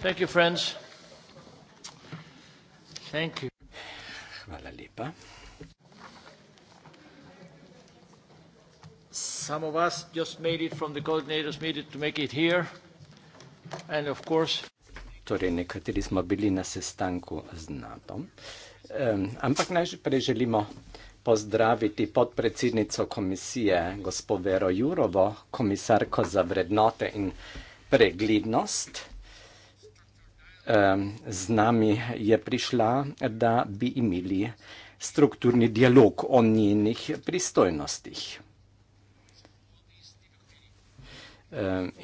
Thank you, friends. Thank you. Hvala lepa. Some of us just made it from the coordinators meeting to make it here. And of course, torej nekateri smo bili na sestanku z NATO. Um, ampak najprej želimo pozdraviti podpredsednico komisije, gospod Vero Jurovo, komisarko za vrednote in preglednost z nami je prišla, da bi imeli strukturni dialog o njenih pristojnostih.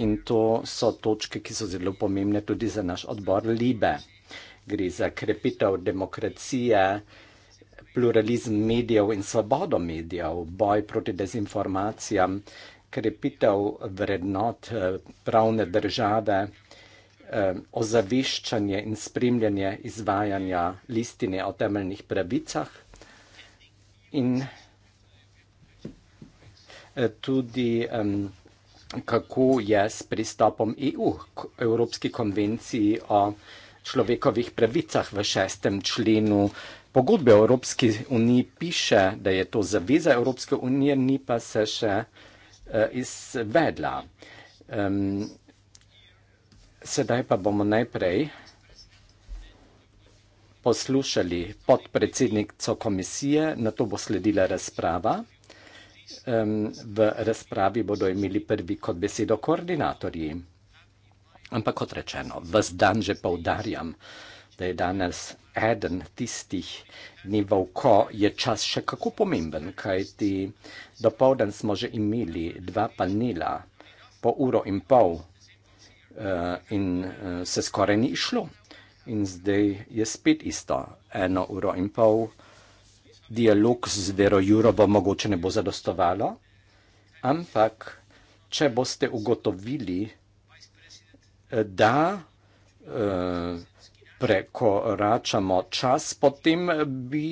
In to so točke, ki so zelo pomembne tudi za naš odbor LIBE. Gre za krepitev demokracije, pluralizm medijev in svobodo medijev, boj proti dezinformacijam, krepitev vrednot eh, pravne države, Um, ozaviščanje in spremljanje izvajanja listine o temeljnih pravicah in eh, tudi um, kako je s pristopom EU k Evropski konvenciji o človekovih pravicah v šestem členu pogodbe Evropske unije piše, da je to zaveza Evropske unije, ni pa se še eh, izvedla. Um, Sedaj pa bomo najprej poslušali podpredsednico komisije, na to bo sledila razprava. V razpravi bodo imeli prvi kot besedo koordinatorji. Ampak kot rečeno, vas dan že povdarjam, da je danes eden tistih nivov, ko je čas še kako pomemben, kajti do povdan smo že imeli dva panela po uro in pol Eh, in uh, se skoraj ni išlo. In zdaj je spet ista, eno uro in pol, dialog z vero Juro bo mogoče ne bo zadostovalo, ampak če boste ugotovili, eh, da uh, prekoračamo čas, potem bi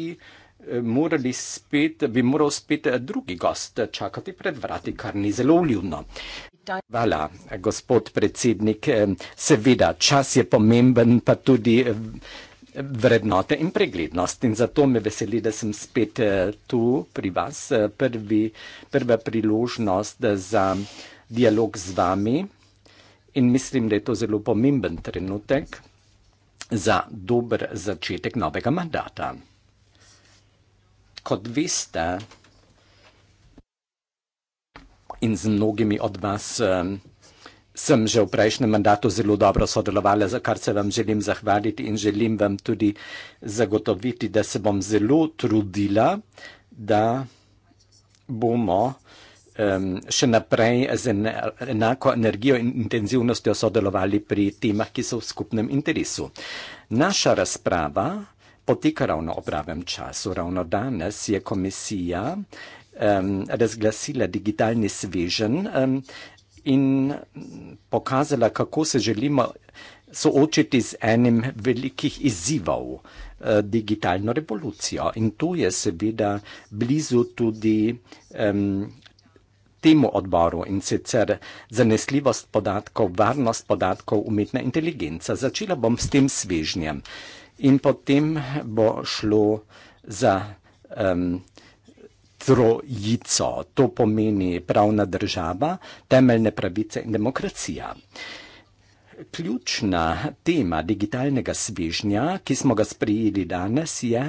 morali spet, bi moral spet drugi gost čakati pred vrati, kar ni zelo vljudno. Hvala, gospod predsednik. Seveda, čas je pomemben, pa tudi vrednote in preglednost. In zato me veseli, da sem spet eh, tu pri vas. Eh, prvi, prva priložnost eh, za dialog z vami. In mislim, da je to zelo pomemben trenutek za dober začetek novega mandata. Kot veste, in z mnogimi od vas um, sem že v prejšnjem mandatu zelo dobro sodelovala, za kar se vam želim zahvaliti in želim vam tudi zagotoviti, da se bom zelo trudila, da bomo um, še naprej z enako energijo in intenzivnostjo sodelovali pri temah, ki so v skupnem interesu. Naša razprava poteka ravno ob pravem času. Ravno danes je komisija um, razglasila digitalni svežen um, in pokazala, kako se želimo soočiti z enim velikih izzivov, uh, digitalno revolucijo. In to je seveda blizu tudi um, temu odboru in sicer zanesljivost podatkov, varnost podatkov, umetna inteligenca. Začela bom s tem svežnjem in potem bo šlo za. Um, trojico. To pomeni pravna država, temeljne pravice in demokracija. Ključna tema digitalnega svežnja, ki smo ga sprejeli danes, je,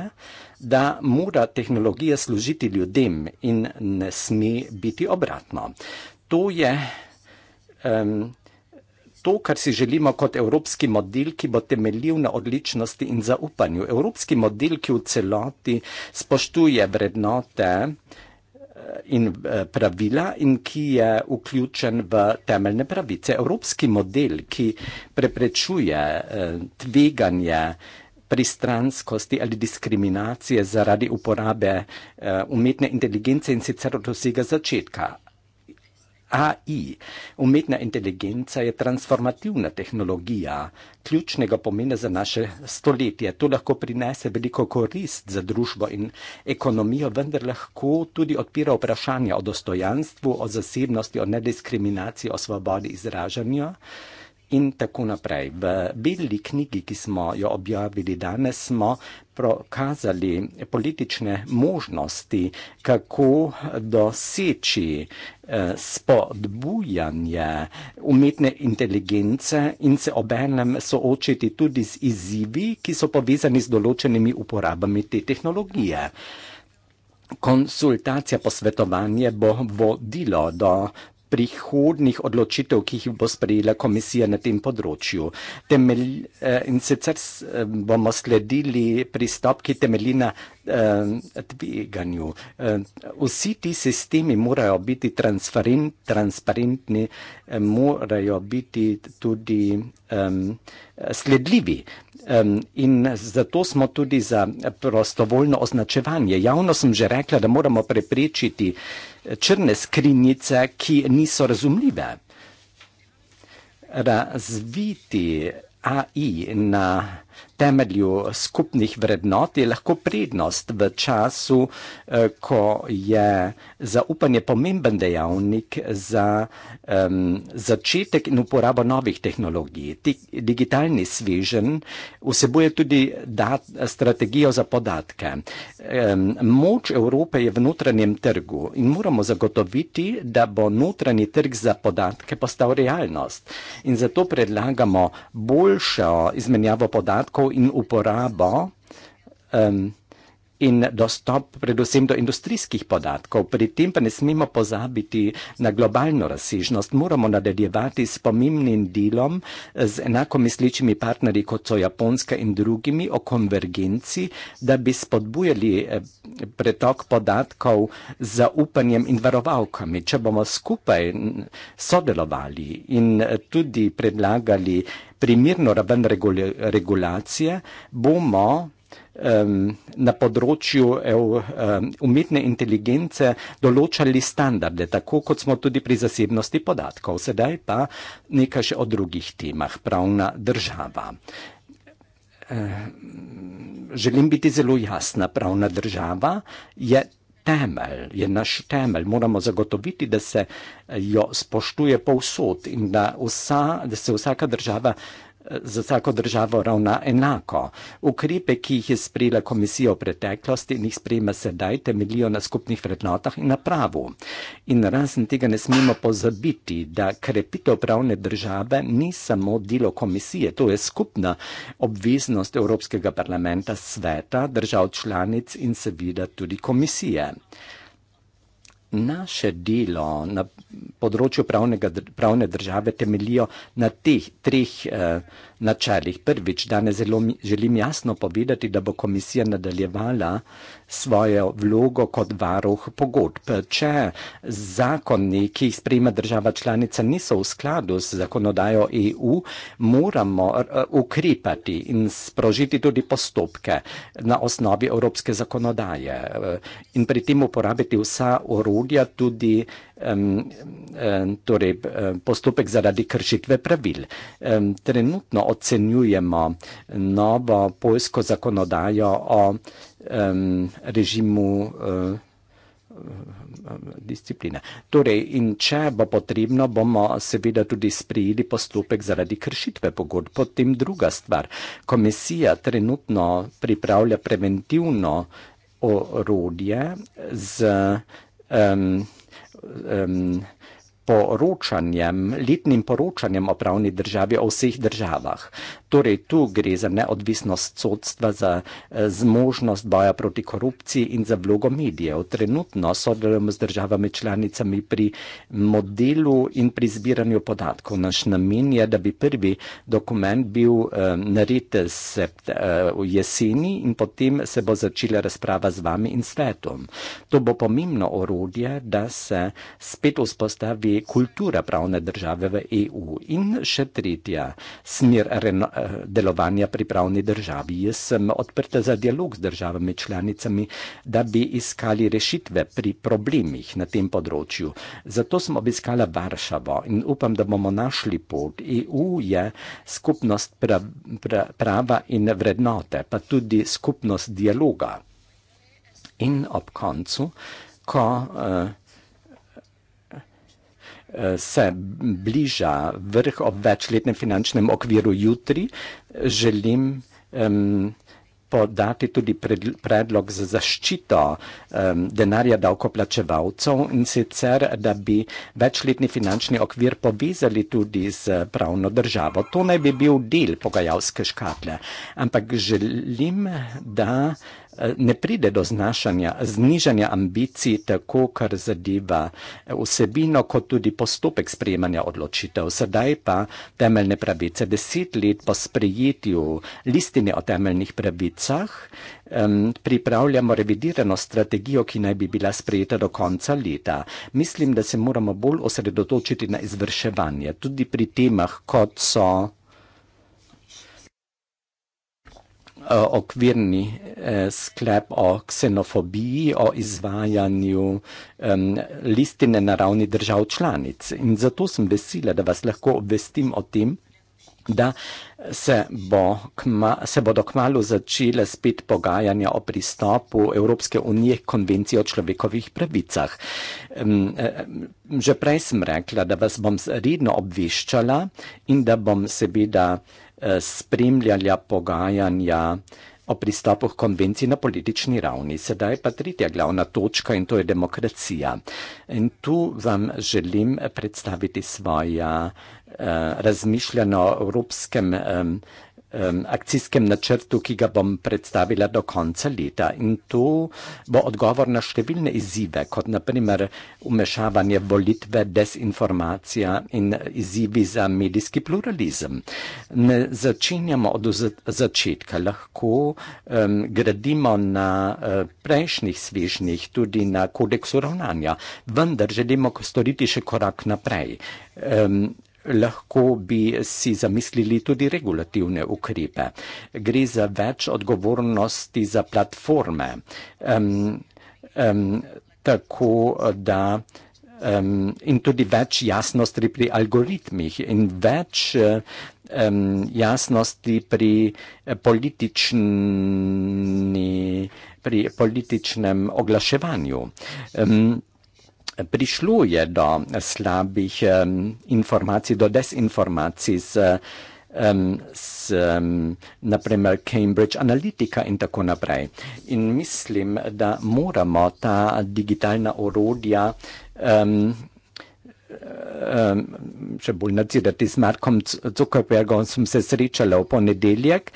da mora tehnologija služiti ljudem in ne sme biti obratno. To je um, to, kar si želimo kot evropski model, ki bo temeljil na odličnosti in zaupanju. Evropski model, ki v celoti spoštuje vrednote eh, in eh, pravila in ki je vključen v temeljne pravice. Evropski model, ki preprečuje eh, tveganje pristranskosti ali diskriminacije zaradi uporabe umetne inteligence in sicer od vsega začetka. AI, umetna inteligenca, je transformativna tehnologija, ključnega pomena za naše stoletje. To lahko prinese veliko korist za družbo in ekonomijo, vendar lahko tudi odpira vprašanja o dostojanstvu, o zasebnosti, o nediskriminaciji, o svobodi izražanja in tako naprej. V beli knjigi, ki smo jo objavili danes, smo prokazali politične možnosti, kako doseči eh, spodbujanje umetne inteligence in se obenem soočiti tudi z izzivi, ki so povezani z določenimi uporabami te tehnologije. Konsultacija, posvetovanje bo vodilo do prihodnih odločitev, ki jih bo sprejela komisija na tem področju. Temelj, eh, in sicer eh, bomo sledili pristop, ki temelji na Ehm, tveganju. Ehm, vsi ti sistemi morajo biti transparentni, ehm, morajo biti tudi sledljivi. In zato smo tudi za prostovoljno označevanje. Javno sem že rekla, da moramo preprečiti eh, črne skrinjice, ki niso razumljive. Razviti AI na temelju skupnih vrednot je lahko prednost v času, eh, ko je zaupanje pomemben dejavnik za um, začetek in uporabo novih tehnologij. Digitalni svežen vsebuje tudi strategijo za podatke. Um, moč Evrope je v notranjem trgu in moramo zagotoviti, da bo notranji trg za podatke postal realnost. In zato predlagamo boljšo izmenjavo podatkov, podatkov in uporabo um, in dostop predvsem do industrijskih podatkov. Pri tem pa ne smemo pozabiti na globalno razsežnost. Moramo nadaljevati s pomembnim delom z enako mislečimi partnerji, kot so Japonska in drugimi, o konvergenci, da bi spodbujali eh, pretok podatkov z upanjem in varovalkami. Če bomo skupaj sodelovali in eh, tudi predlagali primirno raven regulacije, bomo um, na področju ev, um, umetne inteligence določali standarde, tako kot smo tudi pri zasebnosti podatkov. Sedaj pa nekaj še o drugih temah. Pravna država. Želim biti zelo jasna. Pravna država je temelj, je naš temelj. Moramo zagotoviti, da se jo spoštuje povsod in da, vsa, da se vsaka država uh, za vsako državo ravna enako. Ukrepe, ki jih je sprejela komisija v preteklosti in jih sprejema sedaj, temeljijo na skupnih vrednotah in na pravu. In razen tega ne smemo pozabiti, da krepitev pravne države ni samo delo komisije, to je skupna obveznost Evropskega parlamenta, sveta, držav članic in seveda tudi komisije naše delo na področju pravnega, pravne države temeljijo na teh treh eh, načelih. Prvič, danes zelo mi, želim jasno povedati, da bo komisija nadaljevala svojo vlogo kot varuh pogodb. Če zakoni, ki jih sprejme država članica, niso v skladu z zakonodajo EU, moramo ukrepati in sprožiti tudi postopke na osnovi evropske zakonodaje e, in pri tem uporabiti vsa orodja, tudi torej postopek zaradi kršitve pravil. Trenutno ocenjujemo novo poljsko zakonodajo o režimu e, e, discipline. Torej, in če bo potrebno, bomo seveda tudi sprijeli postopek zaradi kršitve pogod. Potem druga stvar. Komisija trenutno pripravlja preventivno orodje z um, um, poročanjem, letnim poročanjem o pravni državi o vseh državah. Torej, tu gre za neodvisnost sodstva, za eh, zmožnost boja proti korupciji in za vlogo medijev. Trenutno sodelujemo z državami članicami pri modelu in pri zbiranju podatkov. Naš namen je, da bi prvi dokument bil eh, narit sept, eh, v jeseni in potem se bo začela razprava z vami in svetom. To bo pomembno orodje, da se spet vzpostavi kultura pravne države v EU. In še tretja smer. Reno, delovanja pri pravni državi. Jaz sem odprta za dialog z državami članicami, da bi iskali rešitve pri problemih na tem področju. Zato sem obiskala Varšavo in upam, da bomo našli pot. EU je skupnost pra, pra, prava in vrednote, pa tudi skupnost dialoga. In ob koncu, ko. Uh, se bliža vrh ob večletnem finančnem okviru jutri, želim um, podati tudi predlog za zaščito um, denarja davkoplačevalcev in sicer, da bi večletni finančni okvir povezali tudi z pravno državo. To naj bi bil del pogajalske škatle, ampak želim, da Eh, ne pride do znašanja, znižanja ambicij, tako kar zadeva eh, vsebino, kot tudi postopek sprejemanja odločitev. Sedaj pa temeljne pravice. Deset let po sprejetju listine o temeljnih pravicah um, pripravljamo revidirano strategijo, ki naj bi bila sprejeta do konca leta. Mislim, da se moramo bolj osredotočiti na izvrševanje, tudi pri temah, kot so. uh, okvirni uh, sklep o ksenofobiji, o izvajanju um, listine na ravni držav članic. In zato sem vesela, da vas lahko obvestim o tem, da se, bo kma, se bodo kmalo začele spet pogajanja o pristopu Evropske unije k konvenciji o človekovih pravicah. Um, um, že prej sem rekla, da vas bom redno obveščala in da bom seveda Eh, spremljala pogajanja o pristopu konvenciji na politični ravni. Sedaj pa tretja glavna točka in to je demokracija. In tu vam želim predstaviti svoja eh, razmišljanja o evropskem eh, akcijskem načrtu, ki ga bom predstavila do konca leta. In to bo odgovor na številne izzive, kot naprimer umešavanje volitve, dezinformacija in izzivi za medijski pluralizem. Ne začenjamo od začetka, lahko um, gradimo na uh, prejšnjih svežnih, tudi na kodeksu ravnanja, vendar želimo storiti še korak naprej. Um, lahko bi si zamislili tudi regulativne ukrepe. Gre za več odgovornosti za platforme, um, um, tako da um, in tudi več jasnosti pri algoritmih in več um, jasnosti pri politični pri političnem oglaševanju. Um, prišlo je do slabih um, informacij, do desinformacij z, um, z um, naprimer Cambridge Analytica in tako naprej. In mislim, da moramo ta digitalna orodja um, um, še bolj nadzirati. Z Markom Zuckerbergom sem se srečala v ponedeljek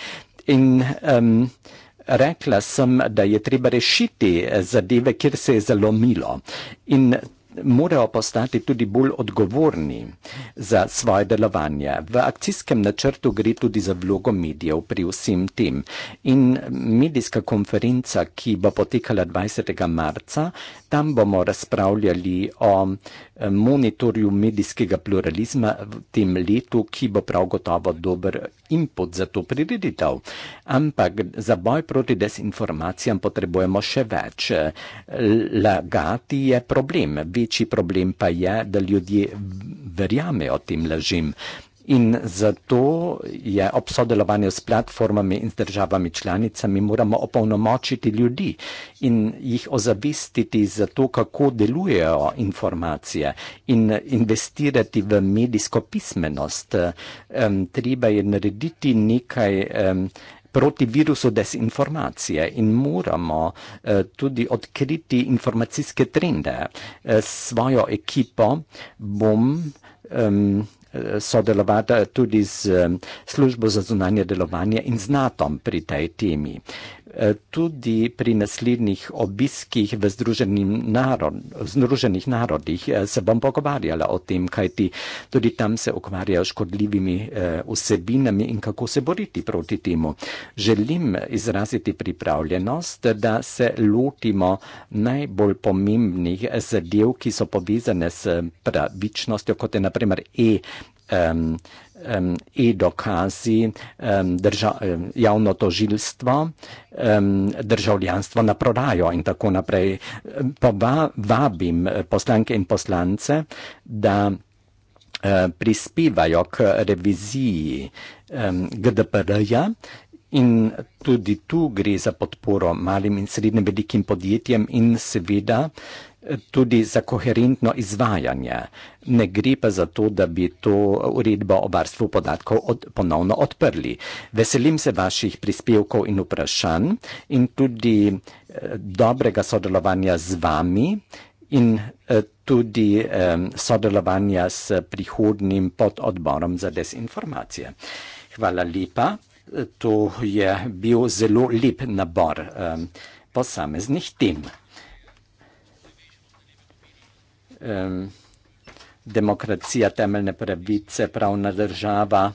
in um, rekla sem, da je treba rešiti zadeve, kjer se je zelo milo in morajo postati tudi bolj odgovorni za svoje delovanje. V akcijskem načrtu gre tudi za vlogo medijev pri vsem tem. In medijska konferenca, ki bo potekala 20. marca, tam bomo razpravljali o uh, monitorju medijskega pluralizma v tem letu, ki bo prav gotovo dober input za to prireditev. Ampak za boj proti desinformacijam potrebujemo še več. Lagati je problem, večji problem pa je, da ljudje verjamejo tem lažim. In zato je ob sodelovanju s platformami in z državami članicami moramo opolnomočiti ljudi in jih ozavestiti za to, kako delujejo informacije in investirati v medijsko pismenost. Um, treba je narediti nekaj. Um, proti virusu desinformacije in moramo eh, tudi odkriti informacijske trende. Eh, svojo ekipo bom. Eh, sodelovati eh, tudi z eh, službo za zunanje delovanje in z NATO pri tej temi. Eh, tudi pri naslednjih obiskih v narod, Združenih narodih eh, se bom pogovarjala o tem, kaj ti tudi tam se ukvarjajo škodljivimi eh, vsebinami in kako se boriti proti temu. Želim izraziti pripravljenost, da se lotimo najbolj pomembnih zadev, ki so povezane s pravičnostjo, kot je naprimer E. Um, um, i dokazi um, drža, um, javno tožilstvo, um, državljanstvo na prodajo in tako naprej. Povabim eh, poslanke in poslance, da uh, prispevajo k reviziji um, GDPR-ja. In tudi tu gre za podporo malim in srednjim velikim podjetjem in seveda uh, tudi za koherentno izvajanje. Ne gre pa za to, da bi to uredbo o varstvu podatkov od, ponovno odprli. Veselim se vaših prispevkov in vprašanj in tudi eh, dobrega sodelovanja z vami in eh, tudi eh, sodelovanja s prihodnim pododborom za desinformacije. Hvala lepa. To je bil zelo lep nabor eh, posameznih tem um, demokracija, temeljne pravice, pravna država,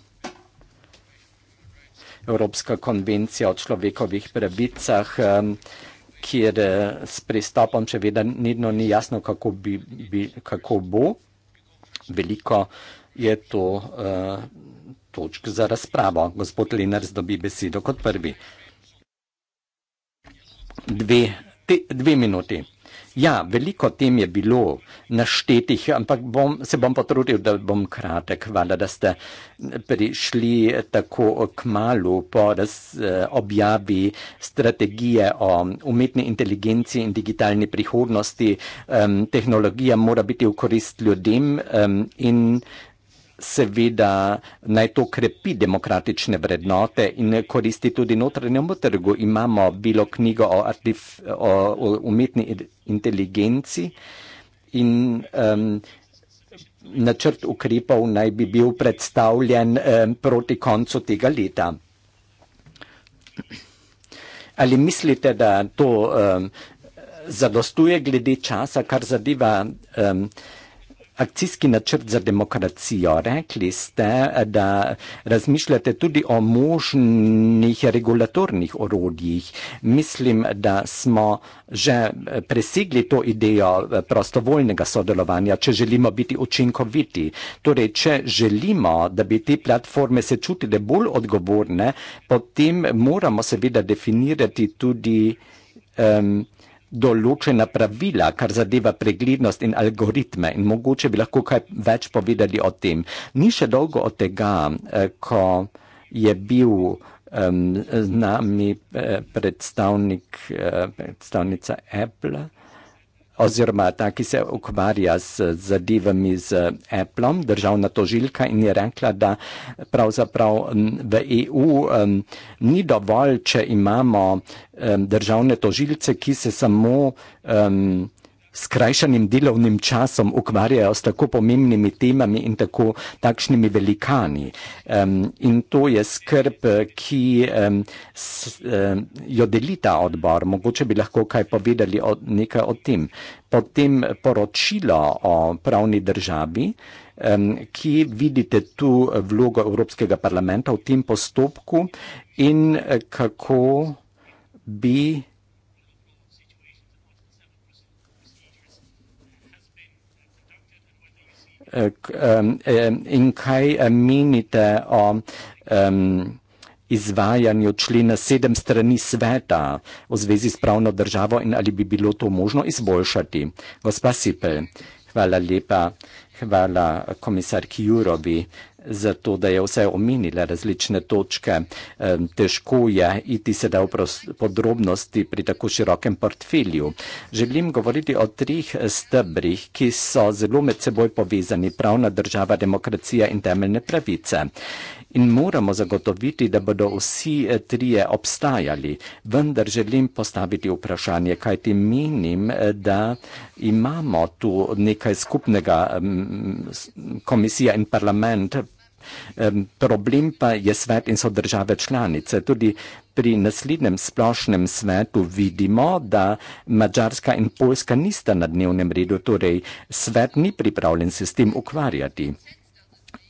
Evropska konvencija o človekovih pravicah, um, kjer eh, s pristopom še vedno ni jasno, kako, bi, bi, kako bo. Veliko je to uh, točk za razpravo. Gospod Lenars dobi besedo kot prvi. Dve, te, dve minuti. Ja, veliko tem je bilo naštetih, ampak bom, se bom potrudil, da bom kratek. Hvala, da ste prišli tako k malu po eh, objavi strategije o umetni inteligenci in digitalni prihodnosti. Um, tehnologija mora biti v korist ljudem um, in seveda naj to krepi demokratične vrednote in koristi tudi notranjemu trgu. Imamo bilo knjigo o, artif, o, o umetni inteligenci in um, načrt ukrepov naj bi bil predstavljen um, proti koncu tega leta. Ali mislite, da to um, zadostuje glede časa, kar zadeva um, akcijski načrt za demokracijo. Rekli ste, da razmišljate tudi o možnih regulatornih orodjih. Mislim, da smo že presegli to idejo prostovoljnega sodelovanja, če želimo biti učinkoviti. Torej, če želimo, da bi te platforme se čutile bolj odgovorne, potem moramo seveda definirati tudi. Um, določena pravila, kar zadeva preglednost in algoritme in mogoče bi lahko kaj več povedali o tem. Ni še dolgo od tega, eh, ko je bil z nami eh, predstavnik, eh, predstavnica Apple, oziroma ta, ki se ukvarja z zadevami z Appleom, državna tožilka in je rekla, da pravzaprav v EU um, ni dovolj, če imamo um, državne tožilce, ki se samo um, skrajšanim delovnim časom ukvarjajo s tako pomembnimi temami in tako takšnimi velikani. Um, in to je skrb, ki um, s, um, jo deli ta odbor. Mogoče bi lahko kaj povedali o, nekaj o tem. Potem poročilo o pravni državi, um, ki vidite tu vlogo Evropskega parlamenta v tem postopku in eh, kako bi Eh, eh, eh, in kaj menite o um, izvajanju člena sedem strani sveta v zvezi s pravno državo in ali bi bilo to možno izboljšati. Gospa Sipel, hvala lepa, hvala komisarki Jurovi zato da je vse omenila različne točke. Težko je iti sedaj v podrobnosti pri tako širokem portfelju. Želim govoriti o trih eh, stebrih, ki so zelo med seboj povezani - pravna država, demokracija in temeljne pravice. In moramo zagotoviti, da bodo vsi eh, trije obstajali. Vendar želim postaviti vprašanje, kaj ti menim, eh, da imamo tu nekaj skupnega, komisija in parlament, Problem pa je svet in so države članice. Tudi pri naslednjem splošnem svetu vidimo, da Mačarska in Poljska nista na dnevnem redu, torej svet ni pripravljen se s tem ukvarjati.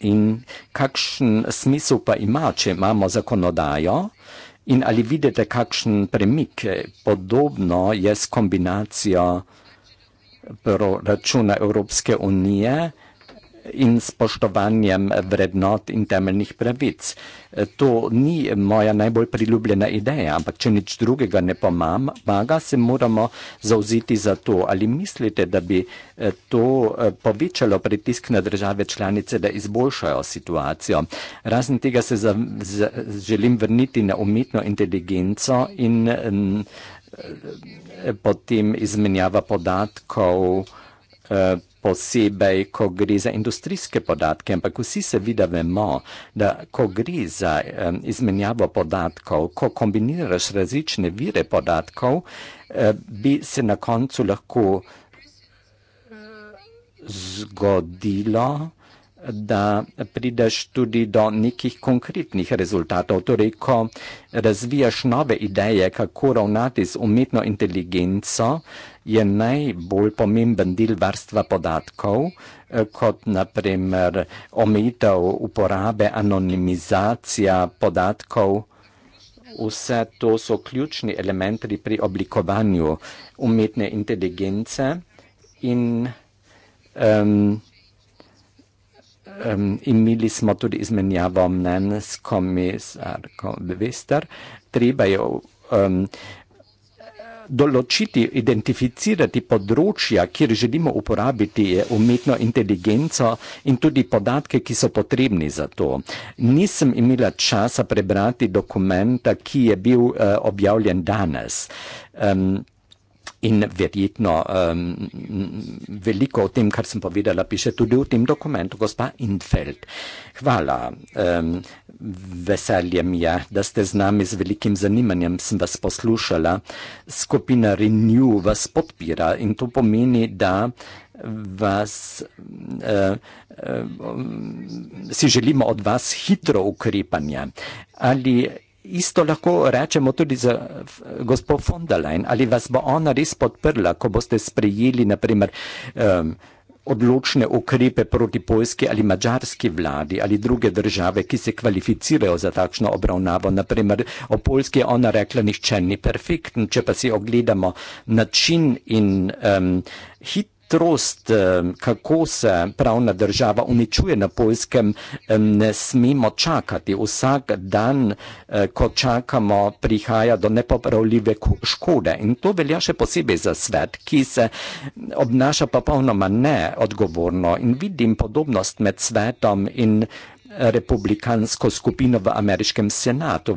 In kakšen smisel pa ima, če imamo zakonodajo? In ali vidite, kakšen premik podobno je s kombinacijo proračuna Evropske unije? in spoštovanjem vrednot in temeljnih pravic. E, to ni moja najbolj priljubljena ideja, ampak če nič drugega ne pomaga, se moramo zauziti za to. Ali mislite, da bi e, to e, povečalo pritisk na države članice, da izboljšajo situacijo? Razen tega se za, za, želim vrniti na umetno inteligenco in m, m, potem izmenjava podatkov. M, posebej, ko gre za industrijske podatke, ampak vsi seveda vemo, da ko gre za izmenjavo podatkov, ko kombiniraš različne vire podatkov, eh, bi se na koncu lahko eh, zgodilo, da prideš tudi do nekih konkretnih rezultatov. Torej, ko razvijaš nove ideje, kako ravnati z umetno inteligenco, je najbolj pomemben del varstva podatkov, eh, kot naprimer omejitev uporabe, anonimizacija podatkov. Vse to so ključni elementi pri oblikovanju umetne inteligence in um, um, imeli smo tudi izmenjavo mnen s komisarko Vester. Treba je um, določiti, identificirati področja, kjer želimo uporabiti eh, umetno inteligenco in tudi podatke, ki so potrebni za to. Nisem imela časa prebrati dokumenta, ki je bil uh, objavljen danes. Um, In verjetno um, veliko o tem, kar sem povedala, piše tudi v tem dokumentu, gospa Infeld. Hvala. Um, ehm, veseljem je, da ste z nami z velikim zanimanjem, sem vas poslušala. Skupina Renew vas podpira in to pomeni, da vas, uh, uh, si želimo od vas hitro ukrepanje. Ali isto lahko rečemo tudi za gospod von der Leyen. Ali vas bo ona res podprla, ko boste sprejeli naprimer um, odločne ukrepe proti poljski ali mačarski vladi ali druge države, ki se kvalificirajo za takšno obravnavo. Naprimer, o poljski je ona rekla, nišče ni perfektno, če pa si ogledamo način in um, hit ostrost, eh, kako se pravna država uničuje na polskem, eh, ne smemo čakati. Vsak dan, eh, ko čakamo, prihaja do nepopravljive škode. In to velja še posebej za svet, ki se obnaša popolnoma neodgovorno. In vidim podobnost med svetom in republikansko skupino v ameriškem senatu.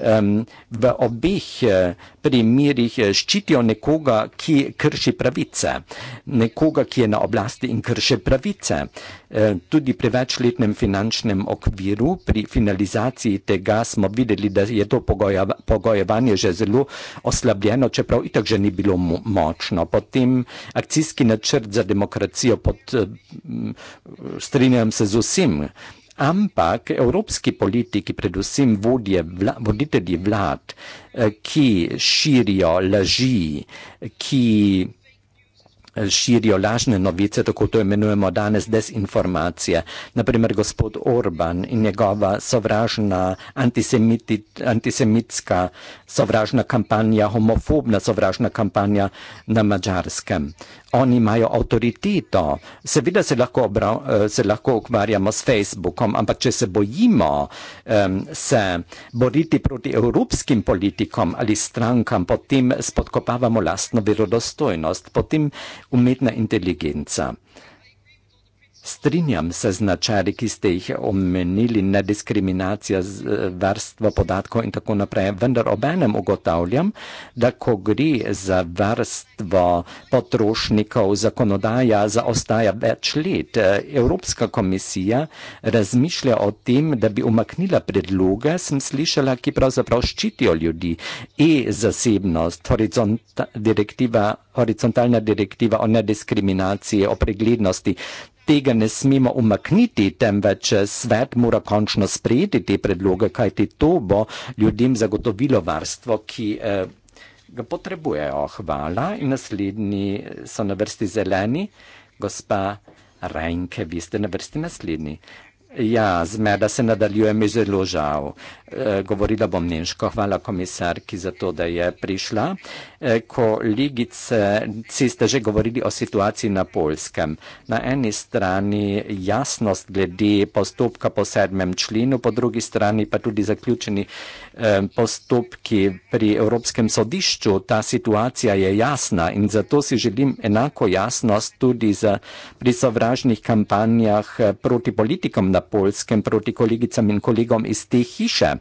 Um, v obeh eh, primerih eh, ščitijo nekoga, ki krši pravice, nekoga, ki je na oblasti in krši pravice. Eh, tudi pri večletnem finančnem okviru, pri finalizaciji tega smo videli, da je to pogoja, pogojevanje že zelo oslabljeno, čeprav itak že ni bilo močno. Potem akcijski načrt za demokracijo pod, strinjam se z vsem, ampak evropski politiki, predvsem vla, voditelji vlad, eh, ki širijo laži, ki eh, širijo lažne novice, tako to imenujemo danes desinformacije. Naprimer, gospod Orban in njegova sovražna antisemitska sovražna kampanja, homofobna sovražna kampanja na mačarskem. Uh, oni imajo avtoriteto. Seveda se lahko, obrav, eh, se lahko ukvarjamo s Facebookom, ampak če se bojimo um, se boriti proti evropskim politikom ali strankam, potem spodkopavamo lastno verodostojnost, potem umetna inteligenca. Strinjam se z načeli, ki ste jih omenili, nediskriminacija, eh, varstvo podatkov in tako naprej, vendar obenem ugotavljam, da ko gre za varstvo potrošnikov, zakonodaja zaostaja več let. Evropska komisija razmišlja o tem, da bi umaknila predloge, sem slišala, ki pravzaprav ščitijo ljudi. E-zasebnost, horizonta, direktiva, horizontalna direktiva o nediskriminaciji, o preglednosti tega ne smemo umakniti, temveč svet mora končno sprejeti te predloge, kajti to bo ljudem zagotovilo varstvo, ki eh, ga potrebujejo. Hvala. In naslednji eh, so na vrsti zeleni. Gospa Rajnke, vi ste na vrsti naslednji. Ja, zmeda se nadaljuje, mi zelo žal. E, govorila bom nemško. Hvala komisarki za to, da je prišla. E, Eh, kolegice, si ste že govorili o situaciji na Polskem. Na eni strani jasnost glede postopka po sedmem členu, po drugi strani pa tudi zaključeni eh, postopki pri Evropskem sodišču. Ta situacija je jasna in zato si želim enako jasnost tudi pri sovražnih kampanjah eh, proti politikom na Polskem, proti kolegicam in kolegom iz te hiše.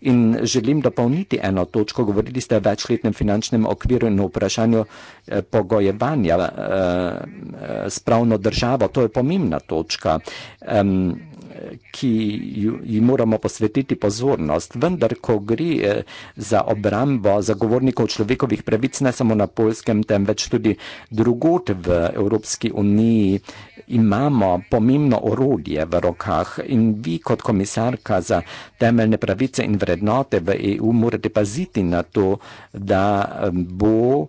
In želim dopolniti eno točko, govorili ste o večletnem finančnem okviru okviru in vprašanju eh, pogojevanja eh, eh, s pravno državo. To je pomembna točka, ki ji moramo posvetiti pozornost. Vendar, ko gre za obrambo zagovornikov človekovih pravic, ne samo na polskem, temveč tudi drugot v Evropski uniji, imamo pomembno orodje v rokah in vi kot komisarka za temeljne pravice in vrednote v EU morate paziti na to, da eh, bo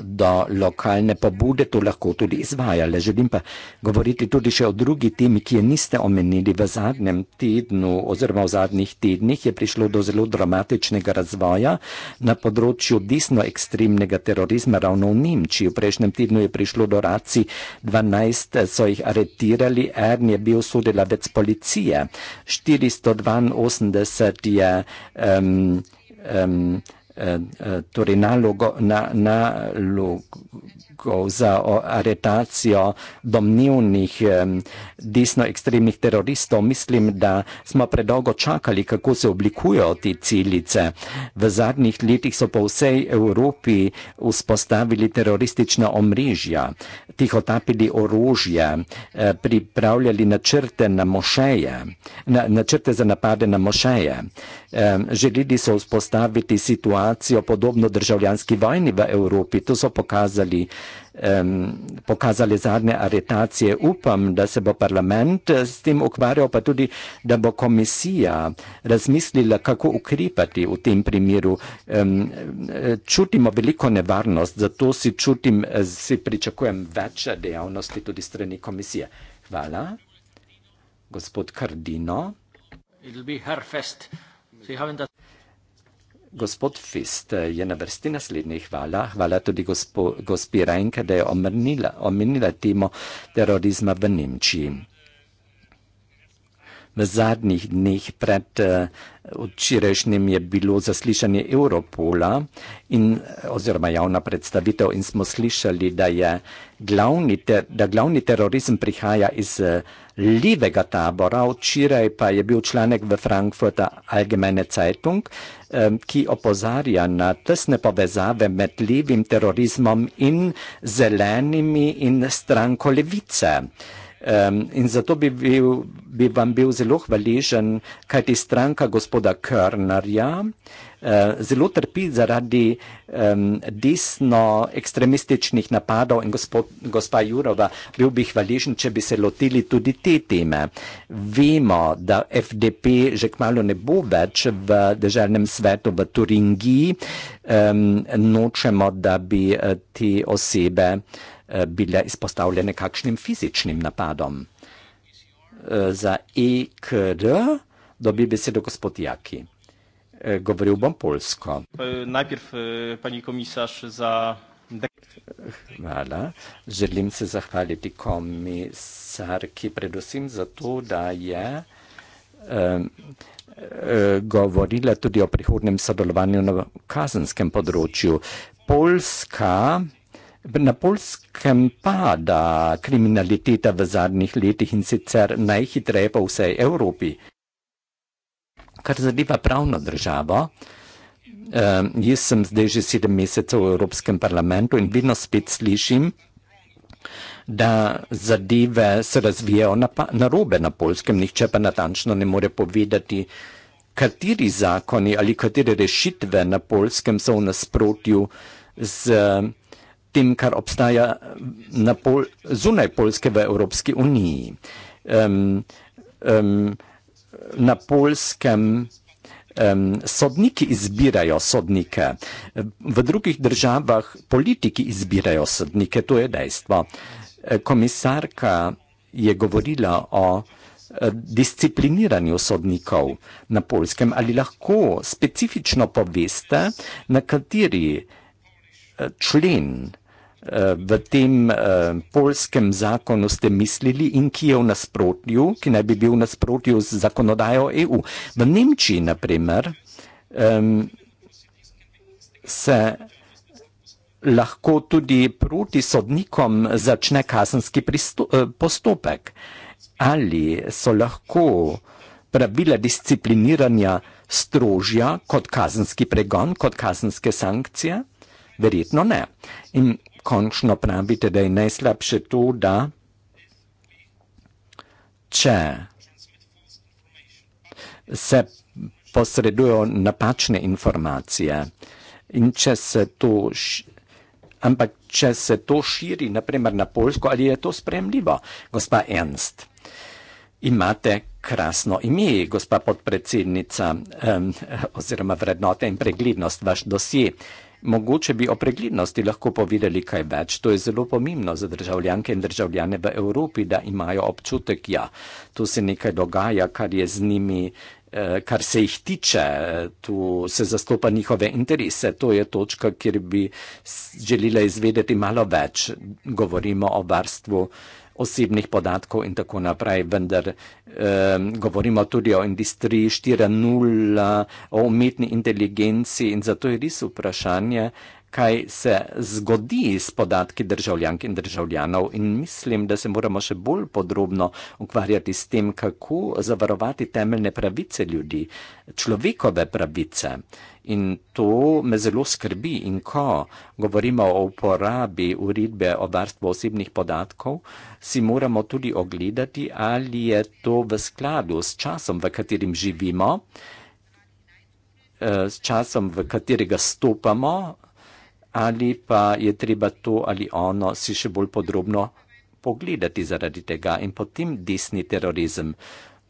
do lokalne pobude to lahko tudi izvajale. Želim pa govoriti tudi še o drugi temi, ki je niste omenili v zadnjem tednu oziroma v zadnjih tednih. Je prišlo do zelo dramatičnega razvoja na področju desno ekstremnega terorizma ravno v Nemčiji. V prejšnjem tednu je prišlo do raci 12, so jih aretirali, Ern je bil sodelavec policije. 482 je. Um, um, Eh, eh, torej nalogo, na, nalog, rokov za aretacijo domnevnih desnoekstremnih teroristov. Mislim, da smo predolgo čakali, kako se oblikujo te celice. V zadnjih letih so po vsej Evropi vzpostavili teroristična omrežja, tihotapili orožje, eh, pripravljali načrte na mošeje, načrte za napade na mošeje. Želeli so vzpostaviti situacijo podobno državljanski vojni v Evropi. To so pokazali uh, um, pokazali zadnje aretacije. Upam, da se bo parlament eh, s tem ukvarjal, pa tudi, da bo komisija razmislila, kako ukrepati v tem primeru. Um, čutimo veliko nevarnost, zato si čutim, eh, si pričakujem več dejavnosti tudi strani komisije. Hvala. Gospod Kardino gospod Fist je na vrsti naslednji. Hvala. Hvala tudi gospod Renke, da je omenila, omenila temo terorizma v Nemčiji. V zadnjih dneh pred eh, včerajšnjim je bilo zaslišanje Europola in, oziroma javna predstavitev in smo slišali, da, je glavni, da glavni terorizem prihaja iz eh, levega tabora. Včeraj pa je bil članek v Frankfurta Allgemeine Zeitung, eh, ki opozarja na tesne povezave med levim terorizmom in zelenimi in stranko levice. Um, in zato bi, bil, bi vam bil zelo hvaležen, kaj ti stranka gospoda Körnarja uh, eh, zelo trpi zaradi um, desno ekstremističnih napadov in gospod, gospa Jurova, bil bi hvaležen, če bi se lotili tudi te teme. Vemo, da FDP že kmalo ne bo več v državnem svetu v Turingiji, um, nočemo, da bi uh, te osebe uh, Eh, bile izpostavljene kakšnim fizičnim napadom. Eh, za EKR dobi besedo gospod Jaki. Eh, govoril bom polsko. Najprej, pani komisar, za. Hvala. Želim se zahvaliti komisarki predvsem za to, da je govorila tudi o prihodnem sodelovanju na kazenskem področju. Polska Na polskem pada kriminaliteta v zadnjih letih in sicer najhitreje po vsej Evropi. Kar zadeva pravno državo, eh, jaz sem zdaj že sedem mesecev v Evropskem parlamentu in vedno spet slišim, da zadeve se razvijajo narobe na, na polskem, nihče pa natančno ne more povedati, kateri zakoni ali katere rešitve na polskem so v nasprotju z. Eh, tem, kar obstaja eh, pol, zunaj Polske v Evropski uniji. Um, um, na polskem um, sodniki izbirajo sodnike, v drugih državah politiki izbirajo sodnike, to je dejstvo. Eh, komisarka je govorila o eh, discipliniranju sodnikov na polskem. Ali lahko specifično poveste, na kateri člen v tem uh, eh, polskem zakonu ste mislili in ki je v nasprotju, ki naj bi bil v nasprotju z zakonodajo EU. V Nemčiji, naprimer, um, se lahko tudi proti sodnikom začne kazenski eh, postopek ali so lahko pravila discipliniranja strožja kot kazenski pregon, kot kazenske sankcije? Verjetno ne. In končno pravite, da je najslabše to, da če se posredujo napačne informacije in če se to ampak če se to širi, naprimer na Poljsko, ali je to spremljivo? Gospa Ernst, imate krasno ime, gospa podpredsednica, um, oziroma vrednota in preglednost, vaš dosje. Mogoče bi o preglednosti lahko povedali kaj več. To je zelo pomembno za državljanke in državljane v Evropi, da imajo občutek, da ja, tu se nekaj dogaja, kar je z njimi, eh, kar se jih tiče, eh, tu se zastopa njihove interese. To je točka, kjer bi želela izvedeti malo več. Govorimo o varstvu osebnih podatkov in tako naprej, vendar eh, govorimo tudi o industriji 4.0, o umetni inteligenci in zato je res vprašanje, kaj se zgodi s podatki državljank in državljanov in mislim, da se moramo še bolj podrobno ukvarjati s tem, kako zavarovati temeljne pravice ljudi, človekove pravice. In to me zelo skrbi in ko govorimo o uporabi uredbe o varstvu osebnih podatkov, si moramo tudi ogledati, ali je to v skladu s časom, v katerim živimo, eh, s časom, v katerega stopamo, ali pa je treba to ali ono si še bolj podrobno pogledati zaradi tega. In potem desni terorizem.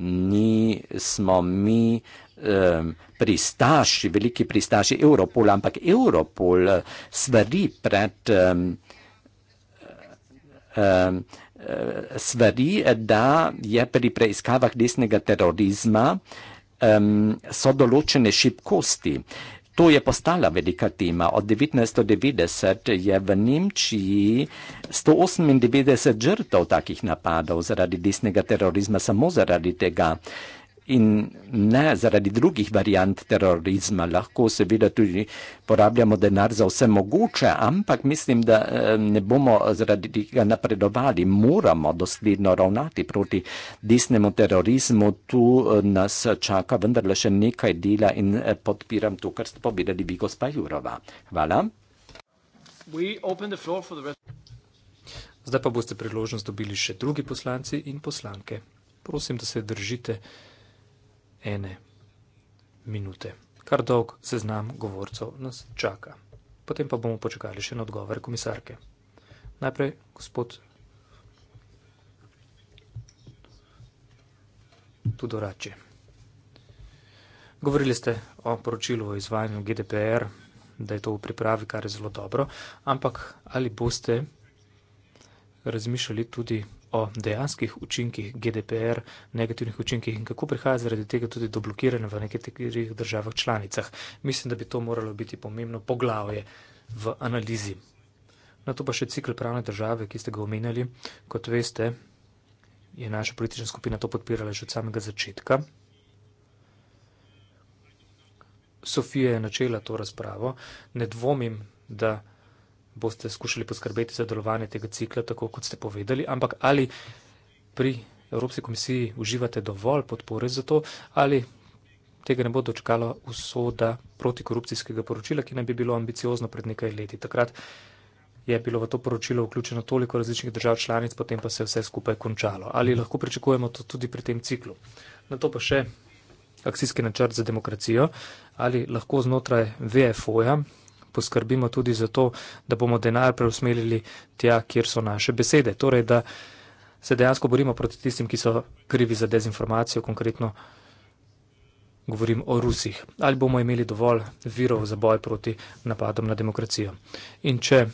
Ni smo mi um, pristaši, veliki pristaši Europola, ampak Europol eh, svari pred. Um, um, svari, da je pri preiskavah desnega terorizma um, so določene šibkosti. Uh, To je postala velika tema. Od 1990 je v Nemčiji 198 žrtev takih napadov zaradi desnega terorizma, samo zaradi tega in ne zaradi drugih variant terorizma. Lahko seveda tudi porabljamo denar za vse mogoče, ampak mislim, da eh, ne bomo zaradi tega napredovali. Moramo dosledno ravnati proti desnemu terorizmu. Tu eh, nas čaka vendarle še nekaj dela in eh, podpiram to, kar ste povedali vi, gospa Jurova. Hvala. Zdaj pa boste priložnost dobili še drugi poslanci in poslanke. Prosim, da se držite ene minute. Kar dolg seznam govorcev nas čaka. Potem pa bomo počakali še na odgovore komisarke. Najprej gospod Tudorači. Govorili ste o poročilu o izvajanju GDPR, da je to v pripravi, kar je zelo dobro, ampak ali boste razmišljali tudi o dejanskih učinkih GDPR, negativnih učinkih in kako prihaja zaradi tega tudi do blokiranja v nekaterih državah članicah. Mislim, da bi to moralo biti pomembno poglavje v analizi. Na to pa še cikl pravne države, ki ste ga omenjali. Kot veste, je naša politična skupina to podpirala že od samega začetka. Sofija je načela to razpravo. Ne dvomim, da boste skušali poskrbeti za delovanje tega cikla, tako kot ste povedali, ampak ali pri Evropski komisiji uživate dovolj podpore za to, ali tega ne bo dočekalo usoda protikorupcijskega poročila, ki naj bi bilo ambiciozno pred nekaj leti. Takrat je bilo v to poročilo vključeno toliko različnih držav članic, potem pa se je vse skupaj končalo. Ali lahko pričakujemo to tudi pri tem ciklu? Na to pa še akcijski načrt za demokracijo. Ali lahko znotraj VFO-ja poskrbimo tudi za to, da bomo denar preusmerili tja, kjer so naše besede. Torej, da se dejansko borimo proti tistim, ki so krivi za dezinformacijo, konkretno govorim o Rusih. Ali bomo imeli dovolj virov za boj proti napadom na demokracijo? In če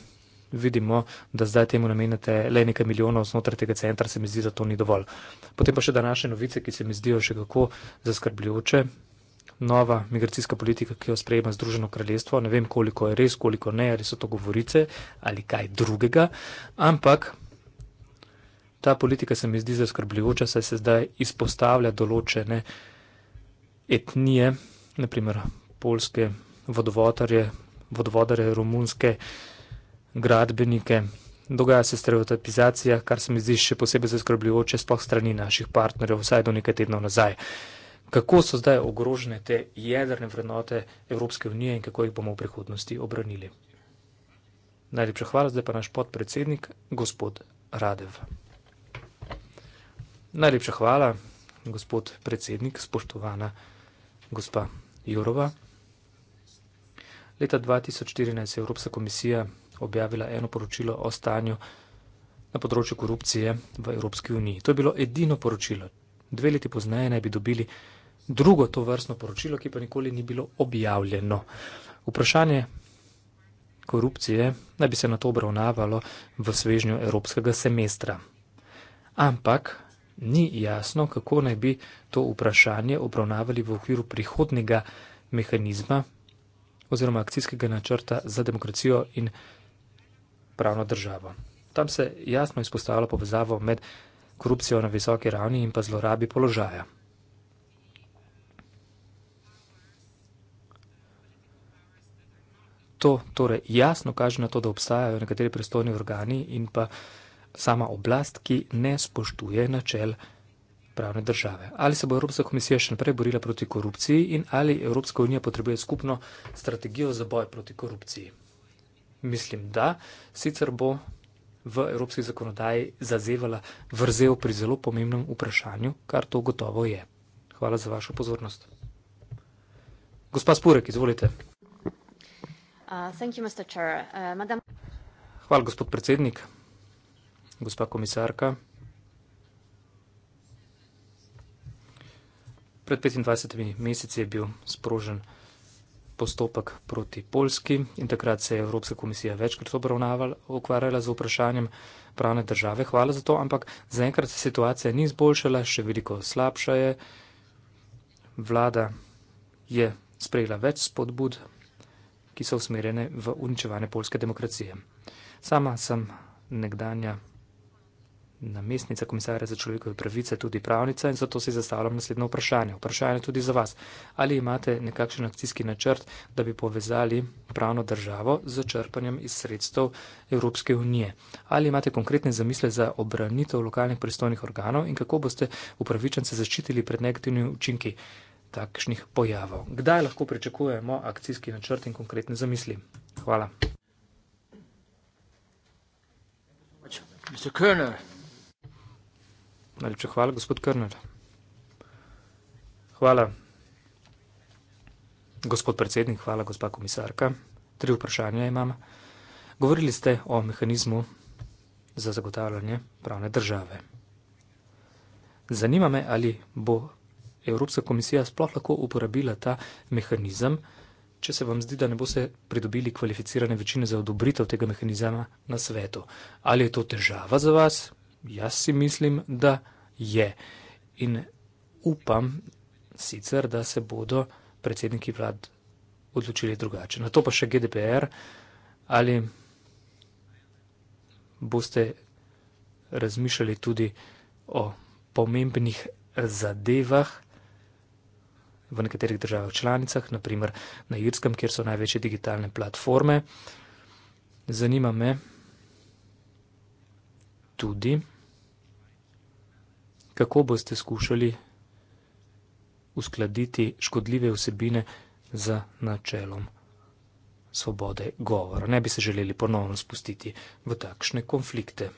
vidimo, da zdaj temu namenjate le nekaj milijonov znotraj tega centra, se mi zdi, da to ni dovolj. Potem pa še današnje novice, ki se mi zdijo še kako zaskrbljujoče nova migracijska politika, ki jo sprejema Združeno kraljestvo. Ne vem, koliko je res, koliko ne, ali so to govorice ali kaj drugega. Ampak ta politika se mi zdi zaskrbljujoča, saj se zdaj izpostavlja določene etnije, naprimer polske vodovodarje, vodovodarje romunske, gradbenike. Dogaja se stereotipizacija, kar se mi zdi še posebej zaskrbljujoče, sploh strani naših partnerjev, vsaj do nekaj tednov nazaj kako so zdaj ogrožene te jedrne vrednote Evropske unije in kako jih bomo v prihodnosti obranili. Najlepša hvala, zdaj pa naš podpredsednik, gospod Radev. Najlepša hvala, gospod predsednik, spoštovana gospa Jurova. Leta 2014 je Evropska komisija objavila eno poročilo o stanju na področju korupcije v Evropski uniji. To je bilo edino poročilo. Dve leti pozneje naj bi dobili drugo to vrstno poročilo, ki pa nikoli ni bilo objavljeno. Vprašanje korupcije naj bi se na to obravnavalo v svežnju evropskega semestra. Ampak ni jasno, kako naj bi to vprašanje obravnavali v okviru prihodnega mehanizma oziroma akcijskega načrta za demokracijo in pravno državo. Tam se jasno izpostavlja povezavo med korupcijo na visoki ravni in pa zlorabi položaja. to torej jasno kaže na to, da obstajajo nekateri pristojni organi in pa sama oblast, ki ne spoštuje načel pravne države. Ali se bo Evropska komisija še naprej borila proti korupciji in ali Evropska unija potrebuje skupno strategijo za boj proti korupciji? Mislim, da sicer bo v evropski zakonodaji zazevala vrzel pri zelo pomembnem vprašanju, kar to gotovo je. Hvala za vašo pozornost. Gospa Spurek, izvolite. Uh, thank you, Mr. Chair. Uh, Madam... Hvala, gospod predsednik, gospa komisarka. Pred 25 meseci je bil sprožen postopek proti Polski in takrat se je Evropska komisija večkrat ukvarjala z vprašanjem pravne države. Hvala za to, ampak zaenkrat se situacija ni izboljšala, še veliko slabša je. Vlada je sprejela več spodbud, ki so usmerjene v uničevanje polske demokracije. Sama sem nekdanja namestnica komisarja za človekove pravice, tudi pravnica in zato si zastavljam naslednjo vprašanje. Vprašanje tudi za vas. Ali imate nekakšen akcijski načrt, da bi povezali pravno državo z črpanjem iz sredstev Evropske unije? Ali imate konkretne zamisle za obranitev lokalnih pristojnih organov in kako boste upravičence zaščitili pred negativnimi učinki? takšnih pojavov. Kdaj lahko pričakujemo akcijski načrt in konkretne zamisli? Hvala. Najlepša hvala, gospod Krner. Hvala, gospod predsednik, hvala, gospa komisarka. Tri vprašanja imam. Govorili ste o mehanizmu za zagotavljanje pravne države. Zanima me, ali bo Evropska komisija sploh lahko uporabila ta mehanizem, če se vam zdi, da ne bo se pridobili kvalificirane večine za odobritev tega mehanizma na svetu. Ali je to težava za vas? Jaz si mislim, da je. In upam sicer, da se bodo predsedniki vlad odločili drugače. Na to pa še GDPR. Ali boste razmišljali tudi o pomembnih zadevah, v nekaterih državah članicah, naprimer na Irskem, kjer so največje digitalne platforme. Zanima me tudi, kako boste skušali uskladiti škodljive vsebine z načelom svobode govora. Ne bi se želeli ponovno spustiti v takšne konflikte.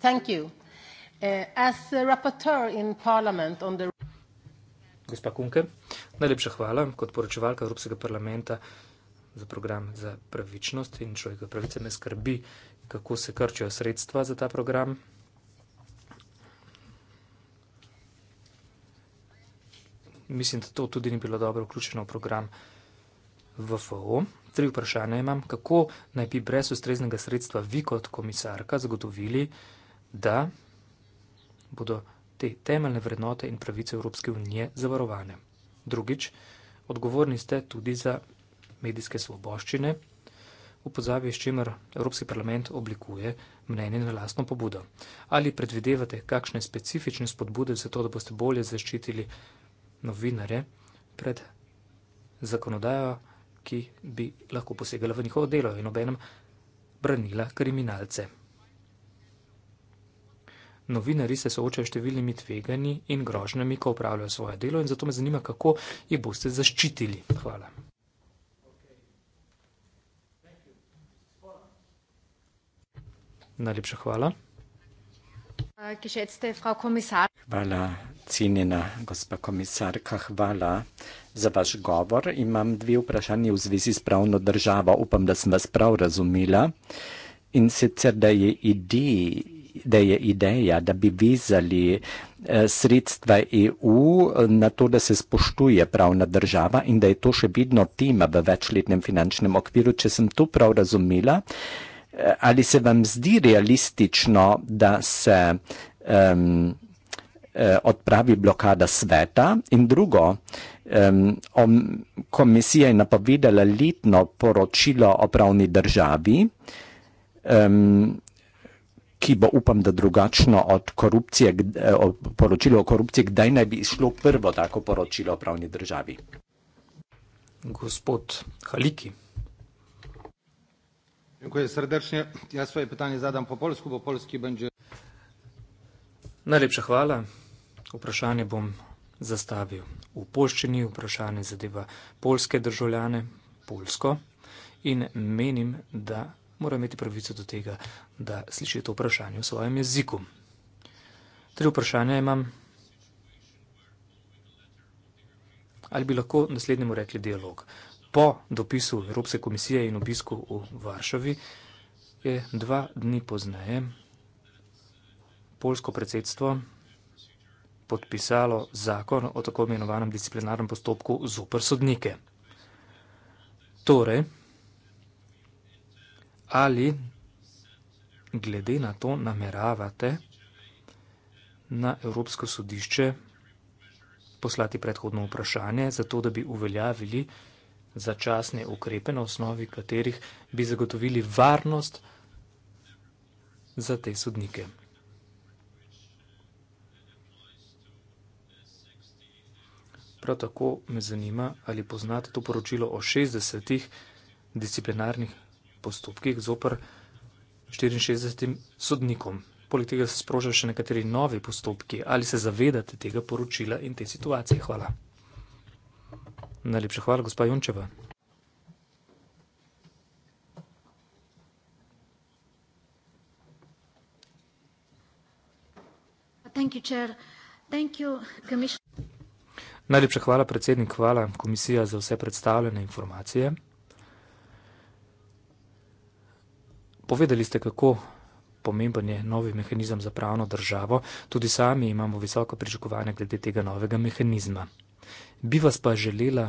Thank you. Uh, as a rapporteur in parliament on the Gospa Kunke, najlepša hvala kot poročevalka Evropskega parlamenta za program za pravičnost in človekove pravice. Me skrbi, kako se krčijo sredstva za ta program. Mislim, da to tudi ni bilo dobro vključeno v program VFO. Tri vprašanja imam. Kako naj bi brez ustreznega sredstva vi kot komisarka zagotovili, da bodo te temeljne vrednote in pravice Evropske unije zavarovane. Drugič, odgovorni ste tudi za medijske svoboščine, v pozavi s čimer Evropski parlament oblikuje mnenje na lastno pobudo. Ali predvidevate kakšne specifične spodbude za to, da boste bolje zaščitili novinare pred zakonodajo, ki bi lahko posegala v njihovo delo in obenem branila kriminalce? Novinari se soočajo s številnimi tveganji in grožnjami, ko upravljajo svoje delo, in zato me zanima, kako jih boste zaščitili. Hvala. Najlepša hvala. Hvala, cenjena gospa komisarka, hvala za vaš govor. Imam dve vprašanje v zvezi s pravno državo. Upam, da sem vas prav razumela. In sicer, da je ideji da je ideja, da bi vizali eh, sredstva EU eh, na to, da se spoštuje pravna država in da je to še vidno tema v večletnem finančnem okviru, če sem to prav razumela. Eh, ali se vam zdi realistično, da se um, odpravi blokada sveta? In drugo, um, komisija je napovedala letno poročilo o pravni državi. Um, ki bo, upam, da drugačno od korupcije, eh, poročilo o korupciji, kdaj naj bi išlo prvo tako poročilo o pravni državi. Gospod Haliki. Dziękuję serdecznie. Ja swoje pytanie zadam po polsku, bo polski będzie. Najlepsza chwała. Upraszanie bym zastawił u Polszczyny. Upraszanie zadywa polskie drżolane, polsko. I menim, że mora imeti pravico do tega, da sliši to vprašanje v svojem jeziku. Tri vprašanja imam. Ali bi lahko naslednjemu rekli dialog? Po dopisu Evropske komisije in obisku v Varšavi je dva dni pozneje polsko predsedstvo podpisalo zakon o tako imenovanem disciplinarnem postopku zoper sodnike. Torej, ali glede na to nameravate na Evropsko sodišče poslati predhodno vprašanje, zato da bi uveljavili začasne ukrepe, na osnovi katerih bi zagotovili varnost za te sodnike. Prav tako me zanima, ali poznate to poročilo o 60 disciplinarnih postopkih zoper 64 sodnikom. Poleg tega se sprožajo še nekateri novi postopki. Ali se zavedate tega poročila in te situacije? Hvala. Najlepša hvala, gospa Junčeva. Thank you, Thank you, Najlepša hvala, predsednik, hvala komisija za vse predstavljene informacije. Povedali ste, kako pomemben je novi mehanizem za pravno državo, tudi sami imamo visoko pričakovanje glede tega novega mehanizma. Bi vas pa želela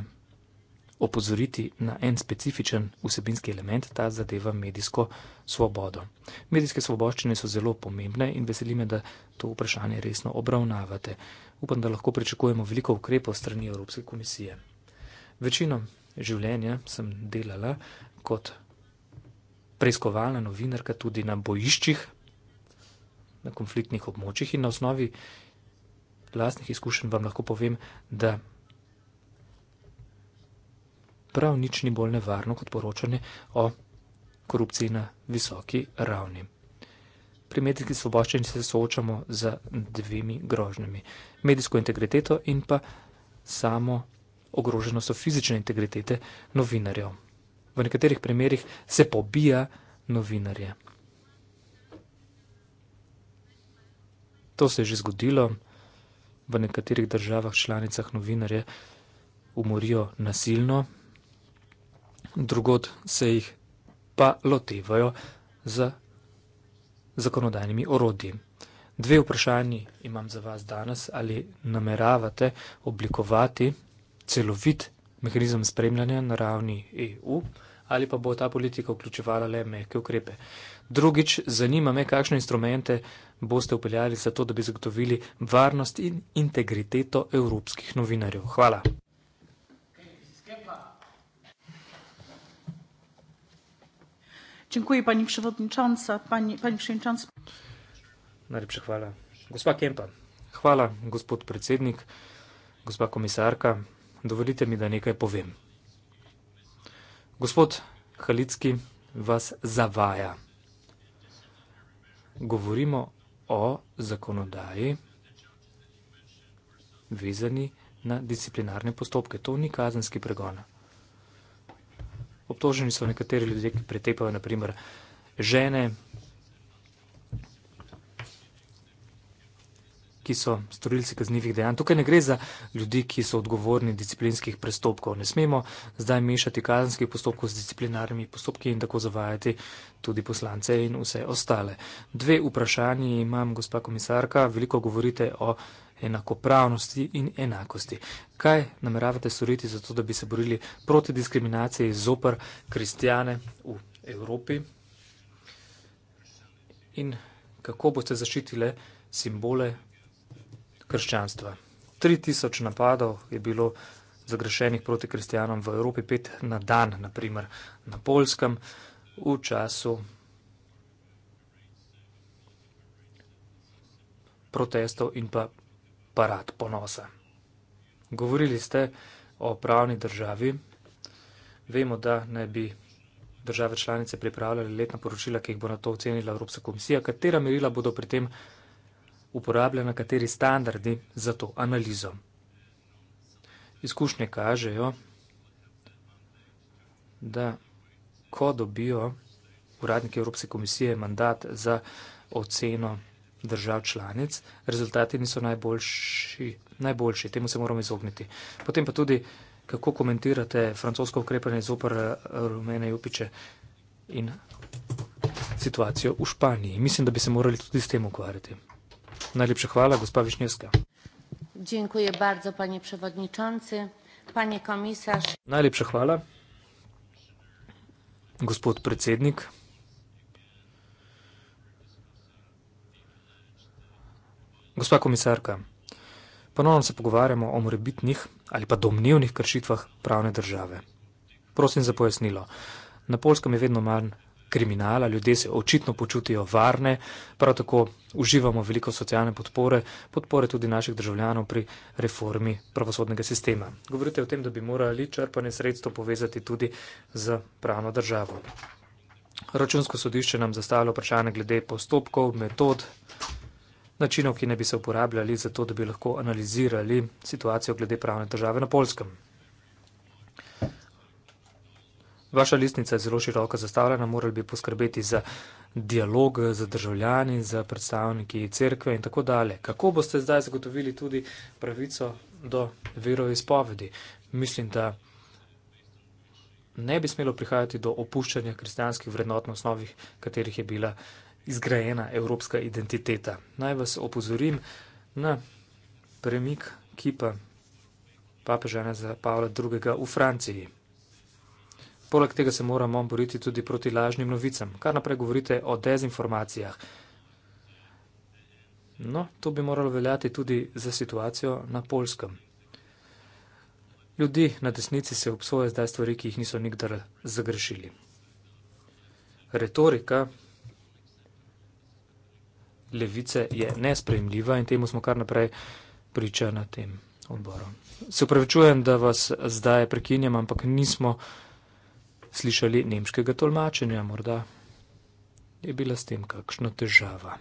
opozoriti na en specifičen vsebinski element, ta zadeva medijsko svobodo. Medijske svoboščine so zelo pomembne in veseli me, da to vprašanje resno obravnavate. Upam, da lahko pričakujemo veliko ukrepov strani Evropske komisije. Večino življenja sem delala kot preiskovalna novinarka tudi na bojiščih, na konfliktnih območjih in na osnovi vlastnih izkušenj vam lahko povem, da prav nič ni bolj nevarno kot poročanje o korupciji na visoki ravni. Pri medijski svoboščini se soočamo z dvemi grožnjami. Medijsko integriteto in pa samo ogroženost fizične integritete novinarjev v nekaterih primerjih se pobija novinarje. To se je že zgodilo, v nekaterih državah članicah novinarje umorijo nasilno, drugod se jih pa lotevajo z zakonodajnimi orodji. Dve vprašanji imam za vas danes, ali nameravate oblikovati celovit mehanizem spremljanja na ravni EU ali pa bo ta politika vključevala le mehke ukrepe. Drugič, zanima me, kakšne instrumente boste upeljali za to, da bi zagotovili varnost in integriteto evropskih novinarjev. Hvala. Dziękuję pani przewodnicząca, pani, pani przewodnicząca. Najlepsza chwała. Gospa Kempa, chwała, gospod przewodnik, gospa komisarka, dowolite mi, da niekaj powiem. Gospod Halicki vas zavaja. Govorimo o zakonodaji, vezani na disciplinarne postopke. To ni kazenski pregon. Obtoženi so nekateri ljudje, ki pretepajo, naprimer, žene, ki so storilci kaznjivih dejanj. Tukaj ne gre za ljudi, ki so odgovorni disciplinskih prestopkov. Ne smemo zdaj mešati kazenskih postopkov z disciplinarnimi postopki in tako zavajati tudi poslance in vse ostale. Dve vprašanje imam, gospa komisarka. Veliko govorite o enakopravnosti in enakosti. Kaj nameravate storiti za to, da bi se borili proti diskriminaciji zopr kristijane v Evropi? In kako boste zaščitile simbole krščanstva. 3000 napadov je bilo zagrešenih proti kristijanom v Evropi, pet na dan, naprimer na Polskem, v času protestov in pa parad ponosa. Govorili ste o pravni državi. Vemo, da ne bi države članice pripravljali letna poročila, ki jih bo na to ocenila Evropska komisija. Katera merila bodo pri tem? uporabljena kateri standardi za to analizo. Izkušnje kažejo, da ko dobijo uradniki Evropske komisije mandat za oceno držav članic, rezultati niso najboljši, najboljši, temu se moramo izogniti. Potem pa tudi, kako komentirate francosko ukrepanje zopr eh, Rumene Jupiče in situacijo v Španiji. Mislim, da bi se morali tudi s tem ukvarjati. Najlepša hvala, gospa Višnjevska. Dziękuję bardzo, panie przewodniczący, panie komisarz. Najlepša hvala, gospod predsednik. Gospa komisarka, ponovno se pogovarjamo o morebitnih ali pa domnevnih kršitvah pravne države. Prosim za pojasnilo. Na polskem je vedno manj kriminala, ljudje se očitno počutijo varne, prav tako uživamo veliko socialne podpore, podpore tudi naših državljanov pri reformi pravosodnega sistema. Govorite o tem, da bi morali črpanje sredstvo povezati tudi z pravno državo. Računsko sodišče nam zastavlja vprašanje glede postopkov, metod, načinov, ki ne bi se uporabljali za to, da bi lahko analizirali situacijo glede pravne države na polskem. Vaša listnica je zelo široko zastavljena, morali bi poskrbeti za dialog z državljani, z predstavniki crkve in tako dalje. Kako boste zdaj zagotovili tudi pravico do veroizpovedi? Mislim, da ne bi smelo prihajati do opuščanja kristijanskih vrednot na osnovih, katerih je bila izgrajena evropska identiteta. Naj vas opozorim na premik kipa papeža Neza Pavla II. v Franciji. Poleg tega se moramo boriti tudi proti lažnim novicam. Kar naprej govorite o dezinformacijah. No, to bi moralo veljati tudi za situacijo na polskem. Ljudi na desnici se obsoja zdaj stvari, ki jih niso nikdar zagrešili. Retorika levice je nespremljiva in temu smo kar naprej priča na tem odboru. Se upravičujem, da vas zdaj prekinjam, ampak nismo slišali nemškega tolmačenja, morda je bila s tem kakšna težava.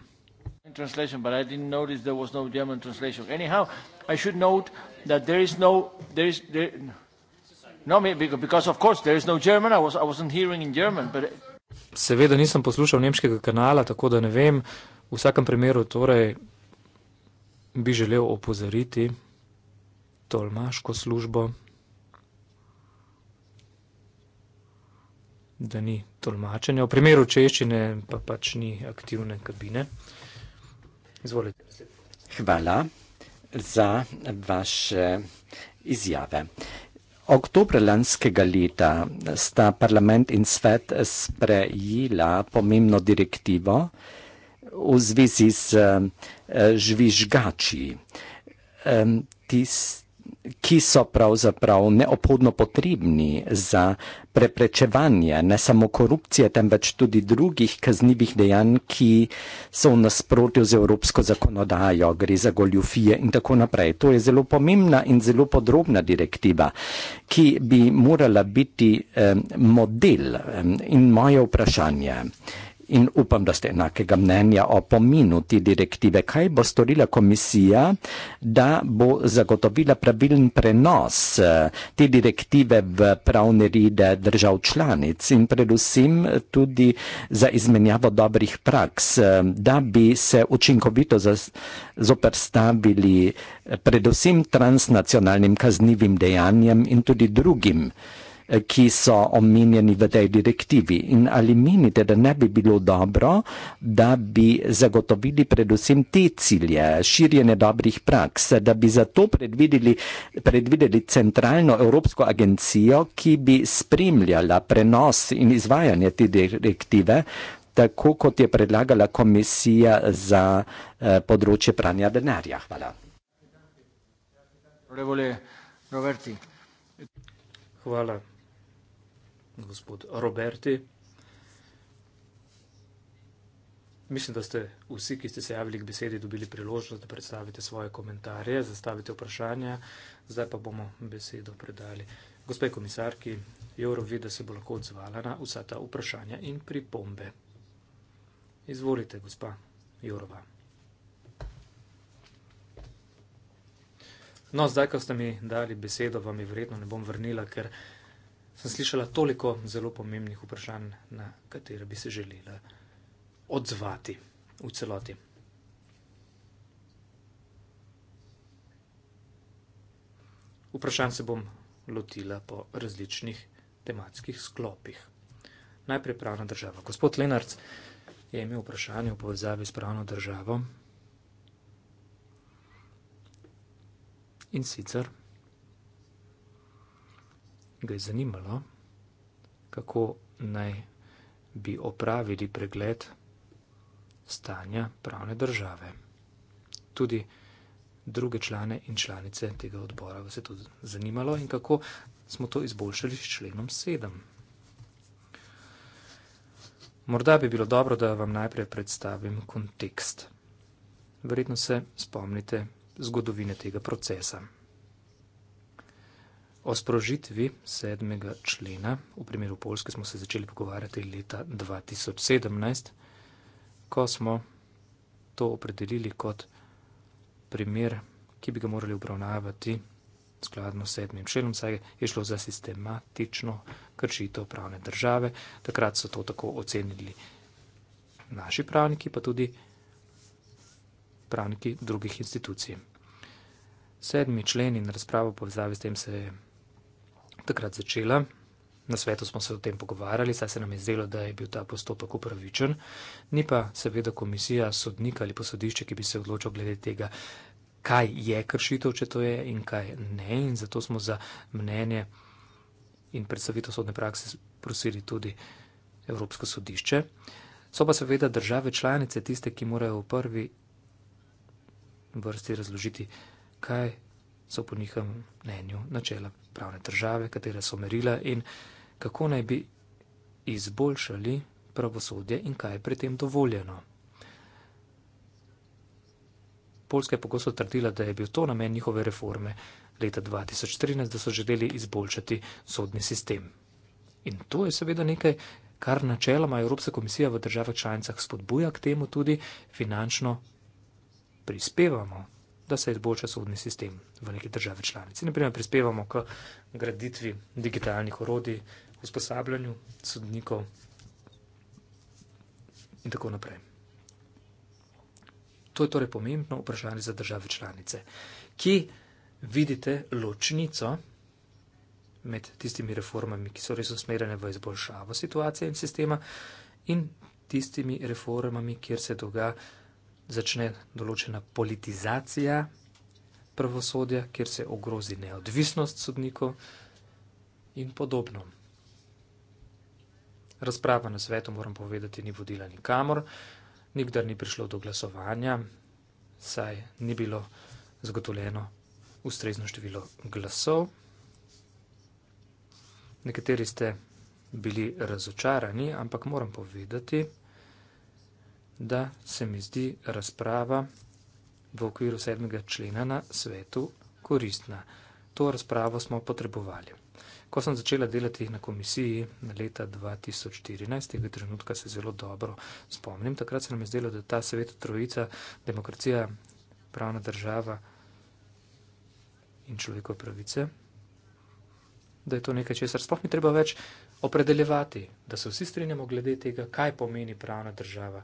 Seveda nisem poslušal nemškega kanala, tako da ne vem. V vsakem primeru torej bi želel opozoriti tolmaško službo. da ni tolmačenja. V primeru češčine pa pač ni aktivne kabine. Izvolite. Hvala za vaše izjave. Oktober lanskega leta sta parlament in svet sprejela pomembno direktivo v zvezi z eh, žvižgači. Tist ki so pravzaprav neophodno potrebni za preprečevanje ne samo korupcije, temveč tudi drugih kaznjivih dejanj, ki so v nasprotju z evropsko zakonodajo, gre za goljufije in tako naprej. To je zelo pomembna in zelo podrobna direktiva, ki bi morala biti eh, model eh, in moje vprašanje. Eh, in upam, da ste enakega mnenja o pominu te direktive. Kaj bo storila komisija, da bo zagotovila pravilen prenos eh, te direktive v pravne ride držav članic in predvsem tudi za izmenjavo dobrih praks, eh, da bi se učinkovito zoprstavili eh, predvsem transnacionalnim kaznivim dejanjem in tudi drugim. Eh, ki so omenjeni v tej direktivi. In ali menite, da ne bi bilo dobro, da bi zagotovili predvsem te cilje, širjenje dobrih praks, da bi zato predvideli, predvideli centralno Evropsko agencijo, ki bi spremljala prenos in izvajanje te direktive, tako kot je predlagala Komisija za eh, področje pranja denarja. Hvala. Hvala gospod Roberti. Mislim, da ste vsi, ki ste se javili k besedi, dobili priložnost, da predstavite svoje komentarje, zastavite vprašanja. Zdaj pa bomo besedo predali gospe komisarki Jorovi, da se bo lahko odzvala na vsa ta vprašanja in pripombe. Izvolite, gospa Jorova. No, zdaj, ko ste mi dali besedo, vam je vredno, ne bom vrnila, ker sem slišala toliko zelo pomembnih vprašanj, na katere bi se želela odzvati v celoti. Vprašanj se bom lotila po različnih tematskih sklopih. Najprej pravna država. Gospod Lenarc je imel vprašanje v povezavi s pravno državo. In sicer ga je zanimalo, kako naj bi opravili pregled stanja pravne države. Tudi druge člane in članice tega odbora vas je to zanimalo in kako smo to izboljšali s členom sedem. Morda bi bilo dobro, da vam najprej predstavim kontekst. Verjetno se spomnite zgodovine tega procesa. O sprožitvi sedmega člena v primeru Polske smo se začeli pogovarjati leta 2017, ko smo to opredelili kot primer, ki bi ga morali obravnavati skladno s sedmim členom, saj je šlo za sistematično kršitev pravne države. Takrat so to tako ocenili naši pravniki, pa tudi pravniki drugih institucij. Sedmi člen in razprava v povezavi s tem se je takrat začela. Na svetu smo se o tem pogovarjali, saj se nam je zdelo, da je bil ta postopek upravičen. Ni pa seveda komisija, sodnik ali posodišče, ki bi se odločil glede tega, kaj je kršitev, če to je in kaj ne. In zato smo za mnenje in predstavitev sodne prakse prosili tudi Evropsko sodišče. So pa seveda države članice tiste, ki morajo v prvi vrsti razložiti, kaj so po njihovem mnenju načela pravne države, katera so merila in kako naj bi izboljšali pravosodje in kaj je pri tem dovoljeno. Poljska je pogosto trdila, da je bil to namen njihove reforme leta 2013, da so želeli izboljšati sodni sistem. In to je seveda nekaj, kar načeloma Evropska komisija v državah članicah spodbuja k temu tudi finančno prispevamo da se izboljša sodni sistem v neki državi članici. Naprimer, prispevamo k graditvi digitalnih orodij, usposabljanju sodnikov in tako naprej. To je torej pomembno vprašanje za države članice. Kje vidite ločnico med tistimi reformami, ki so res usmerjene v izboljšavo situacije in sistema, in tistimi reformami, kjer se dogaja začne določena politizacija pravosodja, kjer se ogrozi neodvisnost sodnikov in podobno. Razprava na svetu, moram povedati, ni vodila nikamor, nikdar ni prišlo do glasovanja, saj ni bilo zagotovljeno ustrezno število glasov. Nekateri ste bili razočarani, ampak moram povedati, da se mi zdi razprava v okviru sedmega člena na svetu koristna. To razpravo smo potrebovali. Ko sem začela delati na komisiji leta 2014, tega trenutka se zelo dobro spomnim, takrat se nam je zdelo, da ta svet trojica, demokracija, pravna država in človekove pravice, da je to nekaj, česar sploh ni treba več opredeljevati, da se vsi strinjamo glede tega, kaj pomeni pravna država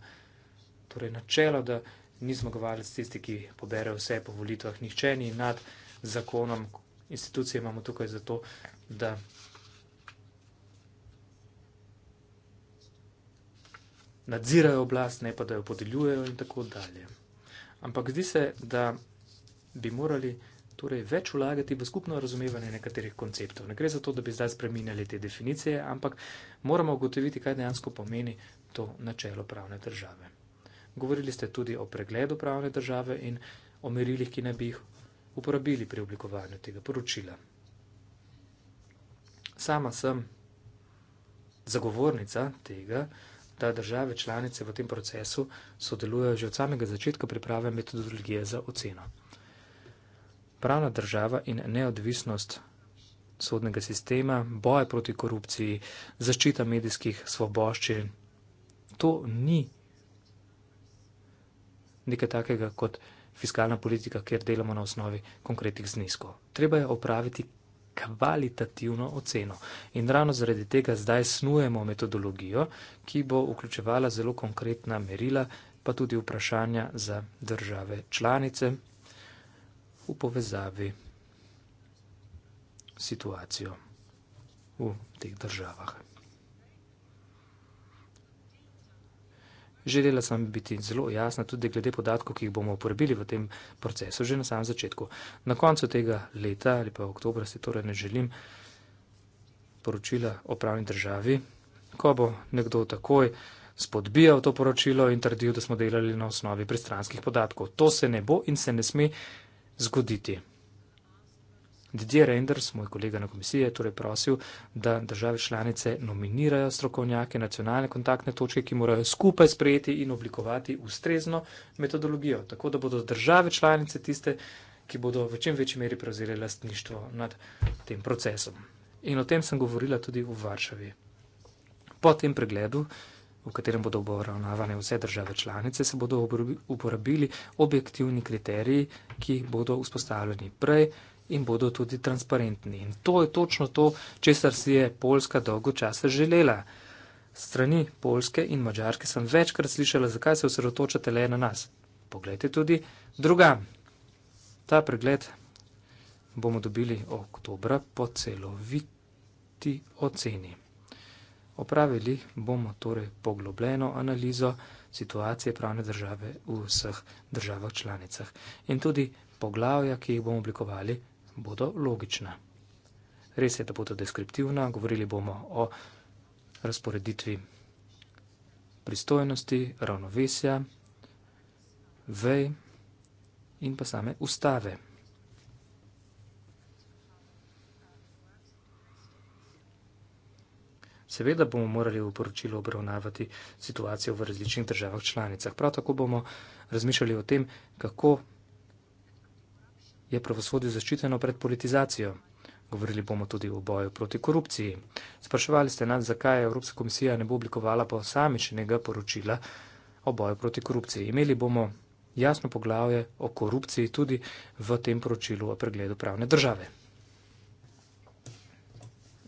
torej načelo, da ni zmagovalec tisti, ki pobere vse po volitvah, nihče ni nad zakonom, institucije imamo tukaj zato, da. Nadzirajo oblast, ne pa da jo podeljujejo, in tako dalje. Ampak zdi se, da bi morali torej več vlagati v skupno razumevanje nekaterih konceptov. Ne gre za to, da bi zdaj spremenjali te definicije, ampak moramo ugotoviti, kaj dejansko pomeni to načelo pravne države. Govorili ste tudi o pregledu pravne države in o merilih, ki naj bi jih uporabili pri oblikovanju tega poročila. Sama sem zagovornica tega, da države članice v tem procesu sodelujejo že od samega začetka priprave metodologije za oceno. Pravna država in neodvisnost sodnega sistema, boj proti korupciji, zaščita medijskih svoboščin, to ni nekaj takega kot fiskalna politika, kjer delamo na osnovi konkretnih zniskov. Treba je opraviti kvalitativno oceno. In ravno zaradi tega zdaj snujemo metodologijo, ki bo vključevala zelo konkretna merila, pa tudi vprašanja za države članice v povezavi situacijo v teh državah. Želela sem biti zelo jasna tudi glede podatkov, ki jih bomo uporabili v tem procesu že na samem začetku. Na koncu tega leta ali pa oktobra si torej ne želim poročila o pravni državi, ko bo nekdo takoj spodbijal to poročilo in trdil, da smo delali na osnovi pristranskih podatkov. To se ne bo in se ne sme zgoditi. Didier Reinders, moj kolega na komisiji, je torej prosil, da države članice nominirajo strokovnjake nacionalne kontaktne točke, ki morajo skupaj sprejeti in oblikovati ustrezno metodologijo, tako da bodo države članice tiste, ki bodo v čim večji meri prevzeli lastništvo nad tem procesom. In o tem sem govorila tudi v Varšavi. Po tem pregledu, v katerem bodo obravnavane vse države članice, se bodo uporabili objektivni kriteriji, ki bodo vzpostavljeni prej, in bodo tudi transparentni. In to je točno to, česar si je Poljska dolgo časa želela. Strani Poljske in Mačarske sem večkrat slišala, zakaj se osredotočate le na nas. Poglejte tudi druga. Ta pregled bomo dobili oktobra po celoviti oceni. Opravili bomo torej poglobljeno analizo situacije pravne države v vseh državah članicah in tudi poglavja, ki jih bomo oblikovali bodo logične. Res je, da bodo deskriptivna, govorili bomo o razporeditvi pristojnosti, ravnovesja, vej in pa same ustave. Seveda bomo morali v poročilu obravnavati situacijo v različnih državah članicah. Prav tako bomo razmišljali o tem, kako je pravosodje zaščiteno pred politizacijo. Govorili bomo tudi o boju proti korupciji. Spraševali ste nas, zakaj Evropska komisija ne bo oblikovala posamičnega poročila o boju proti korupciji. Imeli bomo jasno poglavje o korupciji tudi v tem poročilu o pregledu pravne države.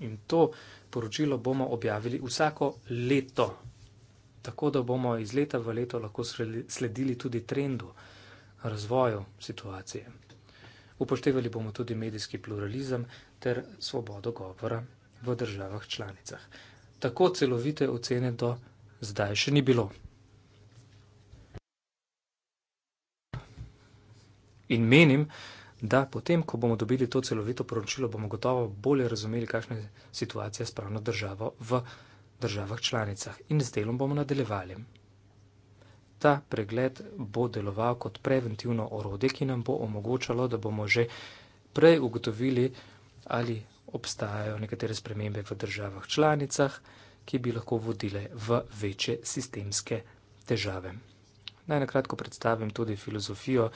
In to poročilo bomo objavili vsako leto, tako da bomo iz leta v leto lahko sledili tudi trendu razvoju situacije. Upoštevali bomo tudi medijski pluralizem ter svobodo govora v državah članicah. Tako celovite ocene do zdaj še ni bilo. In menim, da potem, ko bomo dobili to celovito poročilo, bomo gotovo bolje razumeli, kakšna je situacija s pravno državo v državah članicah. In s delom bomo nadaljevali ta pregled bo deloval kot preventivno orodje, ki nam bo omogočalo, da bomo že prej ugotovili, ali obstajajo nekatere spremembe v državah članicah, ki bi lahko vodile v večje sistemske težave. Naj na kratko predstavim tudi filozofijo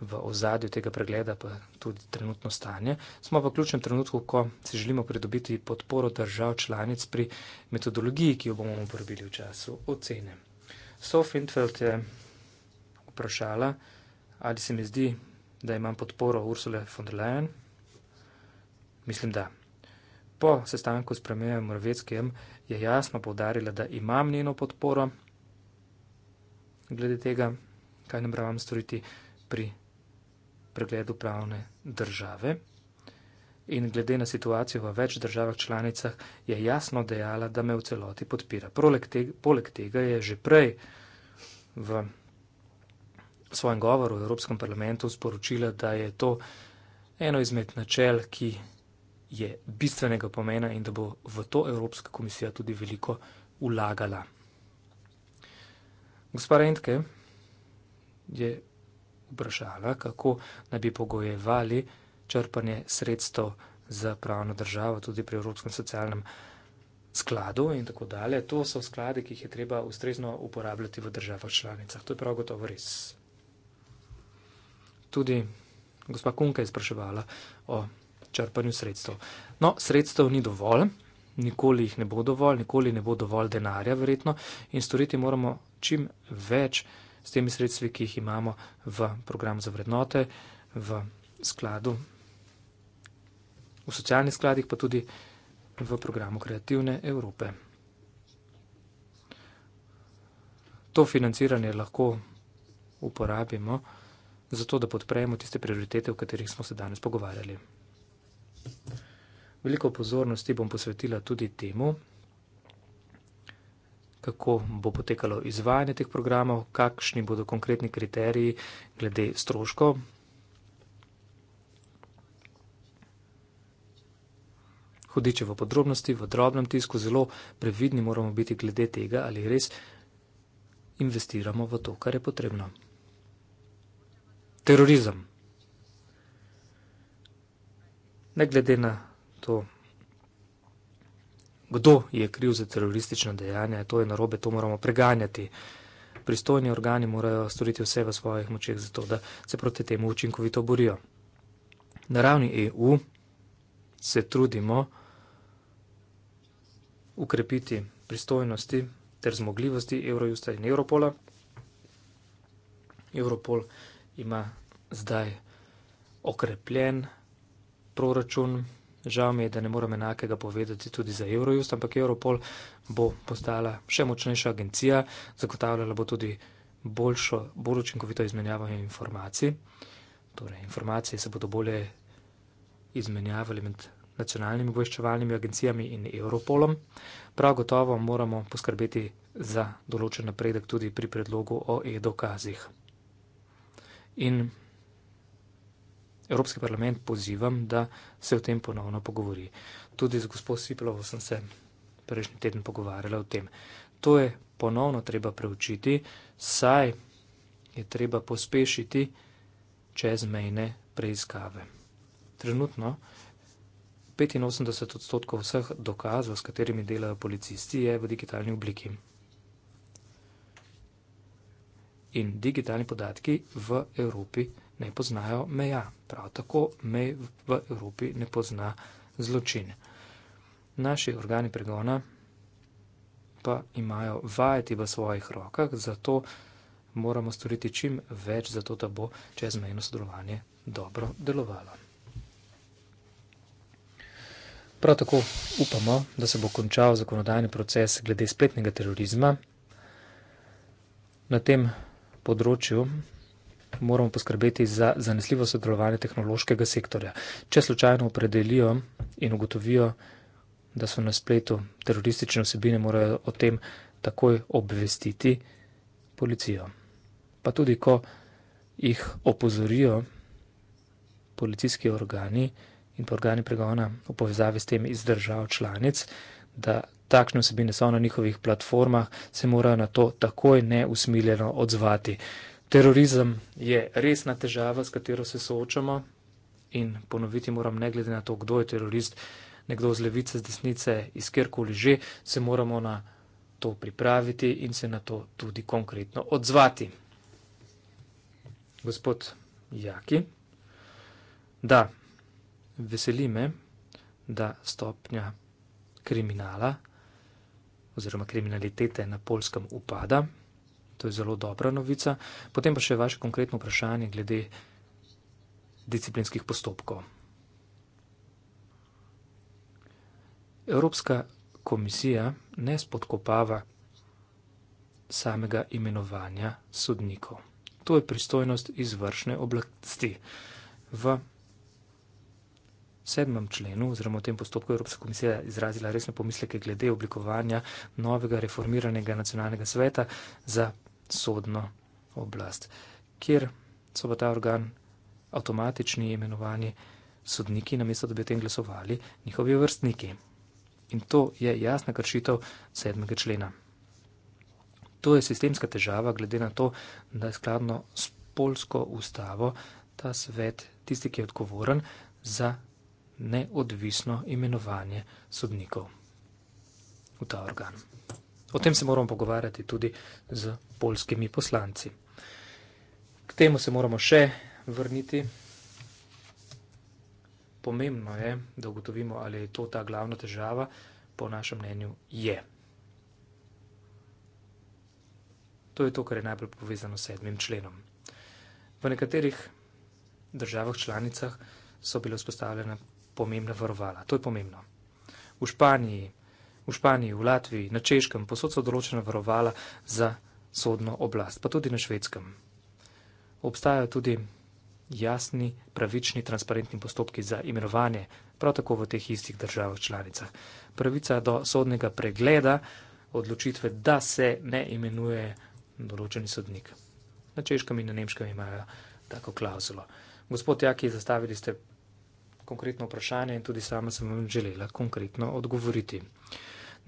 v ozadju tega pregleda, pa tudi trenutno stanje. Smo v ključnem trenutku, ko si želimo pridobiti podporo držav članic pri metodologiji, ki jo bomo uporabili v času ocene. Sofintfeld je vprašala, ali se mi zdi, da imam podporo Ursule von der Leyen. Mislim, da. Po sestanku s premijerjem Morveckim je jasno povdarila, da imam njeno podporo glede tega, kaj nam pravam storiti pri pregledu pravne države in glede na situacijo v več državah članicah je jasno dejala, da me v celoti podpira. Poleg tega je že prej v svojem govoru v Evropskem parlamentu sporočila, da je to eno izmed načel, ki je bistvenega pomena in da bo v to Evropska komisija tudi veliko ulagala. Gospa Rendke je vprašala, kako naj bi pogojevali črpanje sredstev za pravno državo, tudi pri Evropskem socialnem skladu in tako dalje. To so sklade, ki jih je treba ustrezno uporabljati v državah članicah. To je prav gotovo res. Tudi gospa Kunka je spraševala o črpanju sredstev. No, sredstev ni dovolj, nikoli jih ne bo dovolj, nikoli ne bo dovolj denarja, verjetno, in storiti moramo čim več s temi sredstvi, ki jih imamo v programu za vrednote, v skladu v socialnih skladih, pa tudi v programu Kreativne Evrope. To financiranje lahko uporabimo za to, da podpremo tiste prioritete, o katerih smo se danes pogovarjali. Veliko pozornosti bom posvetila tudi temu, kako bo potekalo izvajanje teh programov, kakšni bodo konkretni kriteriji glede stroškov, hudiče v podrobnosti, v drobnem tisku, zelo previdni moramo biti glede tega, ali res investiramo v to, kar je potrebno. Terorizem. Ne glede na to, kdo je kriv za teroristično dejanje, to je narobe, to moramo preganjati. Pristojni organi morajo storiti vse v svojih močeh za to, da se proti temu učinkovito borijo. Na ravni EU se trudimo, ukrepiti pristojnosti ter zmogljivosti Eurojusta in Europola. Europol ima zdaj okrepljen proračun. Žal mi je, da ne morem enakega povedati tudi za Eurojust, ampak Europol bo postala še močnejša agencija, zagotavljala bo tudi boljšo, bolj učinkovito izmenjavo informacij. Torej, informacije se bodo bolje izmenjavali med nacionalnimi obveščevalnimi agencijami in Europolom. Prav gotovo moramo poskrbeti za določen napredek tudi pri predlogu o e-dokazih. In Evropski parlament pozivam, da se o tem ponovno pogovori. Tudi z gospod Sipilov sem se prejšnji teden pogovarjala o tem. To je ponovno treba preučiti, saj je treba pospešiti čezmejne preiskave. Trenutno 85 odstotkov vseh dokazov, s katerimi delajo policisti, je v digitalni obliki. In digitalni podatki v Evropi ne poznajo meja. Prav tako mej v Evropi ne pozna zločin. Naši organi pregona pa imajo vajeti v svojih rokah, zato moramo storiti čim več, zato da bo čezmejno sodelovanje dobro delovalo. Prav tako upamo, da se bo končal zakonodajni proces glede spletnega terorizma. Na tem področju moramo poskrbeti za zanesljivo sodelovanje tehnološkega sektorja. Če slučajno opredelijo in ugotovijo, da so na spletu teroristične vsebine, morajo o tem takoj obvestiti policijo. Pa tudi, ko jih opozorijo policijski organi, in organi pregona v povezavi s tem iz držav članic, da takšne vsebine so na njihovih platformah, se morajo na to takoj neusmiljeno odzvati. Terorizem je resna težava, s katero se soočamo in ponoviti moram, ne glede na to, kdo je terorist, nekdo z levice, z desnice, iz kjerkoli že, se moramo na to pripraviti in se na to tudi konkretno odzvati. Gospod Jaki. Da, veseli me, da stopnja kriminala oziroma kriminalitete na polskem upada. To je zelo dobra novica. Potem pa še vaše konkretno vprašanje glede disciplinskih postopkov. Evropska komisija ne spodkopava samega imenovanja sodnikov. To je pristojnost izvršne oblasti. V sedmem členu oziroma v tem postopku Evropska komisija izrazila resne pomisleke glede oblikovanja novega reformiranega nacionalnega sveta za sodno oblast, kjer so pa ta organ avtomatični imenovani sodniki, namesto da bi o tem glasovali njihovi vrstniki. In to je jasna kršitev sedmega člena. To je sistemska težava, glede na to, da je skladno s polsko ustavo ta svet tisti, ki je odgovoren za neodvisno imenovanje sodnikov v ta organ. O tem se moramo pogovarjati tudi z polskimi poslanci. K temu se moramo še vrniti. Pomembno je, da ugotovimo, ali je to ta glavna težava, po našem mnenju je. To je to, kar je najbolj povezano s sedmim členom. V nekaterih državah članicah so bile vzpostavljene pomembna varovala. To je pomembno. V Španiji, v Španiji, v Latviji, na Češkem posod so določena varovala za sodno oblast, pa tudi na Švedskem. Obstajajo tudi jasni, pravični, transparentni postopki za imenovanje, prav tako v teh istih državah članicah. Pravica do sodnega pregleda odločitve, da se ne imenuje določeni sodnik. Na Češkem in na Nemškem imajo tako klauzulo. Gospod Jaki, zastavili ste konkretno vprašanje in tudi sama sem vam želela konkretno odgovoriti.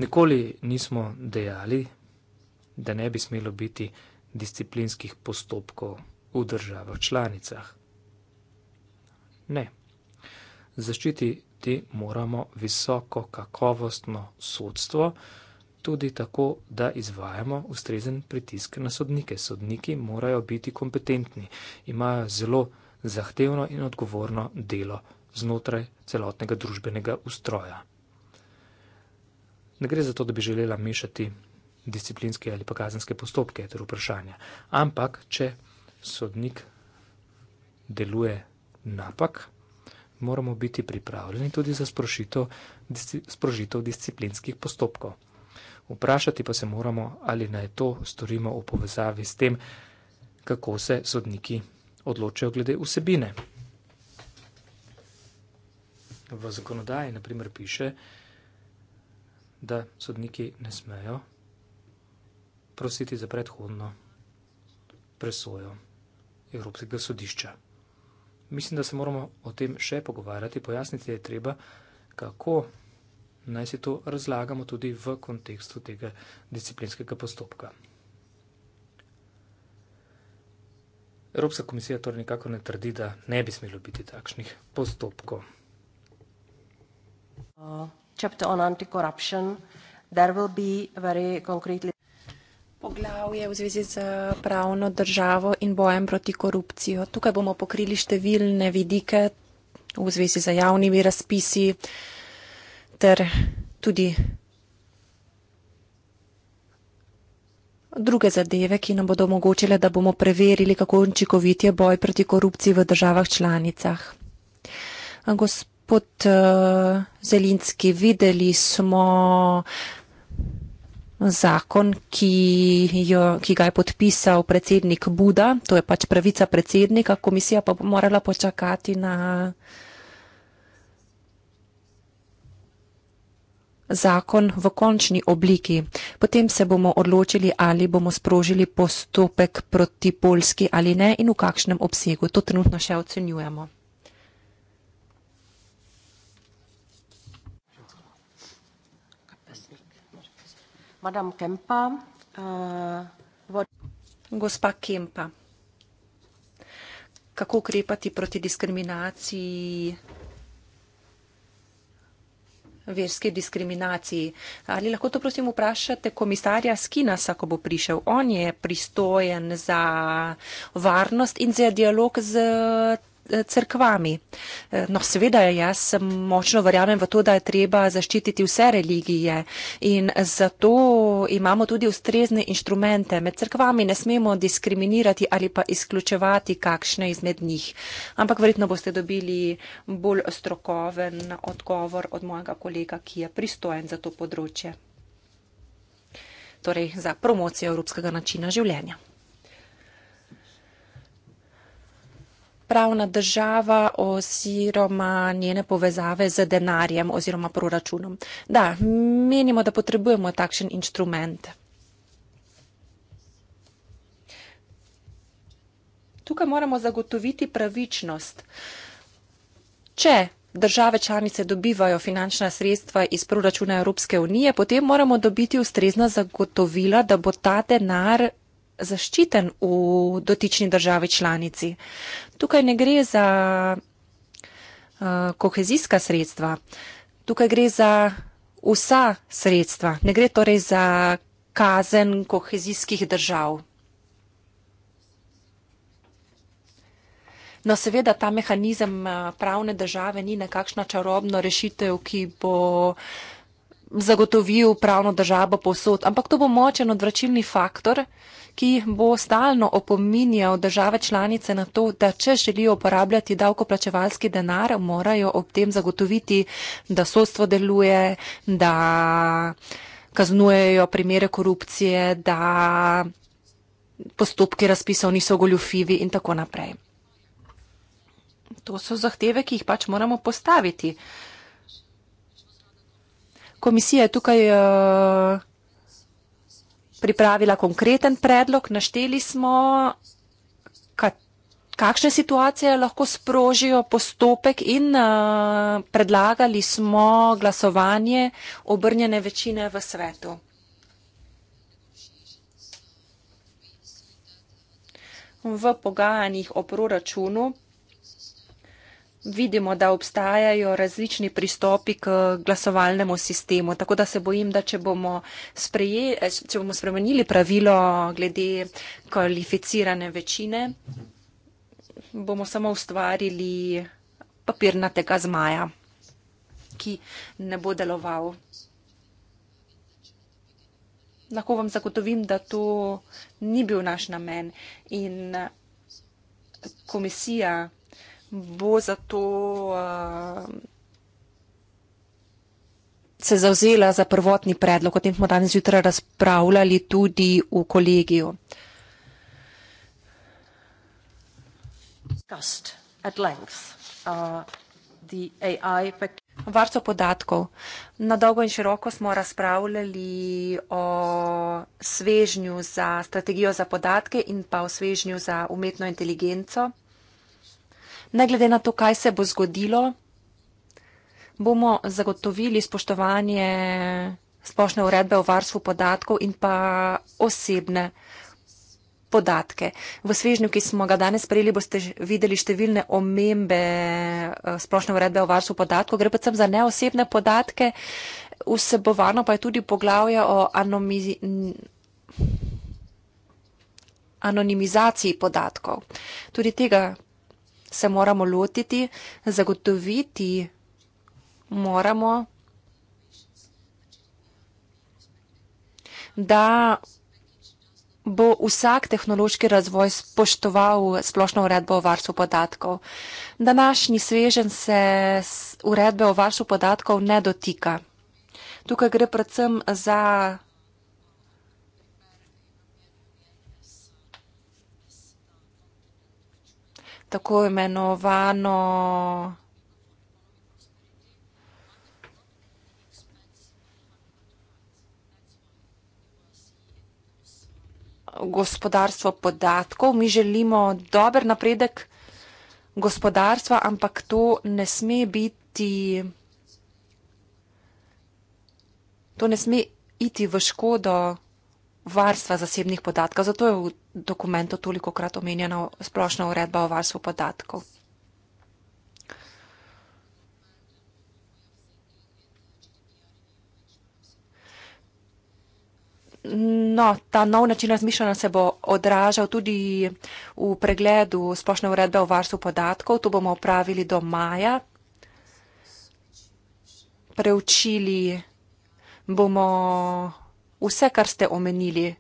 Nikoli nismo dejali, da ne bi smelo biti disciplinskih postopkov v državah članicah. Ne. Zaščititi moramo visoko kakovostno sodstvo, tudi tako, da izvajamo ustrezen pritisk na sodnike. Sodniki morajo biti kompetentni, imajo zelo zahtevno in odgovorno delo znotraj celotnega družbenega ustroja. Ne gre za to, da bi želela mešati disciplinske ali pa kazenske postopke ter torej vprašanja, ampak če sodnik deluje napak, moramo biti pripravljeni tudi za sprožitev, sprožitev disciplinskih postopkov. Vprašati pa se moramo, ali naj to storimo v povezavi s tem, kako se sodniki odločajo glede vsebine v zakonodaji naprimer piše, da sodniki ne smejo prositi za predhodno presojo Evropskega sodišča. Mislim, da se moramo o tem še pogovarjati, pojasniti je treba, kako naj si to razlagamo tudi v kontekstu tega disciplinskega postopka. Evropska komisija torej nikako ne trdi, da ne bi smelo biti takšnih postopkov. Uh, chapter on anti-corruption, there will be very concretely Poglavje v zvezi z uh, pravno državo in bojem proti korupcijo. Tukaj bomo pokrili številne vidike v zvezi z javnimi razpisi ter tudi druge zadeve, ki nam bodo omogočile, da bomo preverili, kako učinkovit je boj proti korupciji v državah članicah. Gospod gospod uh, eh, Zelinski, videli smo zakon, ki, jo, ki ga je podpisal predsednik Buda, to je pač pravica predsednika, komisija pa bo morala počakati na zakon v končni obliki. Potem se bomo odločili, ali bomo sprožili postopek proti Polski ali ne in v kakšnem obsegu. To trenutno še ocenjujemo. Eh, Gospa Kempa, kako ukrepati proti diskriminaciji, verski diskriminaciji? Ali lahko to prosim vprašate komisarja Skinasa, ko bo prišel? On je pristojen za varnost in za dialog z crkvami. No, seveda, jaz močno verjamem v to, da je treba zaščititi vse religije in zato imamo tudi ustrezne inštrumente. Med crkvami ne smemo diskriminirati ali pa izključevati kakšne izmed njih. Ampak verjetno boste dobili bolj strokoven odgovor od mojega kolega, ki je pristojen za to področje. Torej, za promocijo evropskega načina življenja. pravna država oziroma njene povezave z denarjem oziroma proračunom. Da, menimo, da potrebujemo takšen inštrument. Tukaj moramo zagotoviti pravičnost. Če države članice dobivajo finančna sredstva iz proračuna Evropske unije, potem moramo dobiti ustrezna zagotovila, da bo ta denar zaščiten v dotični državi članici. Tukaj ne gre za uh, kohezijska sredstva, tukaj gre za vsa sredstva, ne gre torej za kazen kohezijskih držav. No, seveda ta mehanizem eh, pravne države ni nekakšna čarobna rešitev, ki bo uh, zagotovil pravno državo posod, ampak to bo močen odvračilni faktor, ki bo stalno opominjal države članice na to, da če želijo uporabljati davkoplačevalski denar, morajo ob tem zagotoviti, da sodstvo deluje, da kaznujejo primere korupcije, da postopki razpisov niso goljufivi in tako naprej. To so zahteve, ki jih pač moramo postaviti. Komisija je tukaj eh, pripravila konkreten predlog, našteli smo, kakšne situacije lahko sprožijo postopek in eh, predlagali smo glasovanje obrnjene večine v svetu. V pogajanjih o proračunu vidimo, da obstajajo različni pristopi k glasovalnemu sistemu. Tako da se bojim, da če bomo, spreje, če bomo spremenili pravilo glede kvalificirane večine, bomo samo ustvarili papirnatega zmaja, ki ne bo deloval. Lahko vam zagotovim, da to ni bil naš namen in komisija bo za to uh, se zauzela za prvotni predlog. O tem smo danes jutra razpravljali tudi v kolegiju. Uh, Varstvo podatkov. Na dolgo in široko smo razpravljali o svežnju za strategijo za podatke in pa o svežnju za umetno inteligenco. Ne glede na to, kaj se bo zgodilo, bomo zagotovili spoštovanje splošne uredbe o varstvu podatkov in pa osebne podatke. V svežnju, ki smo ga danes prejeli, boste videli številne omembe eh, splošne uredbe o varstvu podatkov. Gre predvsem za neosebne podatke, vsebovano pa je tudi poglavje o anomizi... anonimizaciji podatkov. Tudi tega se moramo lotiti, zagotoviti moramo, da bo vsak tehnološki razvoj spoštoval splošno uredbo o varstvu podatkov. Današnji svežen se uredbe o varstvu podatkov ne dotika. Tukaj gre predvsem za tako imenovano gospodarstvo podatkov. Mi želimo dober napredek gospodarstva, ampak to ne sme biti. To ne sme iti v škodo varstva zasebnih podatkov. Zato je v dokumentu toliko krat omenjena splošna uredba o varstvu podatkov. No, ta nov način razmišljanja se bo odražal tudi v pregledu splošne uredbe o varstvu podatkov. To bomo opravili do maja. Preučili bomo vse, kar ste omenili.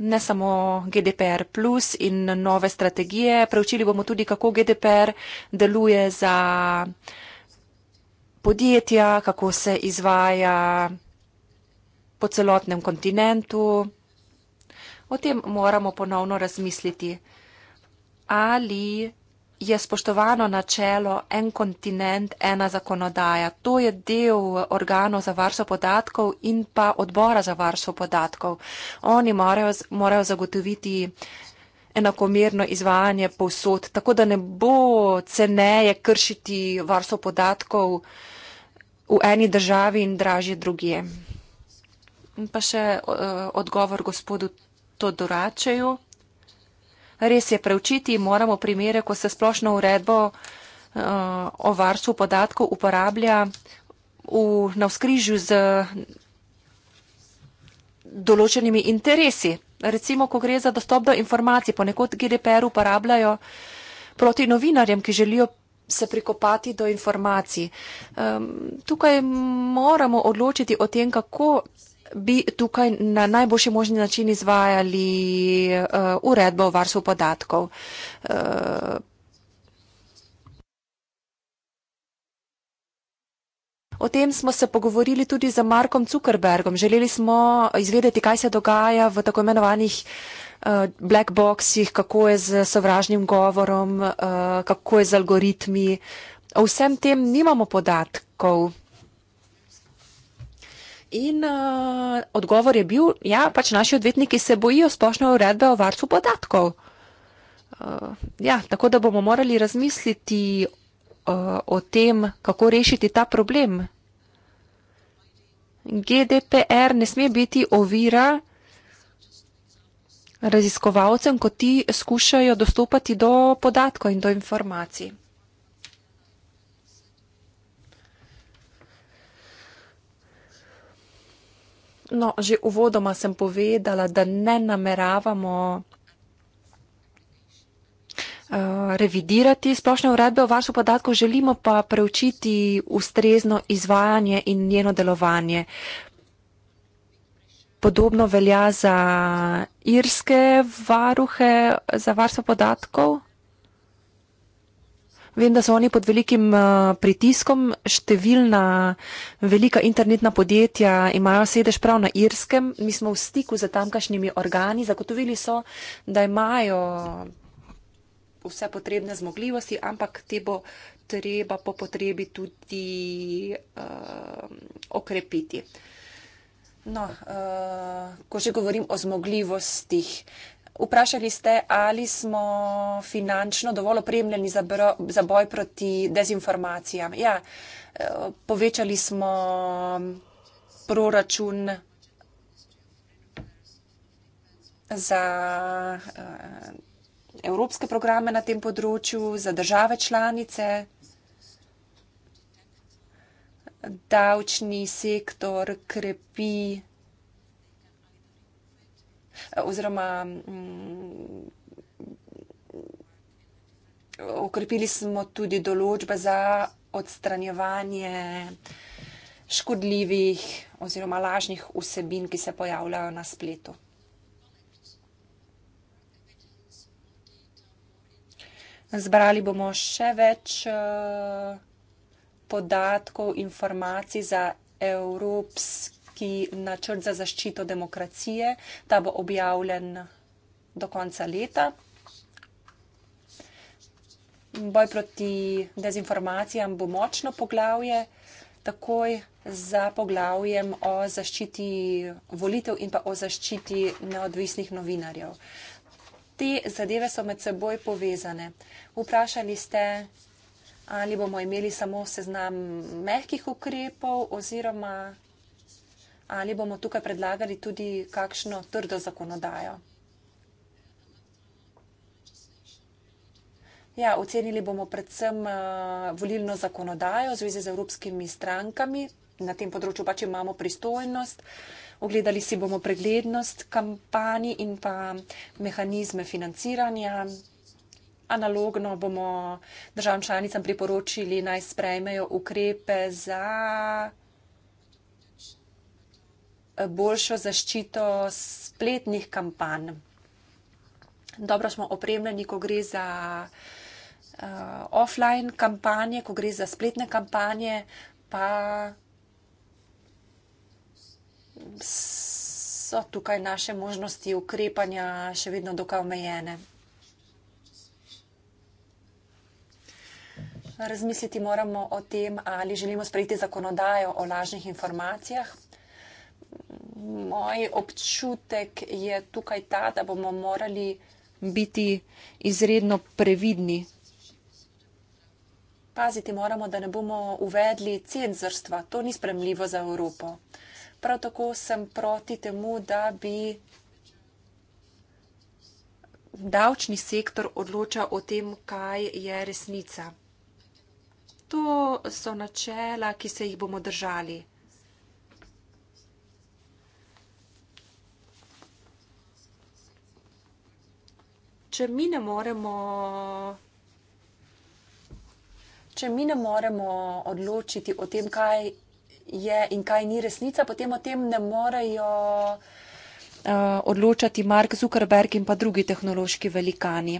Ne samo GDPR plus in nove strategije, preučili bomo tudi, kako GDPR deluje za podjetja, kako se izvaja po celotnem kontinentu. O tem moramo ponovno razmisliti. Ali je spoštovano načelo en kontinent, ena zakonodaja. To je del organov za varstvo podatkov in pa odbora za varstvo podatkov. Oni morajo, morajo zagotoviti enakomerno izvajanje povsod, tako da ne bo ceneje kršiti varstvo podatkov v eni državi in dražje druge. In pa še eh, odgovor gospodu Todoračeju res je preučiti, moramo primere, ko se splošno uredbo uh, o varstvu podatkov uporablja v navskrižju z določenimi interesi. Recimo, ko gre za dostop do informacij, ponekod GDPR uporabljajo proti novinarjem, ki želijo se prikopati do informacij. Um, tukaj moramo odločiti o tem, kako bi tukaj na najboljši možni način izvajali uh, uredbo o varstvu podatkov. Uh, o tem smo se pogovorili tudi z Markom Zuckerbergom. Želeli smo izvedeti, kaj se dogaja v tako imenovanih uh, black boxih, kako je z sovražnim govorom, uh, kako je z algoritmi. O vsem tem nimamo podatkov. In uh, odgovor je bil, ja, pač naši odvetniki se bojijo splošne uredbe o varstvu podatkov. Uh, ja, tako da bomo morali razmisliti uh, o tem, kako rešiti ta problem. GDPR ne sme biti ovira raziskovalcem, ko ti skušajo dostopati do podatkov in do informacij. No, že uvodoma sem povedala, da ne nameravamo eh, revidirati splošne uredbe o varstvu podatkov, želimo pa preučiti ustrezno izvajanje in njeno delovanje. Podobno velja za irske varuhe za varstvo podatkov. Vem, da so oni pod velikim eh, pritiskom, številna velika internetna podjetja imajo sedež prav na Irskem. Mi smo v stiku z tamkajšnjimi organi, zagotovili so, da imajo vse potrebne zmogljivosti, ampak te bo treba po potrebi tudi uh, okrepiti. No, uh, ko že govorim o zmogljivostih, uh, Vprašali ste, ali smo finančno dovolj opremljeni za, bro, za boj proti dezinformacijam. Ja, eh, povečali smo proračun za uh, evropske programe na tem področju, za države članice, davčni sektor krepi oziroma mm, okrepili smo tudi določbe za odstranjevanje škodljivih oziroma lažnih vsebin, ki se pojavljajo na spletu. Zbrali bomo še več eh, podatkov, informacij za evropski pripraviti načrt za zaščito demokracije, ta bo objavljen do konca leta. Boj proti dezinformacijam bo močno poglavje, takoj za poglavjem o zaščiti volitev in pa o zaščiti neodvisnih novinarjev. Te zadeve so med seboj povezane. Vprašali ste, ali bomo imeli samo seznam mehkih ukrepov oziroma ali bomo tukaj predlagali tudi kakšno trdo zakonodajo. Ja, ocenili bomo predvsem eh, volilno zakonodajo v zvezi z evropskimi strankami. Na tem področju pač imamo pristojnost. Ogledali si bomo preglednost kampanji in pa mehanizme financiranja. Analogno bomo državam članicam priporočili naj sprejmejo ukrepe za boljšo zaščito spletnih kampanj. Dobro smo opremljeni, ko gre za uh, offline kampanje, ko gre za spletne kampanje, pa so tukaj naše možnosti ukrepanja še vedno dokaj omejene. Razmisliti moramo o tem, ali želimo sprejeti zakonodajo o lažnih informacijah, moj občutek je tukaj ta, da bomo morali biti izredno previdni. Paziti moramo, da ne bomo uvedli cenzorstva. To ni spremljivo za Evropo. Prav tako sem proti temu, da bi davčni sektor odločal o tem, kaj je resnica. To so načela, ki se jih bomo držali. če mi ne moremo. Če mi ne moremo odločiti o tem, kaj je in kaj ni resnica, potem o tem ne morejo eh, odločati Mark Zuckerberg in pa drugi tehnološki velikani.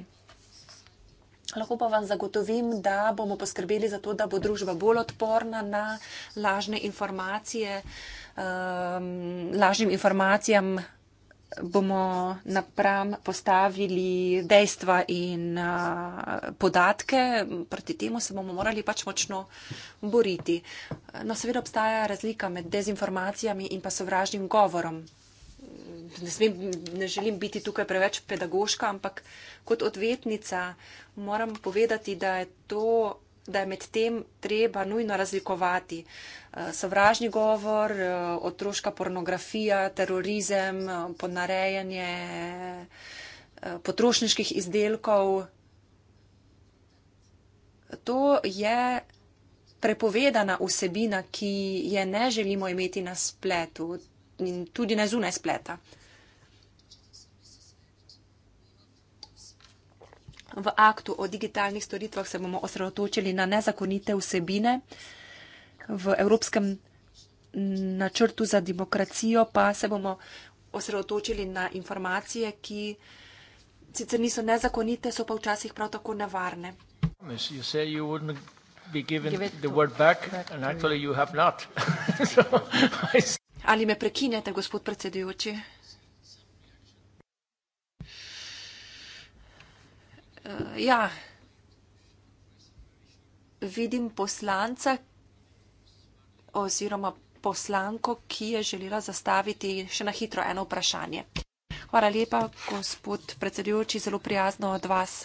Lahko pa vam zagotovim, da bomo poskrbeli za to, da bo družba bolj odporna na lažne informacije, eh, lažnim informacijam bomo napram postavili dejstva in a, podatke, proti temu se bomo morali pač močno boriti. No, seveda obstaja razlika med dezinformacijami in pa sovražnim govorom. Ne, smem, ne želim biti tukaj preveč pedagoška, ampak kot odvetnica moram povedati, da je to da je med tem treba nujno razlikovati eh, sovražni govor, eh, otroška pornografija, terorizem, eh, ponarejanje potrošniških izdelkov. To je prepovedana vsebina, ki je ne želimo imeti na spletu in tudi ne zunaj spleta. v aktu o digitalnih storitvah se bomo osredotočili na nezakonite vsebine, v Evropskem načrtu za demokracijo pa se bomo osredotočili na informacije, ki sicer niso nezakonite, so pa včasih prav tako nevarne. Ali me prekinjate, gospod predsedujoči? Uh, ja, vidim poslanca oziroma poslanko, ki je želela zastaviti še na hitro eno vprašanje. Hvala lepa, gospod predsedujoči, zelo prijazno od vas.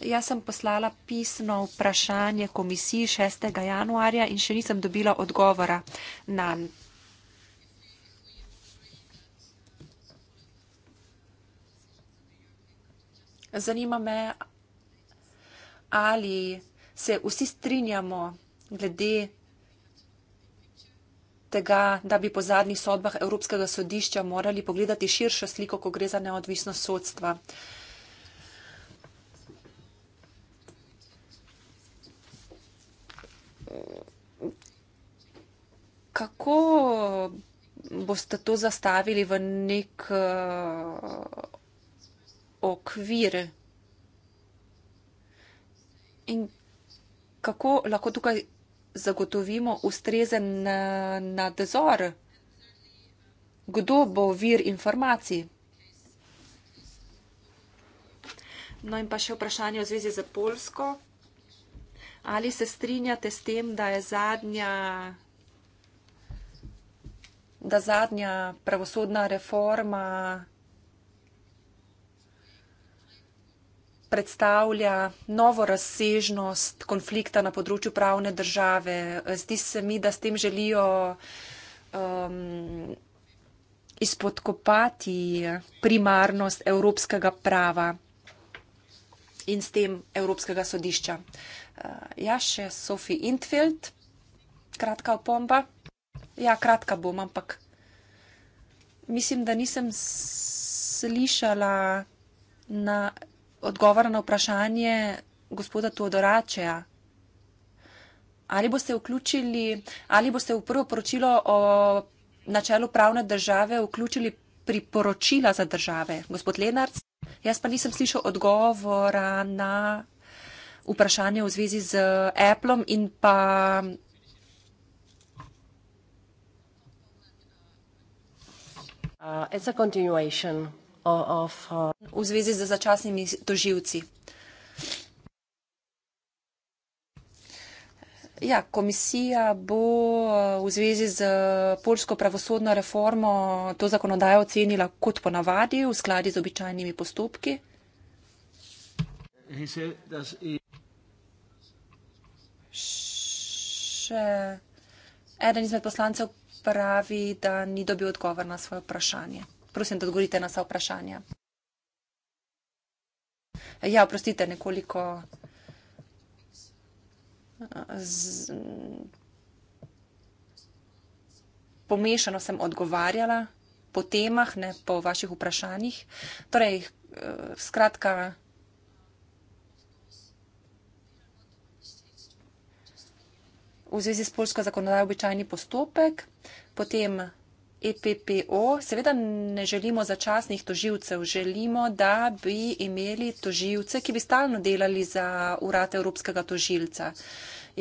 Jaz sem poslala pisno vprašanje komisiji 6. januarja in še nisem dobila odgovora na Zanima me, ali se vsi strinjamo glede tega, da bi po zadnjih sodbah Evropskega sodišča morali pogledati širšo sliko, ko gre za neodvisno sodstva. Kako boste to zastavili v nek eh, okvir. In kako lahko tukaj zagotovimo ustrezen eh, nadzor? Kdo bo vir informacij? No in pa še vprašanje v zvezi z Polsko. Ali se strinjate s tem, da je zadnja, da zadnja pravosodna reforma predstavlja novo razsežnost konflikta na področju pravne države. Zdi se mi, da s tem želijo um, izpodkopati primarnost evropskega prava in s tem evropskega sodišča. Uh, ja, še Sofi Intfeld, kratka opomba. Ja, kratka bom, ampak mislim, da nisem slišala. Na odgovora na vprašanje gospoda Todoračeja. Ali boste vključili, ali boste v prvo poročilo o načelu pravne države vključili priporočila za države, gospod Lenarc? Jaz pa nisem slišal odgovora na vprašanje v zvezi z Apple in pa. Uh, it's a continuation of, uh... v zvezi z začasnimi toživci. Ja, komisija bo v zvezi z polsko pravosodno reformo to zakonodajo ocenila kot ponavadi v skladi z običajnimi postopki. Še eden izmed poslancev pravi, da ni dobil odgovor na svoje vprašanje prosim, da odgovorite na vsa vprašanja. Ja, oprostite, nekoliko. Z... Pomešano sem odgovarjala po temah, ne po vaših vprašanjih. Torej, skratka. V zvezi s polsko zakonodajo je običajni postopek, potem EPPO, seveda ne želimo začasnih toživcev, želimo, da bi imeli toživce, ki bi stalno delali za urad Evropskega toživca.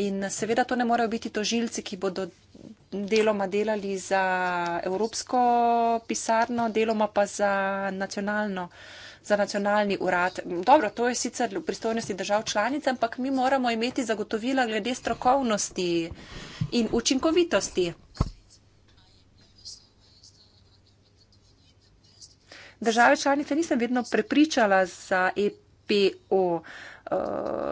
In seveda to ne morejo biti toživci, ki bodo deloma delali za Evropsko pisarno, deloma pa za nacionalno za nacionalni urad. Dobro, to je sicer v pristojnosti držav članic, ampak mi moramo imeti zagotovila glede strokovnosti in učinkovitosti. države članice nisem vedno prepričala za EPO. Eh,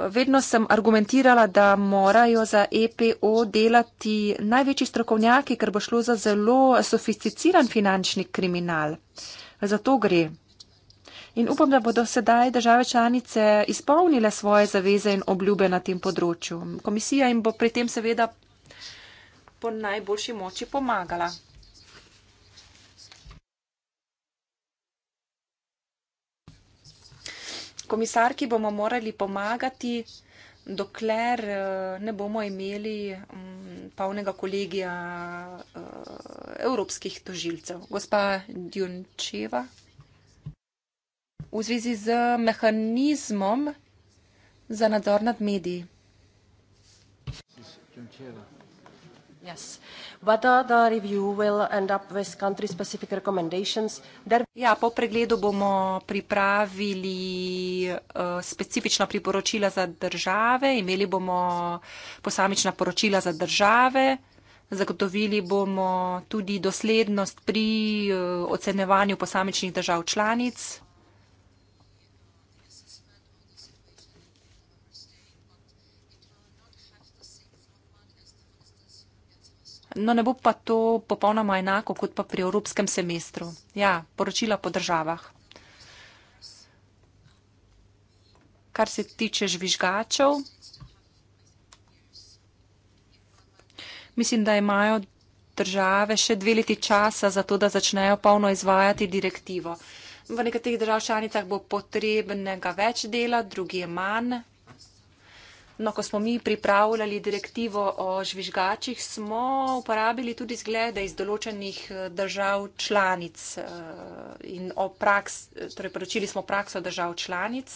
vedno sem argumentirala, da morajo za EPO delati največji strokovnjaki, ker bo šlo za zelo sofisticiran finančni kriminal. Zato gre. In upam, da bodo sedaj države članice izpolnile svoje zaveze in obljube na tem področju. Komisija jim bo pri tem seveda po najboljši moči pomagala. komisarki bomo morali pomagati, dokler eh, ne bomo imeli mm, polnega kolegija eh, evropskih tožilcev. Gospa Djunčeva, v zvezi z mehanizmom za nadzor nad mediji. Yes. Whether the review will end up with country-specific recommendations, there... Ja, po pregledu bomo pripravili uh, specifična priporočila za države, imeli bomo posamična poročila za države, zagotovili bomo tudi doslednost pri uh, eh, ocenevanju posamičnih držav članic. no ne bo pa to popolnoma enako kot pa pri evropskem semestru. Ja, poročila po državah. Kar se tiče žvižgačev, mislim, da imajo države še dve leti časa za to, da začnejo polno izvajati direktivo. V nekaterih držav članicah bo potrebnega več dela, drugi je manj. No, ko smo mi pripravljali direktivo o žvižgačih, smo uporabili tudi zglede iz določenih eh, držav članic eh, in o praks, torej poročili smo prakso držav članic.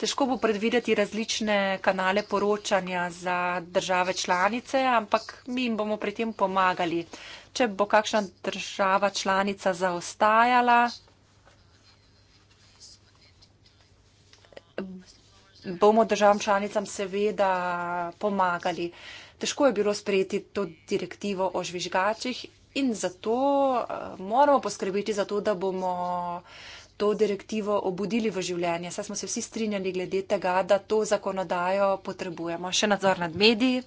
Težko bo predvideti različne kanale poročanja za države članice, ampak mi jim bomo pri tem pomagali. Če bo kakšna država članica zaostajala, bomo državam članicam seveda pomagali. Težko je bilo sprejeti to direktivo o žvižgačih in zato eh, moramo poskrbeti za to, da bomo to direktivo obudili v življenje. Saj smo se vsi strinjali glede tega, da to zakonodajo potrebujemo. Še nadzor nad mediji.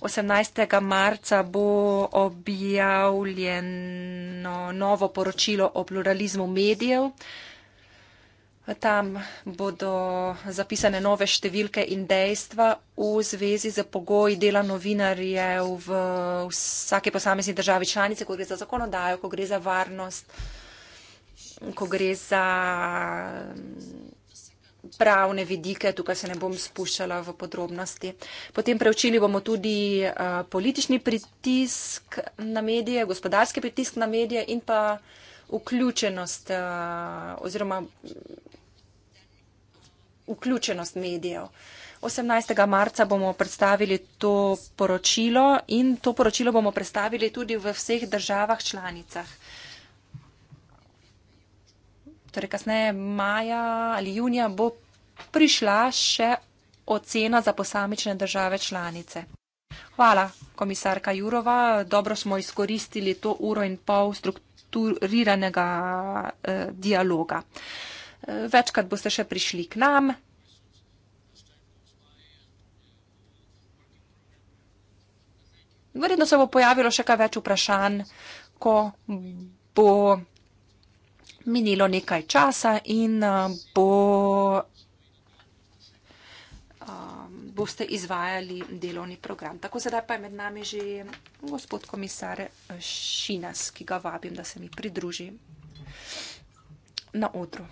18. marca bo objavljeno novo poročilo o pluralizmu medijev. Uh, Tam bodo zapisane nove številke in dejstva v zvezi z pogoji dela novinarjev v vsake posamezni državi članice, ko gre za zakonodajo, ko gre za varnost, ko gre za mm, pravne vidike, tukaj se ne bom spuščala v podrobnosti. Potem preučili bomo tudi uh, politični pritisk na medije, gospodarski pritisk na medije in pa uh, vključenost eh, oziroma vključenost medijev. 18. marca bomo predstavili to poročilo in to poročilo bomo predstavili tudi v vseh državah članicah. Torej kasneje maja ali junija bo prišla še ocena za posamične države članice. Hvala, komisarka Jurova. Dobro smo izkoristili to uro in pol struktur strukturiranega eh, dialoga. Eh, večkrat boste še prišli k nam. Verjetno se bo pojavilo še kaj več vprašanj, ko bo minilo nekaj časa in eh, bo boste izvajali delovni program. Tako sedaj pa je med nami že gospod komisar Šinas, ki ga vabim, da se mi pridruži na odru.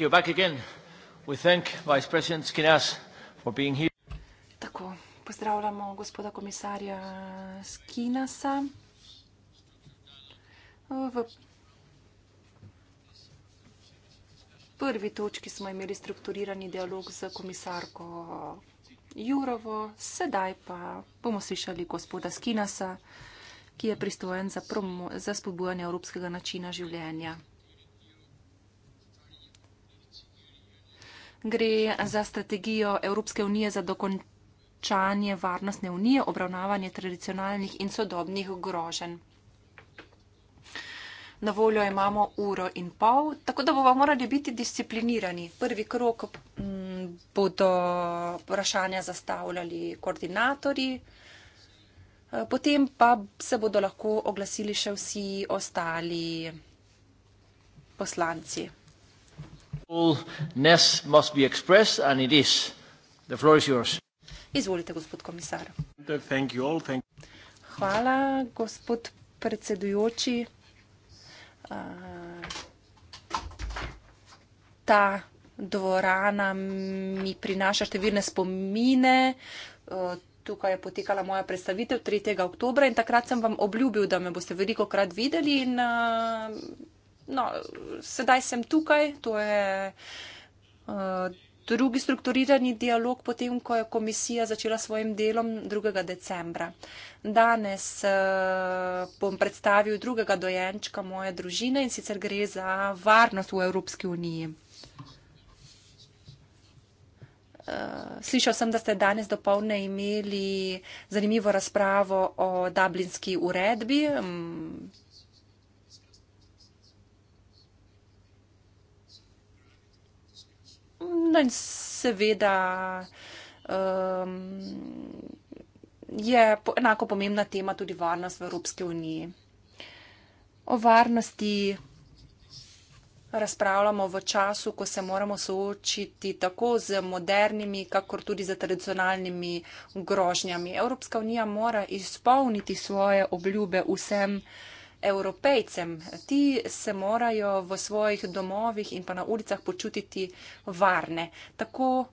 you're back again. We thank Vice President Skinas for being here. Tako, pozdravljamo gospoda komisarja Skinasa. V prvi točki smo imeli strukturirani dialog z komisarko Jurovo, sedaj pa bomo slišali gospoda Skinasa, ki je pristojen za, za spodbujanje evropskega načina življenja. gre za strategijo Evropske unije za dokončanje varnostne unije, obravnavanje tradicionalnih in sodobnih grožen. Na voljo imamo uro in pol, tako da bomo morali biti disciplinirani. Prvi krok mm, bodo vprašanja zastavljali koordinatorji, eh, potem pa se bodo lahko oglasili še vsi ostali poslanci fullness must be expressed and it is. The floor is yours. Izvolite, gospod komisar. Thank you all. Thank you. Hvala, gospod predsedujoči. Uh, ta dvorana mi prinaša številne spomine. Uh, tukaj je potekala moja predstavitev 3. oktobra in takrat sem vam obljubil, da me boste veliko krat videli in uh, no, sedaj sem tukaj, to je uh, drugi strukturirani dialog, potem ko je komisija začela svojim delom 2. decembra. Danes uh, bom predstavil drugega dojenčka moje družine in sicer gre za varnost v Evropski uniji. Eh, slišal sem, da ste danes dopolne imeli zanimivo razpravo o dublinski uredbi. Mm, no in seveda um, je enako pomembna tema tudi varnost v Evropski uniji. O varnosti razpravljamo v času, ko se moramo soočiti tako z modernimi, kakor tudi z tradicionalnimi grožnjami. Evropska unija mora izpolniti svoje obljube vsem uh, evropejcem. Ti se morajo v svojih domovih in pa na ulicah počutiti varne. Tako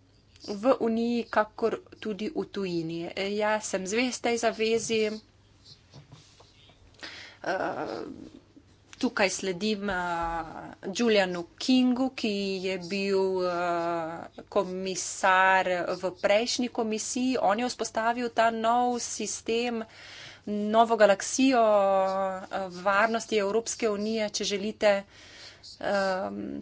v Uniji, kakor tudi v tujini. Jaz sem zvestej zavezi. Eh, tukaj sledim eh, Julianu Kingu, ki je bil eh, komisar v prejšnji komisiji. On je vzpostavil ta nov sistem novo galaksijo eh, varnosti Evropske unije, če želite.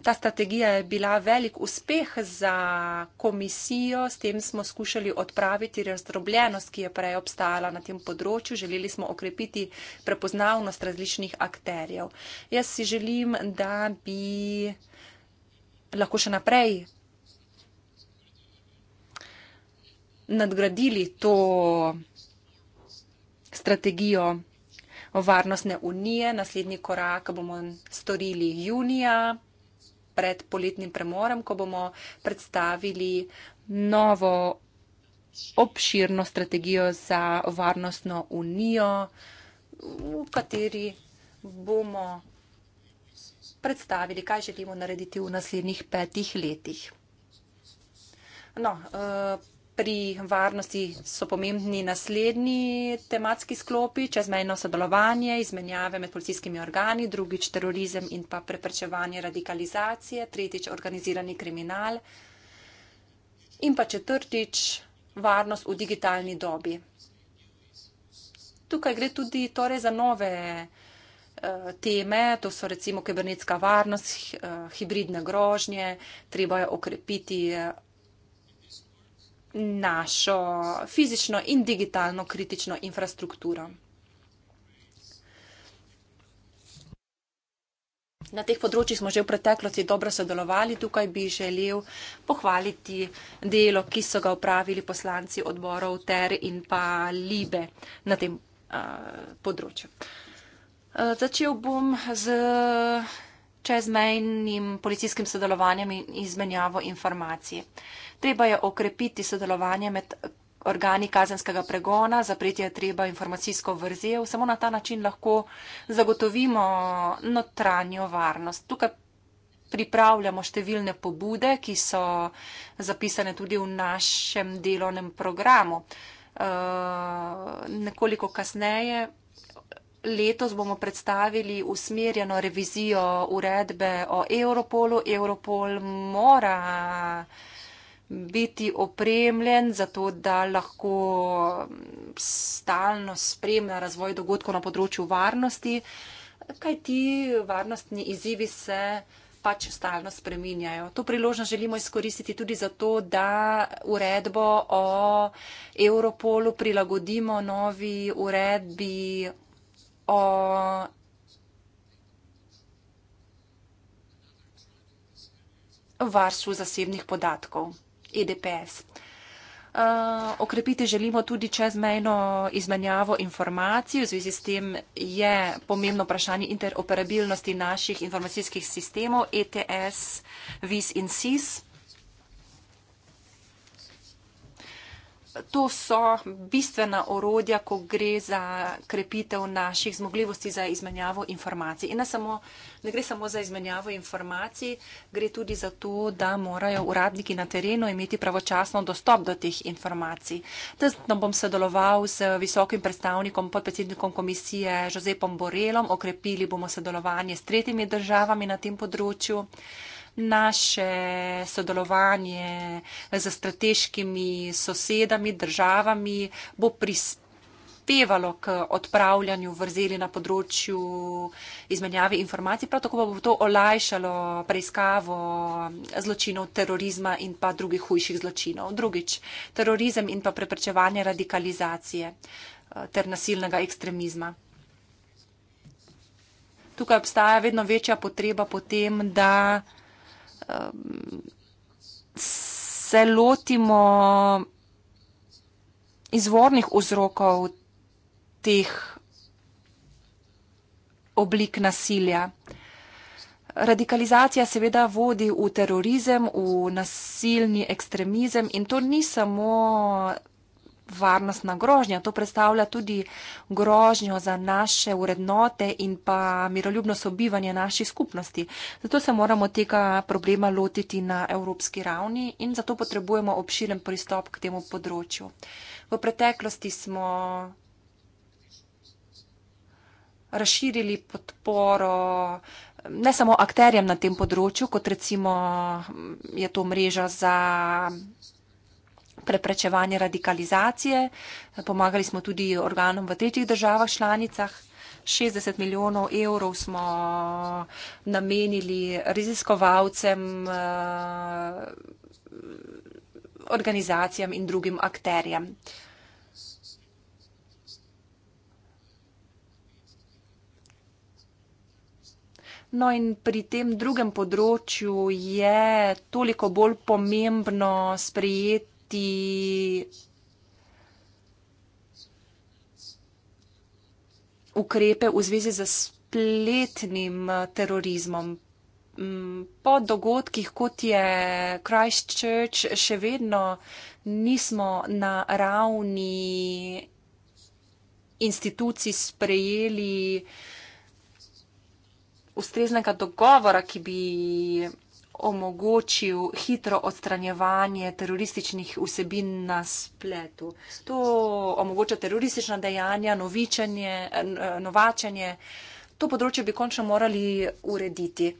Ta strategija je bila velik uspeh za komisijo, s tem smo skušali odpraviti razdrobljenost, ki je prej obstajala na tem področju. Želeli smo okrepiti prepoznavnost različnih akterjev. Jaz si želim, da bi lahko še naprej nadgradili to strategijo varnostne unije. Naslednji korak bomo storili junija pred poletnim premorem, ko bomo predstavili novo obširno strategijo za varnostno unijo, v kateri bomo predstavili, kaj želimo narediti v naslednjih petih letih. No, uh, pri varnosti so pomembni naslednji tematski sklopi, čezmejno sodelovanje, izmenjave med policijskimi organi, drugič terorizem in pa preprečevanje radikalizacije, tretjič organizirani kriminal in pa četrtič varnost v digitalni dobi. Tukaj gre tudi torej za nove eh, teme, to so recimo kibernetska varnost, eh, hibridne grožnje, treba je okrepiti eh, našo fizično in digitalno kritično infrastrukturo. Na teh področjih smo že v preteklosti dobro sodelovali. Tukaj bi želel pohvaliti delo, ki so ga upravili poslanci odborov TER in pa LIBE na tem uh, področju. Uh, začel bom z čezmejnim policijskim sodelovanjem in izmenjavo informacije. Uh, treba je okrepiti sodelovanje med organi kazenskega pregona, zapreti je treba informacijsko vrzel, samo na ta način lahko zagotovimo notranjo varnost. Tukaj pripravljamo številne pobude, ki so zapisane tudi v našem delovnem programu. Eh, nekoliko kasneje. Letos bomo predstavili usmerjeno revizijo uredbe o Europolu. Europol mora uh, biti opremljen, zato da lahko mm, stalno spremlja razvoj dogodkov na področju varnosti, kaj ti varnostni izzivi se pač stalno spreminjajo. To priložnost želimo izkoristiti tudi zato, da uredbo o Europolu prilagodimo novi uredbi o. varstvu zasebnih podatkov. EDPS. Uh, eh, okrepiti želimo tudi čezmejno izmenjavo informacij. V zvezi s tem je pomembno vprašanje interoperabilnosti naših informacijskih sistemov ETS, VIS in SIS. to so bistvena orodja, ko gre za krepitev naših zmogljivosti za izmenjavo informacij. In ne, samo, ne gre samo za izmenjavo informacij, gre tudi za to, da morajo uradniki na terenu imeti pravočasno dostop do teh informacij. Tudi bom sodeloval z visokim predstavnikom, podpredsednikom komisije Žozepom Borelom, okrepili bomo sodelovanje s tretjimi državami na tem področju naše sodelovanje z strateškimi sosedami, državami bo prispelo pevalo k odpravljanju vrzeli na področju izmenjave informacij, prav tako pa bo to olajšalo preiskavo zločinov terorizma in pa drugih hujših zločinov. Drugič, terorizem in pa preprečevanje radikalizacije eh, ter nasilnega ekstremizma. Tukaj obstaja vedno večja potreba potem, da se lotimo izvornih vzrokov teh oblik nasilja. Radikalizacija seveda vodi v terorizem, v nasilni ekstremizem in to ni samo varnostna grožnja. To predstavlja tudi grožnjo za naše urednote in pa miroljubno sobivanje naših skupnosti. Zato se moramo tega problema lotiti na evropski ravni in zato potrebujemo obširen pristop k temu področju. V preteklosti smo razširili podporo ne samo akterjem na tem področju, kot recimo je to mreža za preprečevanje radikalizacije. Pomagali smo tudi organom v tretjih državah članicah. 60 milijonov evrov smo namenili raziskovalcem, eh, organizacijam in drugim akterjem. No in pri tem drugem področju je toliko bolj pomembno sprejeti die ukrepe v zvezi z spletnim eh, terorizmom. Mm, po dogodkih, kot je Christchurch, še vedno nismo na ravni institucij sprejeli ustreznega dogovora, ki bi omogočil hitro odstranjevanje terorističnih vsebin na spletu. To omogoča teroristična dejanja, novičenje, novačenje. To področje bi končno morali urediti.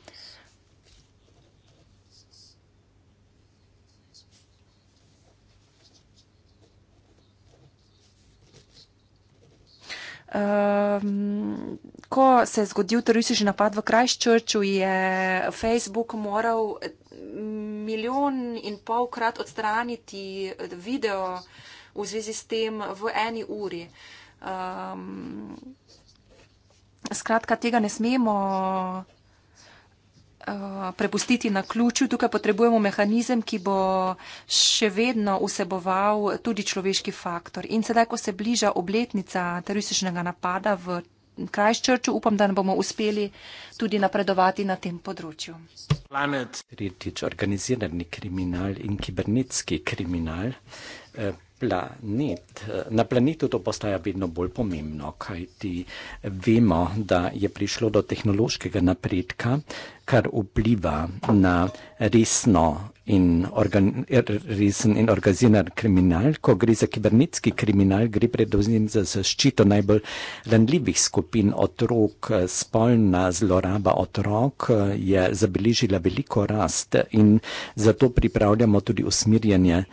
Um, ko se je zgodil teroristični napad v Krajščurču, je Facebook moral mm, milijon in polkrat odstraniti video v zvezi s tem v eni uri. Um, skratka, tega ne smemo uh, prepustiti na ključju. Tukaj potrebujemo mehanizem, ki bo še vedno vseboval tudi človeški faktor. In sedaj, ko se bliža obletnica terorističnega napada v Krajščrču upam, da bomo uspeli tudi napredovati na tem področju. Planet. Tretjič, organizirani kriminal in kibernetski kriminal. Eh, planet. Na planetu to postaja vedno bolj pomembno, kajti vemo, da je prišlo do tehnološkega napredka, kar vpliva na resno in organ, resen in organiziran kriminal. Ko gre za kibernetski kriminal, gre predvsem za zaščito najbolj ranljivih skupin otrok. Spolna zloraba otrok je zabeležila veliko rast in zato pripravljamo tudi usmirjanje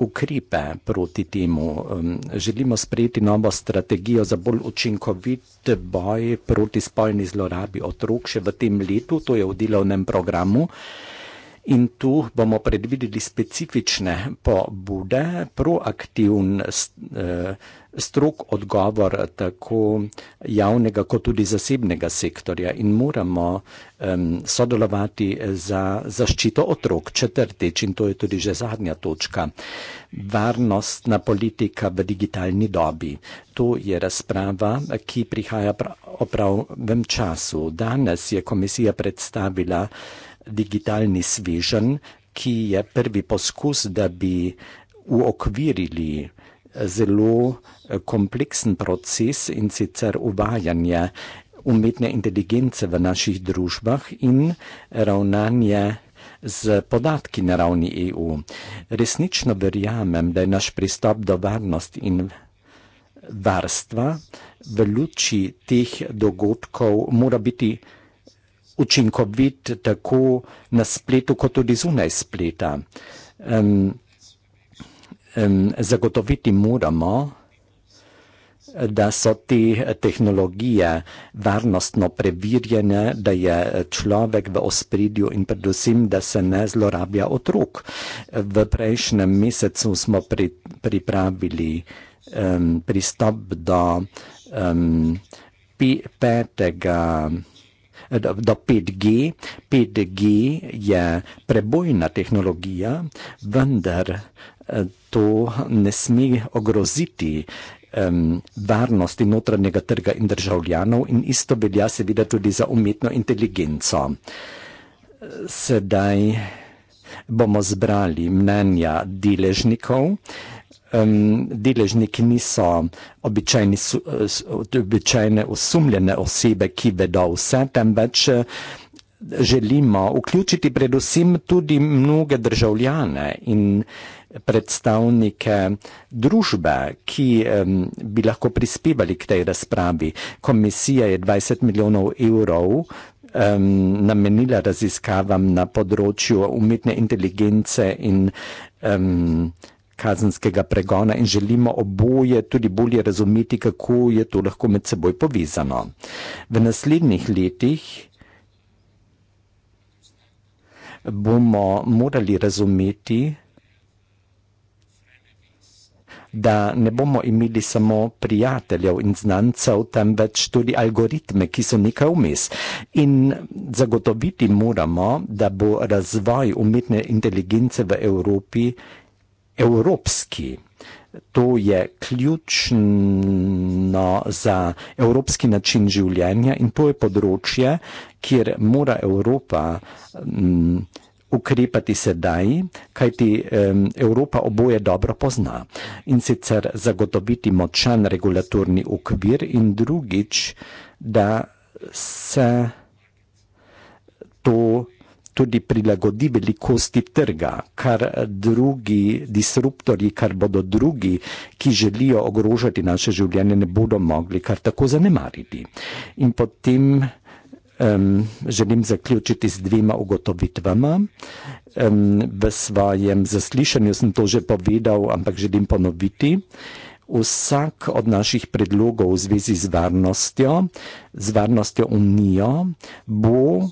ukrepe proti temu. Želimo sprejeti novo strategijo za bolj učinkovit boj proti spolni zlorabi otrok še v tem letu, to je v delovnem programu. In tu bomo predvideli specifične pobude, proaktiven eh, strok odgovor tako javnega kot tudi zasebnega sektorja in moramo sodelovati za zaščito otrok. Četrtič, in to je tudi že zadnja točka, varnostna politika v digitalni dobi. To je razprava, ki prihaja oprav v času. Danes je komisija predstavila digitalni svežen, ki je prvi poskus, da bi uokvirili zelo eh, kompleksen proces in sicer uvajanje umetne inteligence v naših družbah in ravnanje z podatki na ravni EU. Resnično verjamem, da je naš pristop do varnosti in varstva v luči teh dogodkov mora biti učinkovit tako na spletu, kot tudi zunaj spleta. Um, um, zagotoviti moramo, da so te tehnologije varnostno preverjene, da je človek v ospredju in predvsem, da se ne zlorablja otrok. V prejšnjem mesecu smo pri, pripravili um, pristop do um, pi, petega do 5G. 5G je prebojna tehnologija, vendar eh, to ne sme ogroziti varnosti notranjega trga in državljanov in isto velja seveda tudi za umetno inteligenco. Sedaj bomo zbrali mnenja deležnikov um, deležniki niso običajni, su, uh, običajne osumljene osebe, ki vedo vse, temveč želimo vključiti predvsem tudi mnoge državljane in predstavnike družbe, ki um, bi lahko prispevali k tej razpravi. Komisija je 20 milijonov evrov um, namenila raziskavam na področju umetne inteligence in um, kazenskega pregona in želimo oboje tudi bolje razumeti, kako je to lahko med seboj povezano. V naslednjih letih bomo morali razumeti, da ne bomo imeli samo prijateljev in znancev, temveč tudi algoritme, ki so nekaj vmes. In zagotoviti moramo, da bo razvoj umetne inteligence v Evropi evropski. To je ključno za evropski način življenja in to je področje, kjer mora Evropa um, ukrepati sedaj, kajti um, Evropa oboje dobro pozna in sicer zagotoviti močan regulatorni okvir in drugič, da se to tudi prilagodi velikosti trga, kar drugi disruptori, kar bodo drugi, ki želijo ogrožati naše življenje, ne bodo mogli kar tako zanemariti. In potem um, želim zaključiti z dvema ugotovitvama. Um, v svojem zaslišanju sem to že povedal, ampak želim ponoviti. Vsak od naših predlogov v zvezi z varnostjo, z varnostjo unijo, bo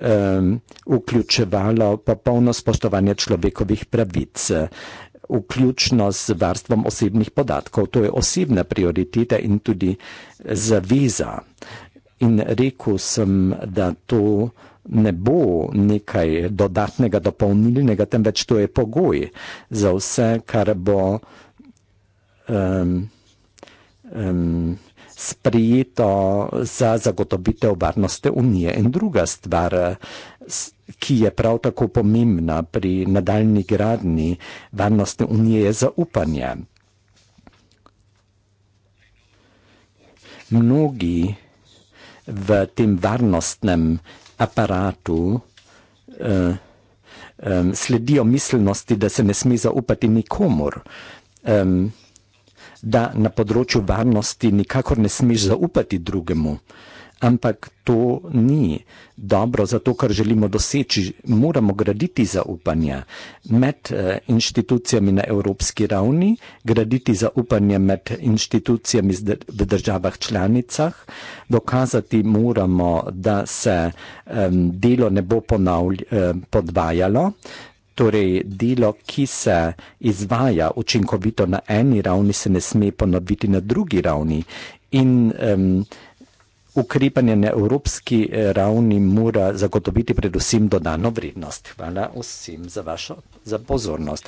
um, vključevalo popolno spoštovanje človekovih pravic, vključno s varstvom osebnih podatkov. To je osebna prioriteta in tudi zaveza. In rekel sem, da to ne bo nekaj dodatnega, dopolnilnega, temveč to je pogoj za vse, kar bo. Um, um, sprejeto za zagotovitev varnosti Unije. In druga stvar, ki je prav tako pomembna pri nadaljni gradni varnosti Unije, je zaupanje. Mnogi v tem varnostnem aparatu um, um, sledijo miselnosti, da se ne sme zaupati nikomor. Um, da na področju varnosti nikakor ne smeš zaupati drugemu. Ampak to ni dobro, zato ker želimo doseči, moramo graditi zaupanje med eh, inštitucijami na evropski ravni, graditi zaupanje med inštitucijami v državah članicah, dokazati moramo, da se um, delo ne bo ponavlj, um, podvajalo. Torej, delo, ki se izvaja učinkovito na eni ravni, se ne sme ponoviti na drugi ravni. In um, ukrepanje na evropski eh, ravni mora zagotoviti predvsem dodano vrednost. Hvala vsem za vašo za pozornost.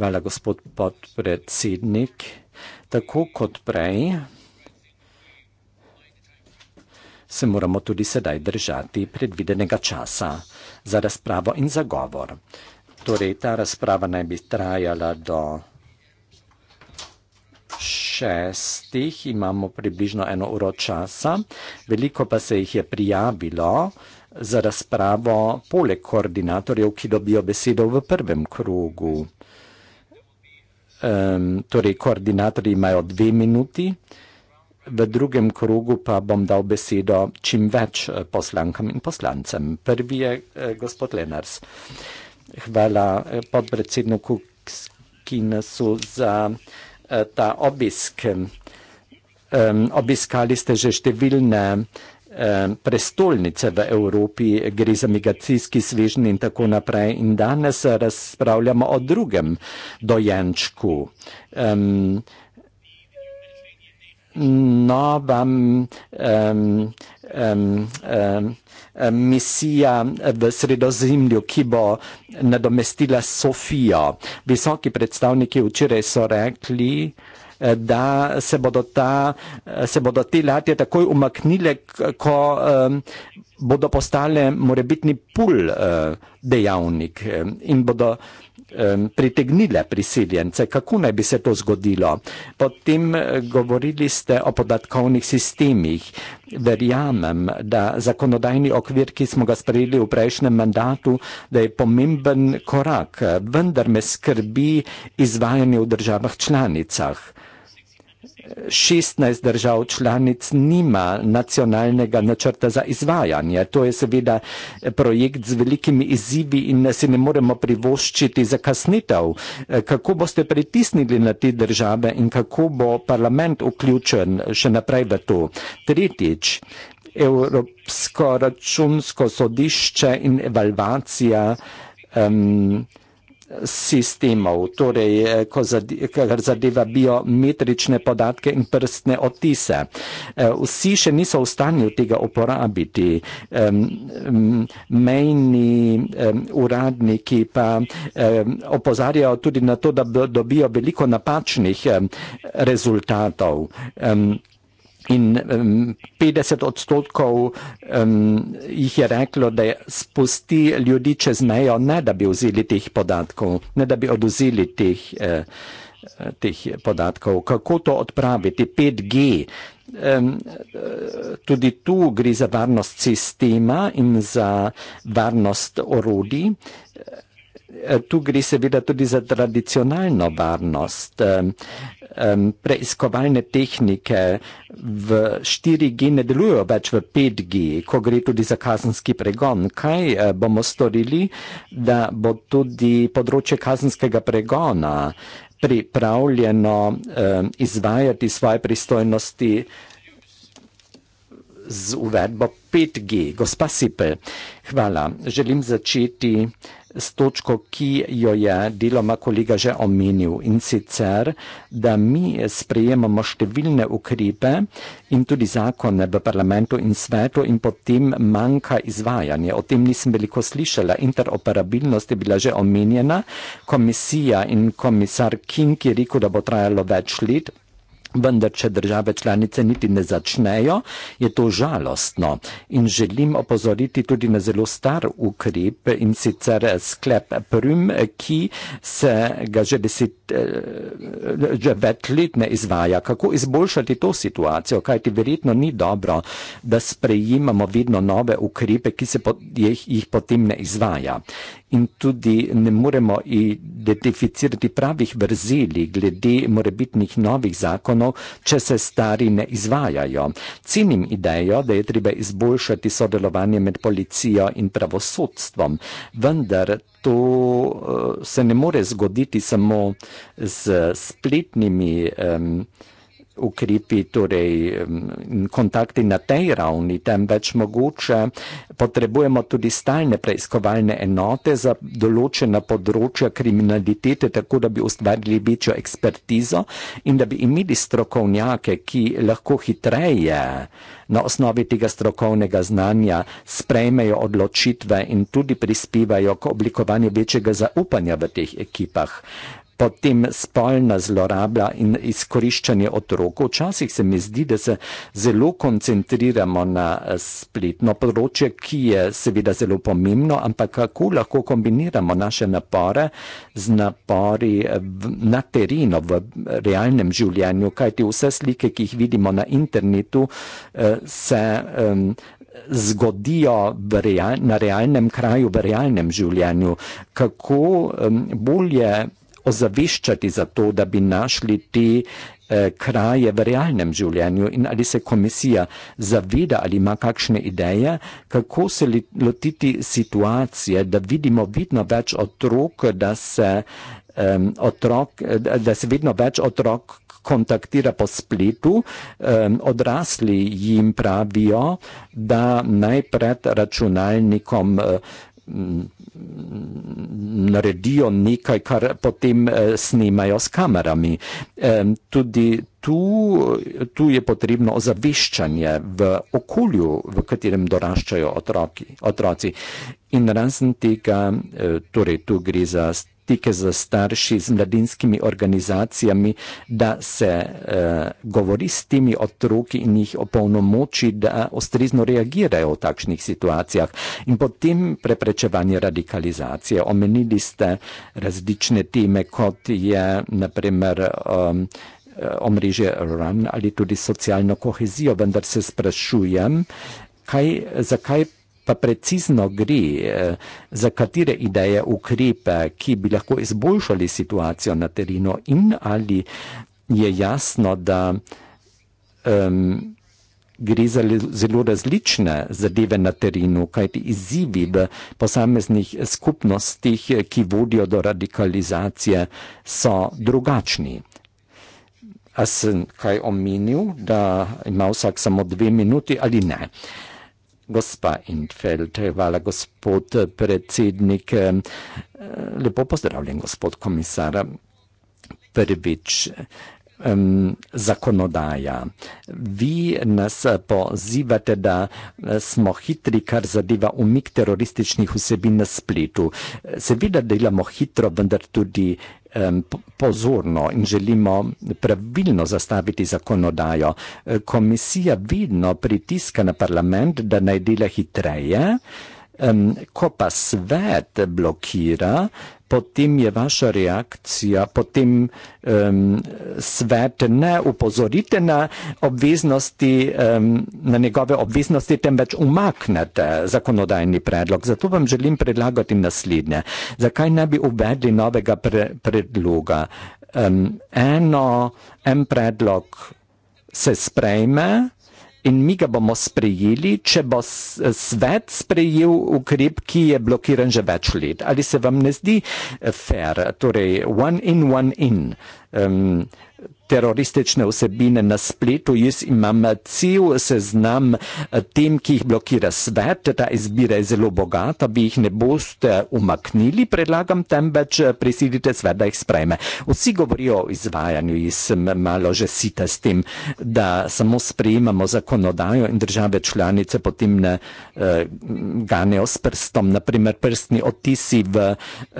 Hvala, gospod podpredsednik. Tako kot prej, se moramo tudi sedaj držati predvidenega časa za razpravo in za govor. Torej, ta razprava naj bi trajala do šestih, imamo približno eno uro časa, veliko pa se jih je prijavilo za razpravo poleg koordinatorjev, ki dobijo besedo v prvem krogu. Um, torej, koordinatorji imajo dve minuti, v drugem krogu pa bom dal besedo čim več eh, poslankam in poslancem. Prvi je eh, gospod Lenars. Uh, hvala eh, podpredsedniku Kinesu za eh, ta obisk. Obiskali ste že številne prestolnice v Evropi, gre za migracijski svežni in tako naprej. In danes razpravljamo o drugem dojenčku. Hvala nova nova um, um, um, um, misija v sredozemlju, ki bo nadomestila Sofijo. Visoki predstavniki včeraj so rekli, eh, da se bodo, ta, eh, se bodo te ladje takoj umaknile, ko um, bodo postale morebitni pull uh, eh, dejavnik in bodo um, pritegnile priseljence, kako naj bi se to zgodilo. Potem eh, govorili ste o podatkovnih sistemih. Verjamem, da zakonodajni okvir, ki smo ga sprejeli v prejšnjem mandatu, da je pomemben korak, eh, vendar me skrbi izvajanje v državah članicah. 16 držav članic nima nacionalnega načrta za izvajanje. To je seveda projekt z velikimi izzivi in si ne moremo privoščiti za kasnitev. Kako boste pritisnili na te države in kako bo parlament vključen še naprej v to? Tretjič. Evropsko računsko sodišče in evalvacija um, sistemov, torej, eh, ko zadeva biometrične podatke in prstne otise. Eh, vsi še niso v stanju tega uporabiti. Mejni uradniki pa opozarjajo tudi na to, da dobijo veliko napačnih rezultatov in um, 50 odstotkov um, jih je reklo, da je spusti ljudi čez mejo, ne da bi vzeli teh podatkov, ne da bi oduzeli teh, eh, teh podatkov. Kako to odpraviti? 5G. Um, tudi tu gre za varnost sistema in za varnost orodij. Eh, tu gre seveda tudi za tradicionalno varnost. Eh, preiskovalne tehnike v 4G ne delujejo več v 5G, ko gre tudi za kazenski pregon. Kaj eh, bomo storili, da bo tudi področje kazenskega pregona pripravljeno izvajati svoje pristojnosti z uvedbo 5G? Gospa Sipe, hvala. Želim začeti s točko, ki jo je deloma kolega že omenil in sicer, da mi sprejemamo številne ukrepe in tudi zakone v parlamentu in svetu in potem manjka izvajanje. O tem nisem veliko slišala. Interoperabilnost je bila že omenjena. Komisija in komisar King je rekel, da bo trajalo več let. Vendar, če države članice niti ne začnejo, je to žalostno. In želim opozoriti tudi na zelo star ukrep in sicer sklep Prüm, ki se ga že, deset, eh, že več let ne izvaja. Kako izboljšati to situacijo? Kaj ti verjetno ni dobro, da sprejimamo vedno nove ukrepe, ki se po, jih, jih potem ne izvaja in tudi ne moremo identificirati pravih vrzeli glede morebitnih novih zakonov, če se stari ne izvajajo. Cenim idejo, da je treba izboljšati sodelovanje med policijo in pravosodstvom, vendar to eh, se ne more zgoditi samo z spletnimi. Um, ukrepi, torej kontakti na tej ravni, temveč mogoče potrebujemo tudi stalne preiskovalne enote za določena področja kriminalitete, tako da bi ustvarili večjo ekspertizo in da bi imeli strokovnjake, ki lahko hitreje na osnovi tega strokovnega znanja sprejmejo odločitve in tudi prispevajo k oblikovanju večjega zaupanja v teh ekipah potem spolna zlorabla in izkoriščanje otrok. Včasih se mi zdi, da se zelo koncentriramo na eh, spletno področje, ki je seveda zelo pomembno, ampak kako lahko kombiniramo naše napore z napori eh, v, na terenu, v realnem življenju, kajti vse slike, ki jih vidimo na internetu, eh, se zgodijo real, na realnem kraju, v realnem življenju. Kako bolje ozaveščati za to, da bi našli te eh, kraje v realnem življenju in ali se komisija zaveda ali ima kakšne ideje, kako se lotiti situacije, da vidimo vidno več otrok, da se, um, otrok, da se vidno več otrok kontaktira po spletu, um, odrasli jim pravijo, da najpred računalnikom um, naredijo nekaj, kar potem eh, snimajo s kamerami. Tudi tu, tu je potrebno ozaveščanje v okolju, v katerem doraščajo otroki, otroci. In razen tega, eh, torej tu gre za stike za starši, s mladinskimi organizacijami, da se uh, govori s temi otroki in jih opolnomoči, da ostrizno reagirajo v takšnih situacijah in potem preprečevanje radikalizacije. Omenili ste različne teme, kot je naprimer. Um, eh, omrežje RUN ali tudi socialno kohezijo, vendar se sprašujem, kaj, zakaj pa precizno gre, eh, za katere ideje ukrepe, ki bi lahko izboljšali situacijo na terenu in ali je jasno, da um, gre za zelo različne zadeve na terenu, kajti izzivi v posameznih skupnostih, ki vodijo do radikalizacije, so drugačni. A sem kaj omenil, da ima vsak samo dve minuti ali ne? Uh, Gospa Infeld, hvala gospod predsednik. Eh, lepo pozdravljen gospod komisar. Prvič, um, zakonodaja. Vi nas pozivate, da eh, smo hitri, kar zadeva umik terorističnih vsebin na spletu. Seveda delamo hitro, vendar tudi pozorno in želimo pravilno zastaviti zakonodajo. E, komisija vedno pritiska na parlament, da naj dela hitreje. Um, ko pa svet blokira, potem je vaša reakcija, potem um, svet ne upozorite na obveznosti, um, na njegove obveznosti, temveč umaknete zakonodajni predlog. Zato vam želim predlagati naslednje. Zakaj ne bi uvedli novega pre predloga? Um, eno, en predlog se sprejme, in mi ga bomo sprejeli, če bo svet sprejel ukrep, ki je blokiran že več let. Ali se vam ne zdi eh, fair, torej one in one in? Um, teroristične vsebine na spletu. Jaz imam eh, cel seznam eh, tem, ki jih blokira svet. Ta izbira je zelo bogata, vi jih ne boste eh, umaknili, predlagam, temveč prisilite svet, da jih sprejme. Vsi govorijo o izvajanju, jaz sem malo že sita s tem, da samo sprejemamo zakonodajo in države članice potem ne eh, ganejo s prstom, naprimer prstni otisi v eh,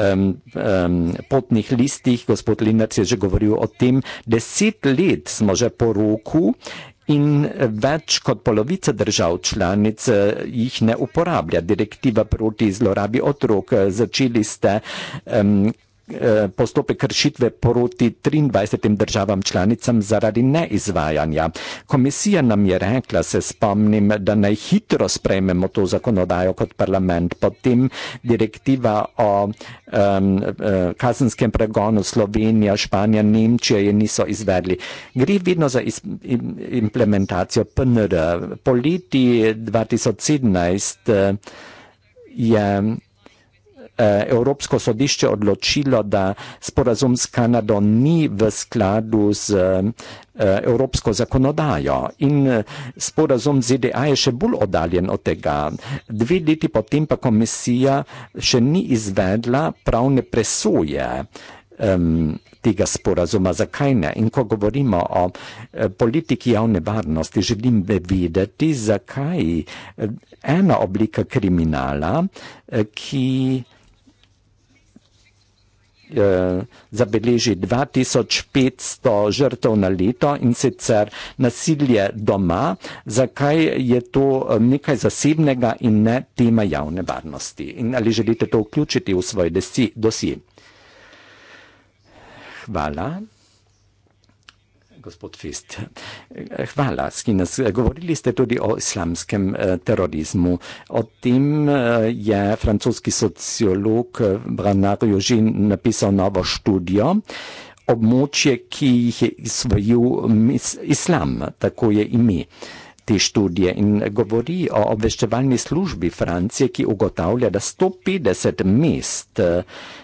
eh, potnih listih. Gospod Linar je že govoril o tem, da si deset let smo že po roku in več kot polovica držav članic eh, jih ne uporablja. Direktiva proti zlorabi otrok eh, začeli ste. Um, Eh, postopek kršitve proti 23 državam članicam zaradi neizvajanja. Komisija nam je rekla, se spomnim, da naj hitro sprejmemo to zakonodajo kot parlament. Potem direktiva o um, kazenskem pregonu Slovenija, Španija, Nemčija je niso izvedli. Gre vedno za implementacijo PNR. Poleti 2017 je. Eh, evropsko sodišče odločilo, da sporazum s Kanado ni v skladu z eh, Evropsko zakonodajo in eh, sporazum ZDA je še bolj oddaljen od tega. Dve leti potem pa komisija še ni izvedla pravne presoje tega sporazuma, zakaj ne. In ko govorimo o politiki javne varnosti, želim vedeti, zakaj ena oblika kriminala, ki Eh, zabeleži 2500 žrtev na leto in sicer nasilje doma, zakaj je to eh, nekaj zasebnega in ne tema javne varnosti. In ali želite to vključiti v svoj dosi? Hvala gospod Fist. Hvala, Skinas. Govorili ste tudi o islamskem eh, terorizmu. O tem eh, je francoski sociolog eh, Bernard Jožin napisal novo študijo. Območje, ki jih je izvojil mm, islam, tako je ime te študije in govori o obveščevalni službi Francije, ki ugotavlja, da 150 mest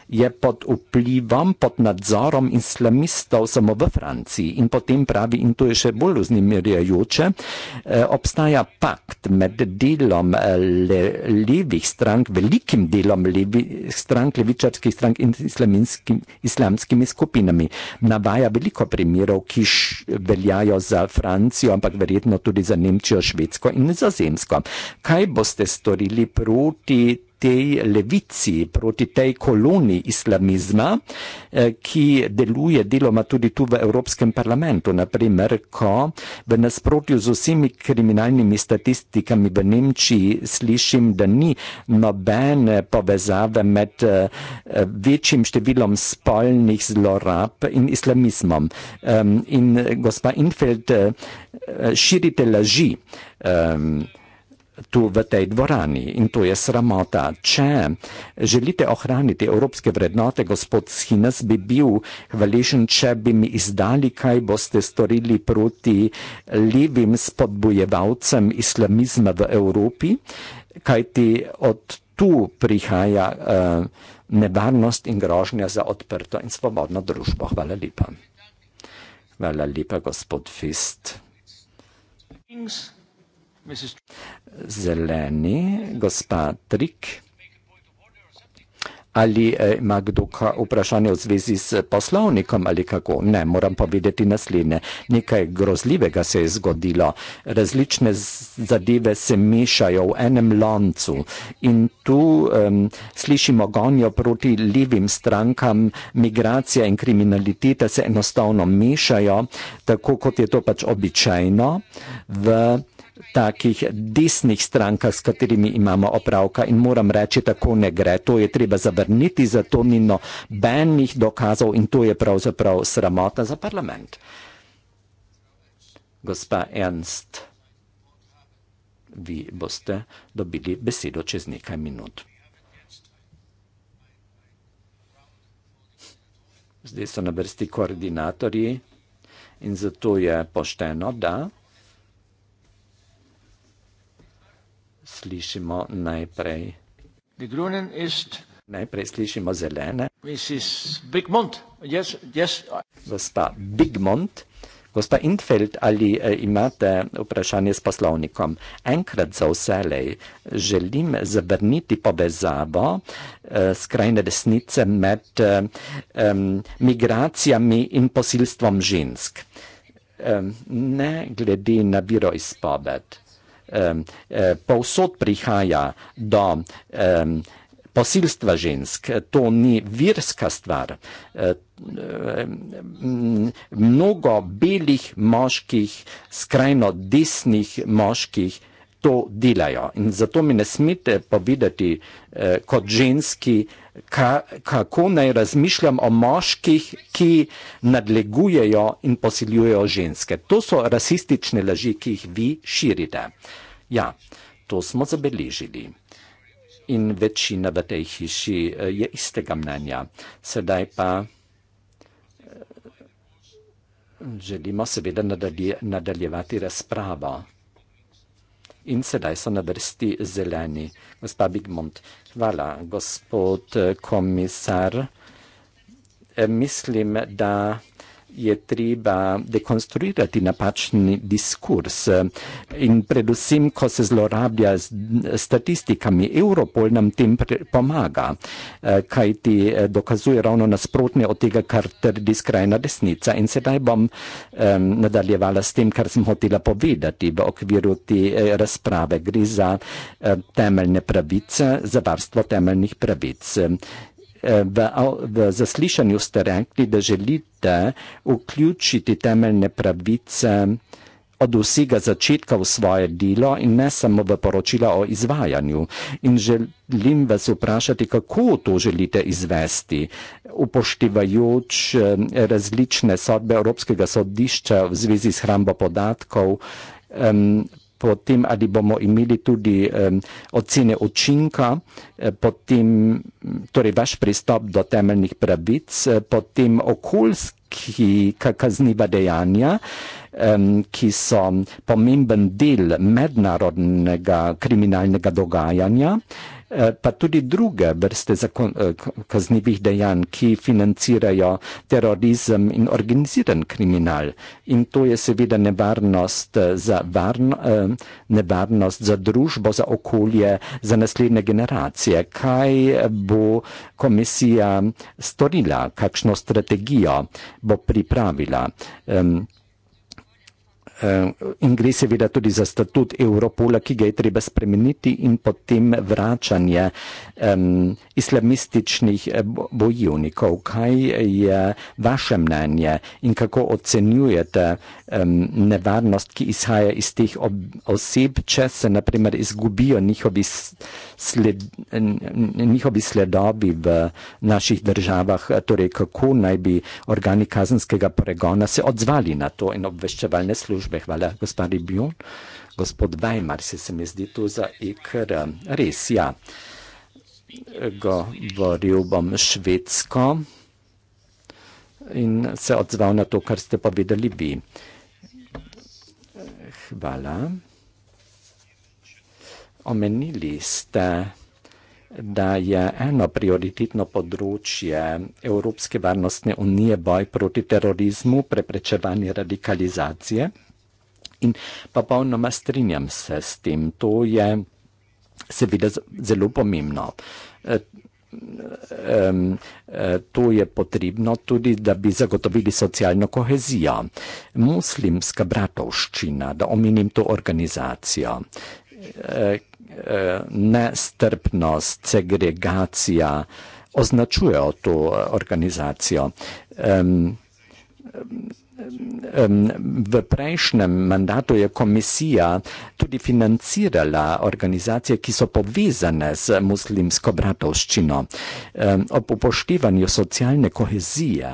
je pod vplivom, pod nadzorom islamistov samo v Franciji in potem pravi, in to je še bolj vznemirjajoče, eh, obstaja pakt med delom eh, le, levih strank, velikim delom levih strank, levičarskih strank in islamskimi skupinami. Navaja veliko primerov, ki š, veljajo za Francijo, ampak verjetno tudi za Nemčijo, Švedsko in za Zemsko. Kaj boste storili proti tej levici, proti tej koloni islamizma, eh, ki deluje deloma tudi tu v Evropskem parlamentu. Naprimer, ko v nasprotju z vsemi kriminalnimi statistikami v Nemčiji slišim, da ni nobene povezave med eh, večjim številom spolnih zlorab in islamizmom. In eh, gospa Infeld širite laži. 嗯。Um tu v tej dvorani in to je sramota. Če želite ohraniti evropske vrednote, gospod Schines bi bil hvaležen, če bi mi izdali, kaj boste storili proti levim spodbojevalcem islamizma v Evropi, kaj ti od tu prihaja uh, nevarnost in grožnja za odprto in svobodno družbo. Hvala lepa. Hvala lepa, gospod Fist. Thanks. Zeleni, gospa Trik. Ali eh, ima kdo vprašanje v zvezi s poslovnikom ali kako? Ne, moram povedati naslednje. Nekaj grozljivega se je zgodilo. Različne zadeve se mešajo v enem loncu in tu um, slišimo gonjo proti levim strankam. Migracija in kriminaliteta se enostavno mešajo, tako kot je to pač običajno. V, takih desnih strankah, s katerimi imamo opravka in moram reči, tako ne gre. To je treba zavrniti, zato ni nobenih dokazov in to je pravzaprav sramota za parlament. Gospa Ernst, vi boste dobili besedo čez nekaj minut. Zdaj so na vrsti koordinatorji in zato je pošteno, da slišimo najprej. The Grünen ist najprej slišimo zelene. Mrs. Bigmont. Yes, yes. Gospa Bigmont. Gospa Intfeld, ali eh, imate vprašanje s poslovnikom? Enkrat za vselej želim zabrniti povezavo eh, skrajne desnice med eh, eh, migracijami in posilstvom žensk. Eh, ne glede na viro izpoved. Eh, povsod prihaja do posilstva žensk. To ni virska stvar. Eh, mnogo belih moških, skrajno desnih moških, to delajo. In zato mi ne smete povedati eh, kot ženski, ka, kako naj razmišljam o moških, ki nadlegujejo in posiljujejo ženske. To so rasistične laži, ki jih vi širite. Ja, to smo zabeležili. In večina v tej hiši eh, je istega mnenja. Sedaj pa. Eh, želimo seveda nadalje, nadaljevati razpravo in sedaj so na vrsti zeleni. Gospa Bigmont, hvala. Gospod komisar, mislim, da je treba dekonstruirati napačni diskurs. In predvsem, ko se zlorablja s statistikami, Europol nam tem pomaga, eh, kaj ti eh, dokazuje ravno nasprotne od tega, kar trdi skrajna desnica. In sedaj bom nadaljevala s tem, kar sem hotela povedati v okviru te eh, razprave. Gre za temeljne pravice, za varstvo temeljnih pravic. Eh, v, v zaslišanju ste rekli, da želite vključiti temeljne pravice od vsega začetka v svoje delo in ne samo v poročila o izvajanju. In želim vas vprašati, kako to želite izvesti, upoštevajoč eh, različne sodbe Evropskega sodišča v zvezi s hrambo podatkov potem ali bomo imeli tudi um, ocene učinka, eh, potem torej vaš pristop do temeljnih pravic, eh, potem okoljski kazniva dejanja, um, ki so pomemben del mednarodnega kriminalnega dogajanja. Eh, pa tudi druge vrste zakon, eh, kaznjivih dejanj, ki financirajo terorizem in organiziran kriminal. In to je seveda nevarnost eh, za, varn, nevarnost za družbo, za okolje, za naslednje generacije. Kaj bo komisija storila, kakšno strategijo bo pripravila? Eh, in gre seveda tudi za statut Europola, ki ga je treba spremeniti in potem vračanje um, islamističnih eh, bojevnikov. Kaj je vaše mnenje in kako ocenjujete um, nevarnost, ki izhaja iz teh ob, oseb, če se naprimer izgubijo njihovi, sled, njihovi sledovi v naših državah, torej kako naj bi organi kazenskega pregona se odzvali na to in obveščevalne službe? družbe. Hvala, gospod Ribjon. Gospod Weimar se, se mi zdi tu za ikr. Res, ja. Govoril bom švedsko in se odzval na to, kar ste povedali vi. Hvala. Omenili ste, da je eno prioritetno področje Evropske varnostne unije boj proti terorizmu, preprečevanje radikalizacije. In pa popolnoma strinjam se s tem. To je seveda zelo pomembno. E, e, to je potrebno tudi, da bi zagotovili socialno kohezijo. Muslimska bratovščina, da omenim to organizacijo, e, nestrpnost, segregacija označujejo to organizacijo. V prejšnjem mandatu je komisija tudi financirala organizacije, ki so povezane z muslimsko bratovščino. Ob upoštevanju socialne kohezije,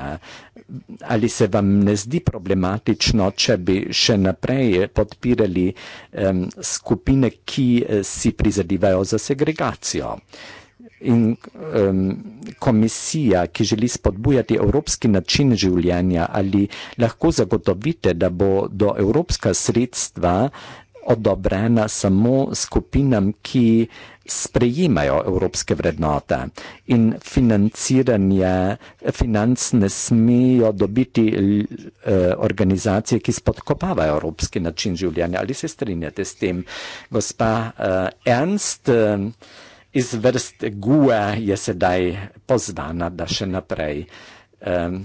ali se vam ne zdi problematično, če bi še naprej podpirali skupine, ki eh, si prizadivajo za segregacijo? in um, komisija, ki želi spodbujati evropski način življenja, ali lahko zagotovite, da bo do evropska sredstva odobrena samo skupinam, ki sprejimajo evropske vrednote in financiranje, financ ne smejo dobiti e, organizacije, ki spodkopavajo evropski način življenja. Ali se strinjate s tem, gospa e, Ernst? E, iz vrst Gue je sedaj pozvana, da še naprej um,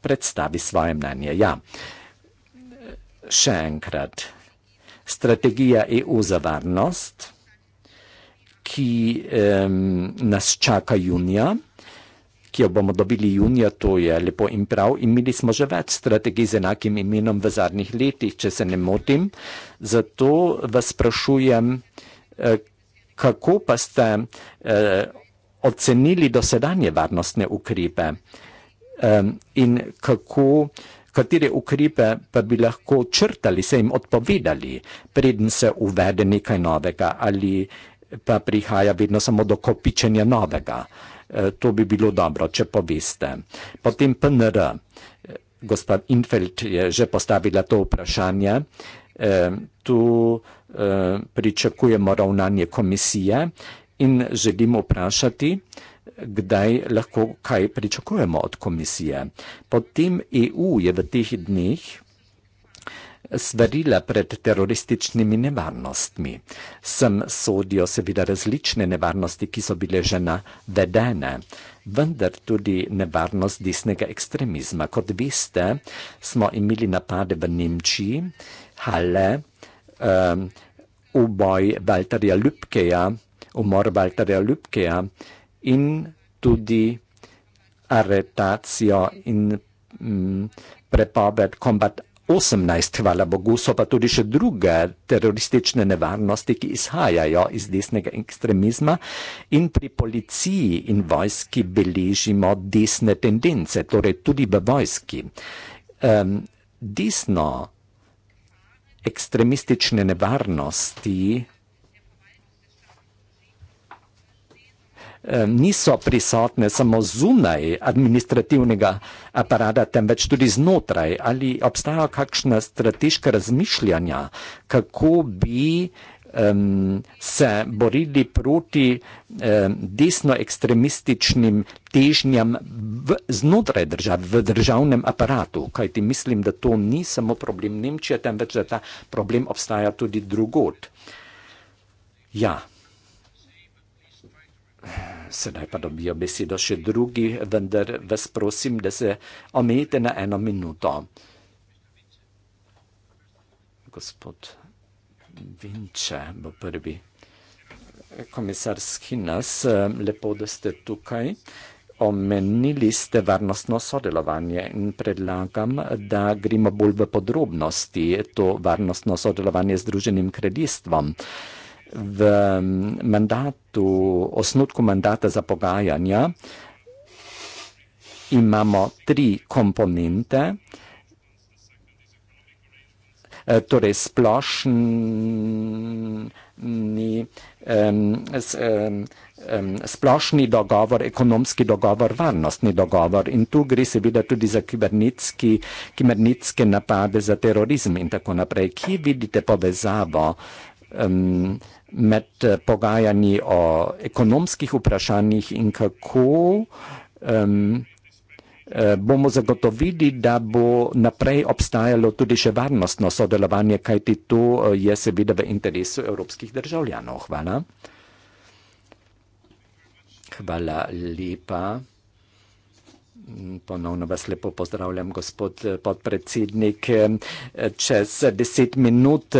predstavi svoje mnenje. Ja, še enkrat. Strategija EU za varnost, ki um, nas čaka junija, ki jo bomo dobili junija, to je lepo in prav. Imeli smo že več strategij z enakim imenom v zadnjih letih, če se ne motim. Zato vas sprašujem, eh, kako pa ste eh, ocenili dosedanje varnostne ukrepe eh, in kako, katere ukrepe pa bi lahko črtali, se jim odpovedali, preden se uvede nekaj novega ali pa prihaja vedno samo do kopičenja novega. Eh, to bi bilo dobro, če poveste. Potem PNR, eh, gospod Infeld je že postavila to vprašanje. Eh, pričakujemo ravnanje komisije in želimo vprašati, kdaj lahko kaj pričakujemo od komisije. Potem EU je v teh dneh svarila pred terorističnimi nevarnostmi. Sem sodijo seveda različne nevarnosti, ki so bile že navedene, vendar tudi nevarnost desnega ekstremizma. Kot veste, smo imeli napade v Nemčiji, Halle, oboj ehm, Walterja Lübkeja, umor Walterja Lübkeja in tudi aretacijo in m, mm, prepoved kombat 18, hvala Bogu, so pa tudi še druge teroristične nevarnosti, ki izhajajo iz desnega ekstremizma in pri policiji in vojski beležimo desne tendence, torej tudi v vojski. Um, desno ekstremistične nevarnosti eh, niso prisotne samo zunaj administrativnega aparata, temveč tudi znotraj. Ali obstajajo kakšna strateška razmišljanja, kako bi um, se borili proti um, desno ekstremističnim težnjam v, znotraj držav, v državnem aparatu. Kajti mislim, da to ni samo problem Nemčije, temveč da ta problem obstaja tudi drugot. Ja. Sedaj pa dobijo besedo še drugi, vendar vas prosim, da se omejite na eno minuto. Gospod. Vinče bo prvi. Komisar Skinas, eh, lepo, da ste tukaj. Omenili ste varnostno sodelovanje in predlagam, da gremo bolj v podrobnosti to varnostno sodelovanje z Združenim kredistvom. V mm, mandatu, osnutku mandata za pogajanja imamo tri komponente. Eh, torej splošni, splošni dogovor, ekonomski dogovor, varnostni dogovor in tu gre seveda tudi za kibernetske napade, za terorizem in tako naprej. Kje vidite povezavo med eh, pogajanji o ekonomskih vprašanjih in kako vprašanjih Eh, bomo zagotovili, da bo naprej obstajalo tudi še varnostno sodelovanje, kajti to eh, je seveda v interesu evropskih državljanov. Hvala. Hvala lepa. Ponovno vas lepo pozdravljam, gospod eh, podpredsednik. Čez deset minut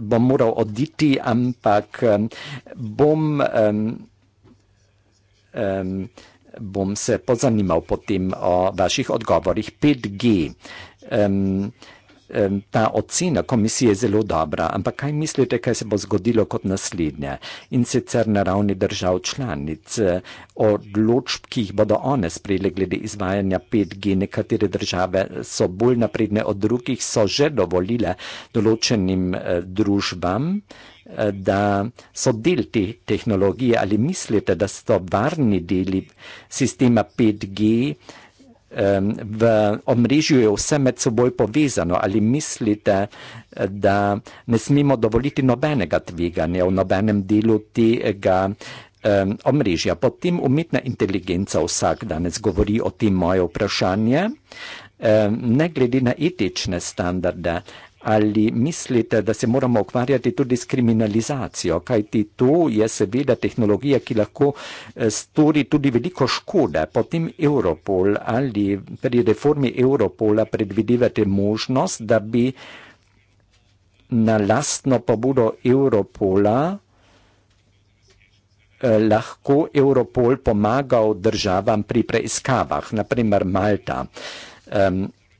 bom moral oditi, ampak bom... Um, um, bom se pozanimal potem o vaših odgovorih. 5G. Um, um, ta ocena komisije je zelo dobra, ampak kaj mislite, kaj se bo zgodilo kot naslednje? In sicer na ravni držav članic, eh, odločb, ki jih bodo one sprejeli glede izvajanja 5G, nekatere države so bolj napredne od drugih, so že dovolile določenim uh, družbam da so del te tehnologije ali mislite, da so varni deli sistema 5G v omrežju je vse med seboj povezano ali mislite, da ne smemo dovoliti nobenega tveganja v nobenem delu tega omrežja. Potem umetna inteligenca vsak danes govori o tem moje vprašanje, ne glede na etične standarde, Ali mislite, da se moramo ukvarjati tudi s kriminalizacijo, kajti to je seveda tehnologija, ki lahko eh, stori tudi veliko škode. Potem Europol ali pri reformi Europola predvidevate možnost, da bi na lastno pobudo Europola eh, lahko Europol pomagal državam pri preiskavah, naprimer Malta.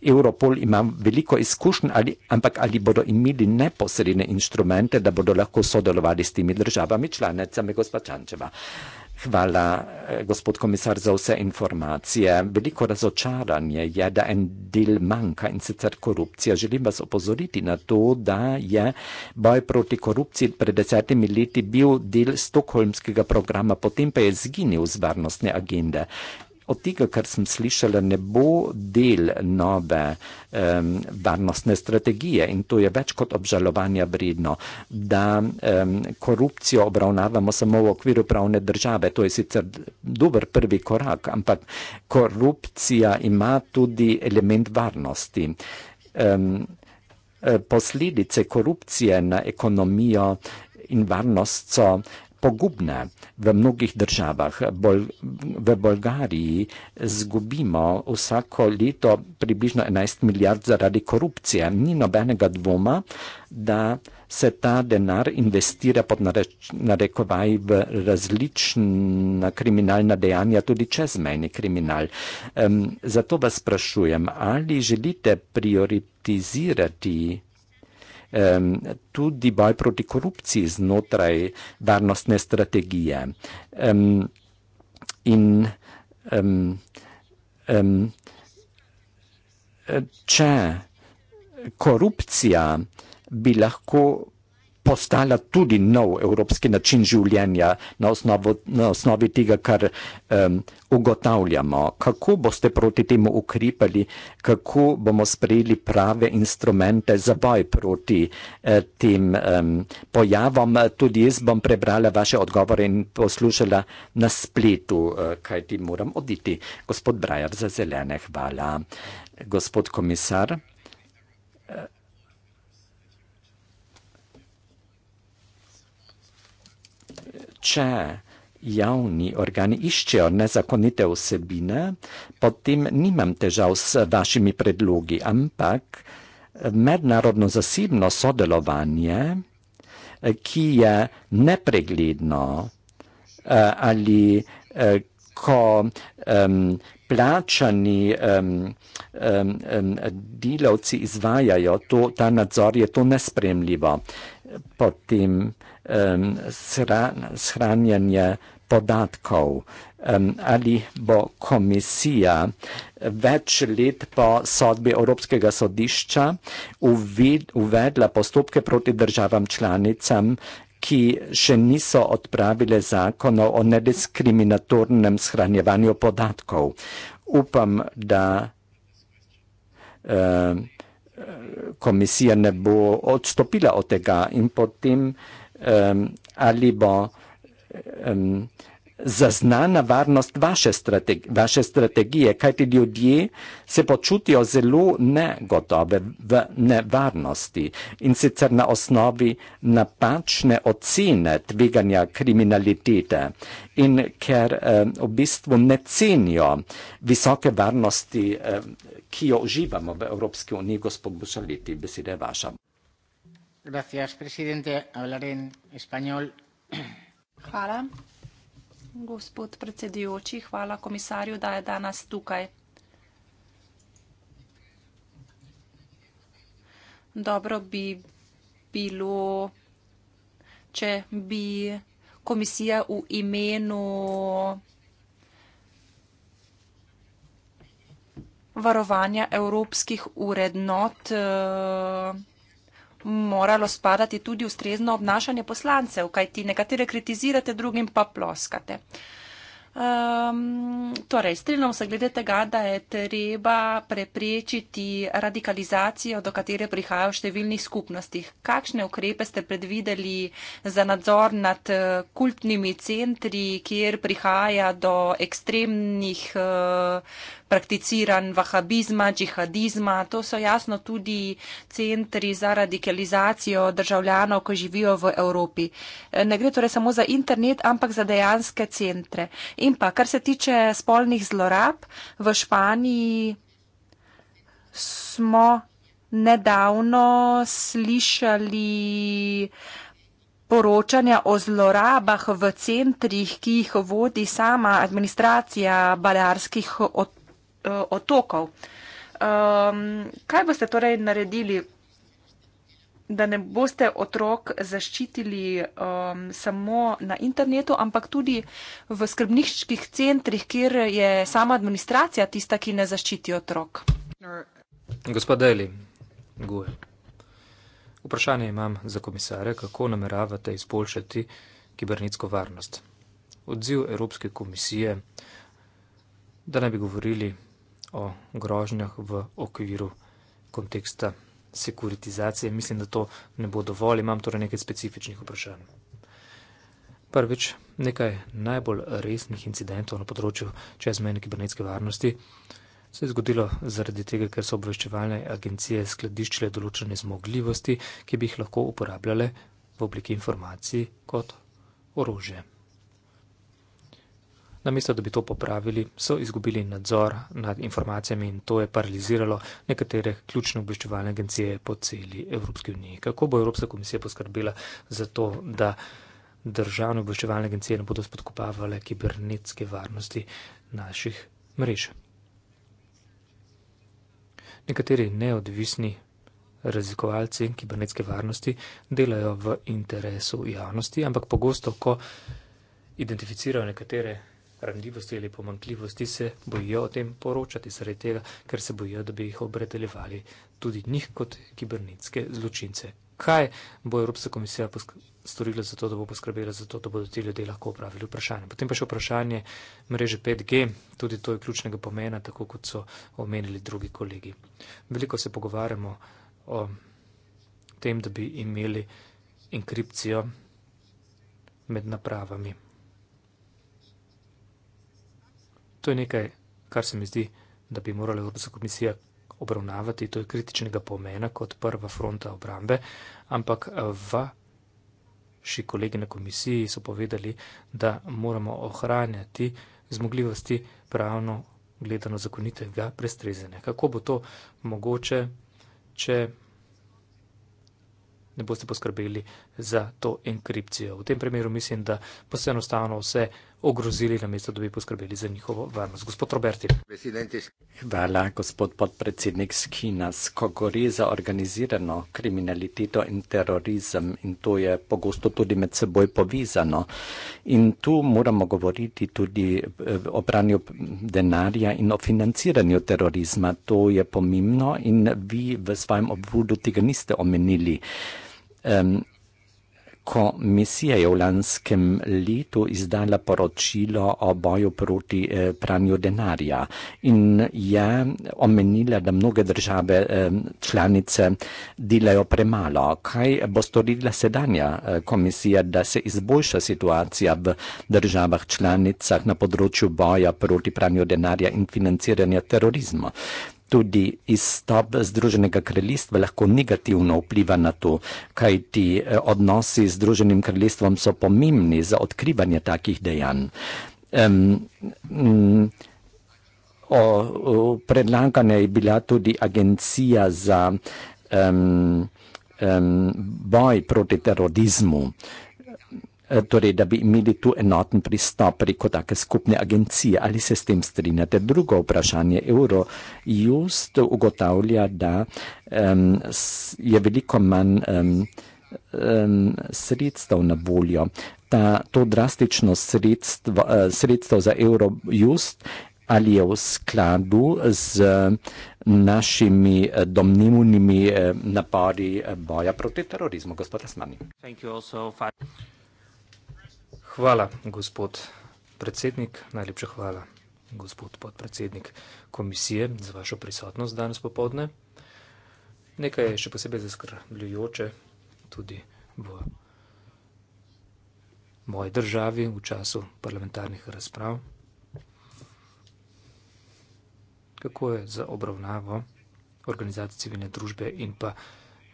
Europol ima veliko izkušenj, ali, ampak ali bodo imeli neposredne inštrumente, da bodo lahko sodelovali s temi državami članicami, gospa Čančeva. Hvala, eh, gospod komisar, za vse informacije. Veliko razočaranje je, da en del manjka in sicer korupcija. Želim vas opozoriti na to, da je boj proti korupciji pred desetimi leti bil del stokholmskega programa, potem pa je zginil z varnostne agende od tega, kar sem slišala, ne bo del nove um, varnostne strategije in to je več kot obžalovanja vredno, da um, korupcijo obravnavamo samo v okviru pravne države. To je sicer dober prvi korak, ampak korupcija ima tudi element varnosti. Um, posledice korupcije na ekonomijo in varnost so pogubne v mnogih državah. Bol, v Bolgariji zgubimo vsako leto približno 11 milijard zaradi korupcije. Ni nobenega dvoma, da se ta denar investira pod narekovaj v različna kriminalna dejanja, tudi čezmejni kriminal. Um, zato vas sprašujem, ali želite prioritizirati Ehm, tudi boj proti korupciji znotraj varnostne strategije. Um, in um, um, če korupcija bi lahko postala tudi nov evropski način življenja na osnovi, na osnovi tega, kar um, ugotavljamo. Kako boste proti temu ukrepali, kako bomo sprejeli prave instrumente za boj proti eh, tem um, pojavom. Tudi jaz bom prebrala vaše odgovore in poslušala na spletu, eh, kaj ti moram oditi. Gospod Brajar za zelene, hvala. Gospod komisar. če javni organi iščejo nezakonite vsebine, potem nimam težav s vašimi predlogi, ampak mednarodno zasebno sodelovanje, eh, ki je nepregledno eh, ali eh, ko plačani delavci izvajajo ta nadzor, je to nespremljivo pod tim um, shranjanje podatkov um, ali bo komisija več let po sodbi Evropskega sodišča uvedla postopke proti državam članicam, ki še niso odpravile zakonov o nediskriminatornem shranjevanju podatkov. Upam, da um, komisija ne bo odstopila od tega in potem um, ali bo um, zaznana varnost vaše, strateg vaše strategije, kajti ljudje se počutijo zelo negotove v nevarnosti in sicer na osnovi napačne ocene tveganja kriminalitete in ker um, v bistvu ne cenijo visoke varnosti um, ki jo uživamo v Evropski uniji, gospod Bušaliti, beseda je vaša. Gracias, presidente. Hablaré en español. Hvala, gospod predsedujoči. Hvala komisarju, da je danes tukaj. Dobro bi bilo, če bi komisija v imenu varovanja evropskih urednot eh, moralo spadati tudi ustrezno obnašanje poslancev, kaj ti nekatere kritizirate, drugim pa ploskate. Um, torej, strinjamo se glede tega, da je treba preprečiti radikalizacijo, do katere prihaja v številnih skupnostih. Kakšne ukrepe ste predvideli za nadzor nad eh, kultnimi centri, kjer prihaja do ekstremnih uh, prakticiran vahabizma, džihadizma. To so jasno tudi centri za radikalizacijo državljanov, ko živijo v Evropi. E, ne gre torej samo za internet, ampak za dejanske centre. In pa, kar se tiče spolnih zlorab, v Španiji smo nedavno slišali poročanja o zlorabah v centrih, ki jih vodi sama administracija balearskih otrok. Eh, otokov. Um, kaj boste torej naredili, da ne boste otrok zaščitili um, samo na internetu, ampak tudi v skrbniških centrih, kjer je sama administracija tista, ki ne zaščiti otrok? Gospod Eli, Gue. Vprašanje imam za komisare, kako nameravate izboljšati kibernetsko varnost. Odziv Evropske komisije, da ne bi govorili o grožnjah v okviru konteksta sekuritizacije. Mislim, da to ne bo dovolj, imam torej nekaj specifičnih vprašanj. Prvič, nekaj najbolj resnih incidentov na področju čezmejne kibernetske varnosti se je zgodilo zaradi tega, ker so obveščevalne agencije skladiščile določene zmogljivosti, ki bi jih lahko uporabljale v obliki informacij kot orožje. Namesto, da bi to popravili, so izgubili nadzor nad informacijami in to je paraliziralo nekatere ključne obveščevalne agencije po celi Evropski uniji. Kako bo Evropska komisija poskrbela za to, da državne obveščevalne agencije ne bodo spodkopavale kibernetske varnosti naših mrež? Nekateri neodvisni raziskovalci kibernetske varnosti delajo v interesu javnosti, ampak pogosto, ko identificirajo nekatere randljivosti ali pomankljivosti, se bojijo o tem poročati, zaradi tega, ker se bojijo, da bi jih obredeljevali tudi njih kot kibernetske zločince. Kaj bo Evropska komisija storila za to, da bo poskrbela za to, da bodo ti ljudje lahko upravili vprašanje? Potem pa še vprašanje mreže 5G, tudi to je ključnega pomena, tako kot so omenili drugi kolegi. Veliko se pogovarjamo o tem, da bi imeli enkripcijo med napravami. To je nekaj, kar se mi zdi, da bi morala Evropska komisija obravnavati. To je kritičnega pomena kot prva fronta obrambe, ampak vaši kolegi na komisiji so povedali, da moramo ohranjati zmogljivosti pravno gledano zakonitega prestrezanja. Kako bo to mogoče, če ne boste poskrbeli za to enkripcijo? V tem primeru mislim, da pa se enostavno vse ogrozili, namesto da bi poskrbeli za njihovo varnost. Gospod Roberti. Hvala, gospod podpredsednik Skinas. Ko gori za organizirano kriminaliteto in terorizem in to je pogosto tudi med seboj povezano. In tu moramo govoriti tudi eh, o branju denarja in o financiranju terorizma. To je pomembno in vi v svojem obvodu tega niste omenili. Um, komisija je v lanskem letu izdala poročilo o boju proti eh, pranju denarja in je omenila, da mnoge države eh, članice delajo premalo. Kaj bo storila sedanja eh, komisija, da se izboljša situacija v državah članicah na področju boja proti pranju denarja in financiranja terorizma? tudi izstop Združenega kraljestva lahko negativno vpliva na to, kaj ti eh, odnosi z Združenim kraljestvom so pomembni za odkrivanje takih dejanj. Um, um, O, o, predlagane je bila tudi agencija za um, um, boj proti terorizmu. Eh, torej, da bi imeli tu enoten pristop preko take skupne agencije. Ali se s tem strinjate? Drugo vprašanje. Eurojust ugotavlja, da um, je veliko manj um, um, sredstev na voljo. Ta, to drastično sredstvo, eh, sredstvo za Eurojust ali je v skladu z našimi eh, domnevnimi napori boja proti terorizmu, gospod Asmani. Hvala, gospod predsednik. Najlepša hvala, gospod podpredsednik komisije, za vašo prisotnost danes popovdne. Nekaj je še posebej zaskrbljujoče tudi v moji državi v času parlamentarnih razprav. Kako je za obravnavo organizacij civilne družbe in pa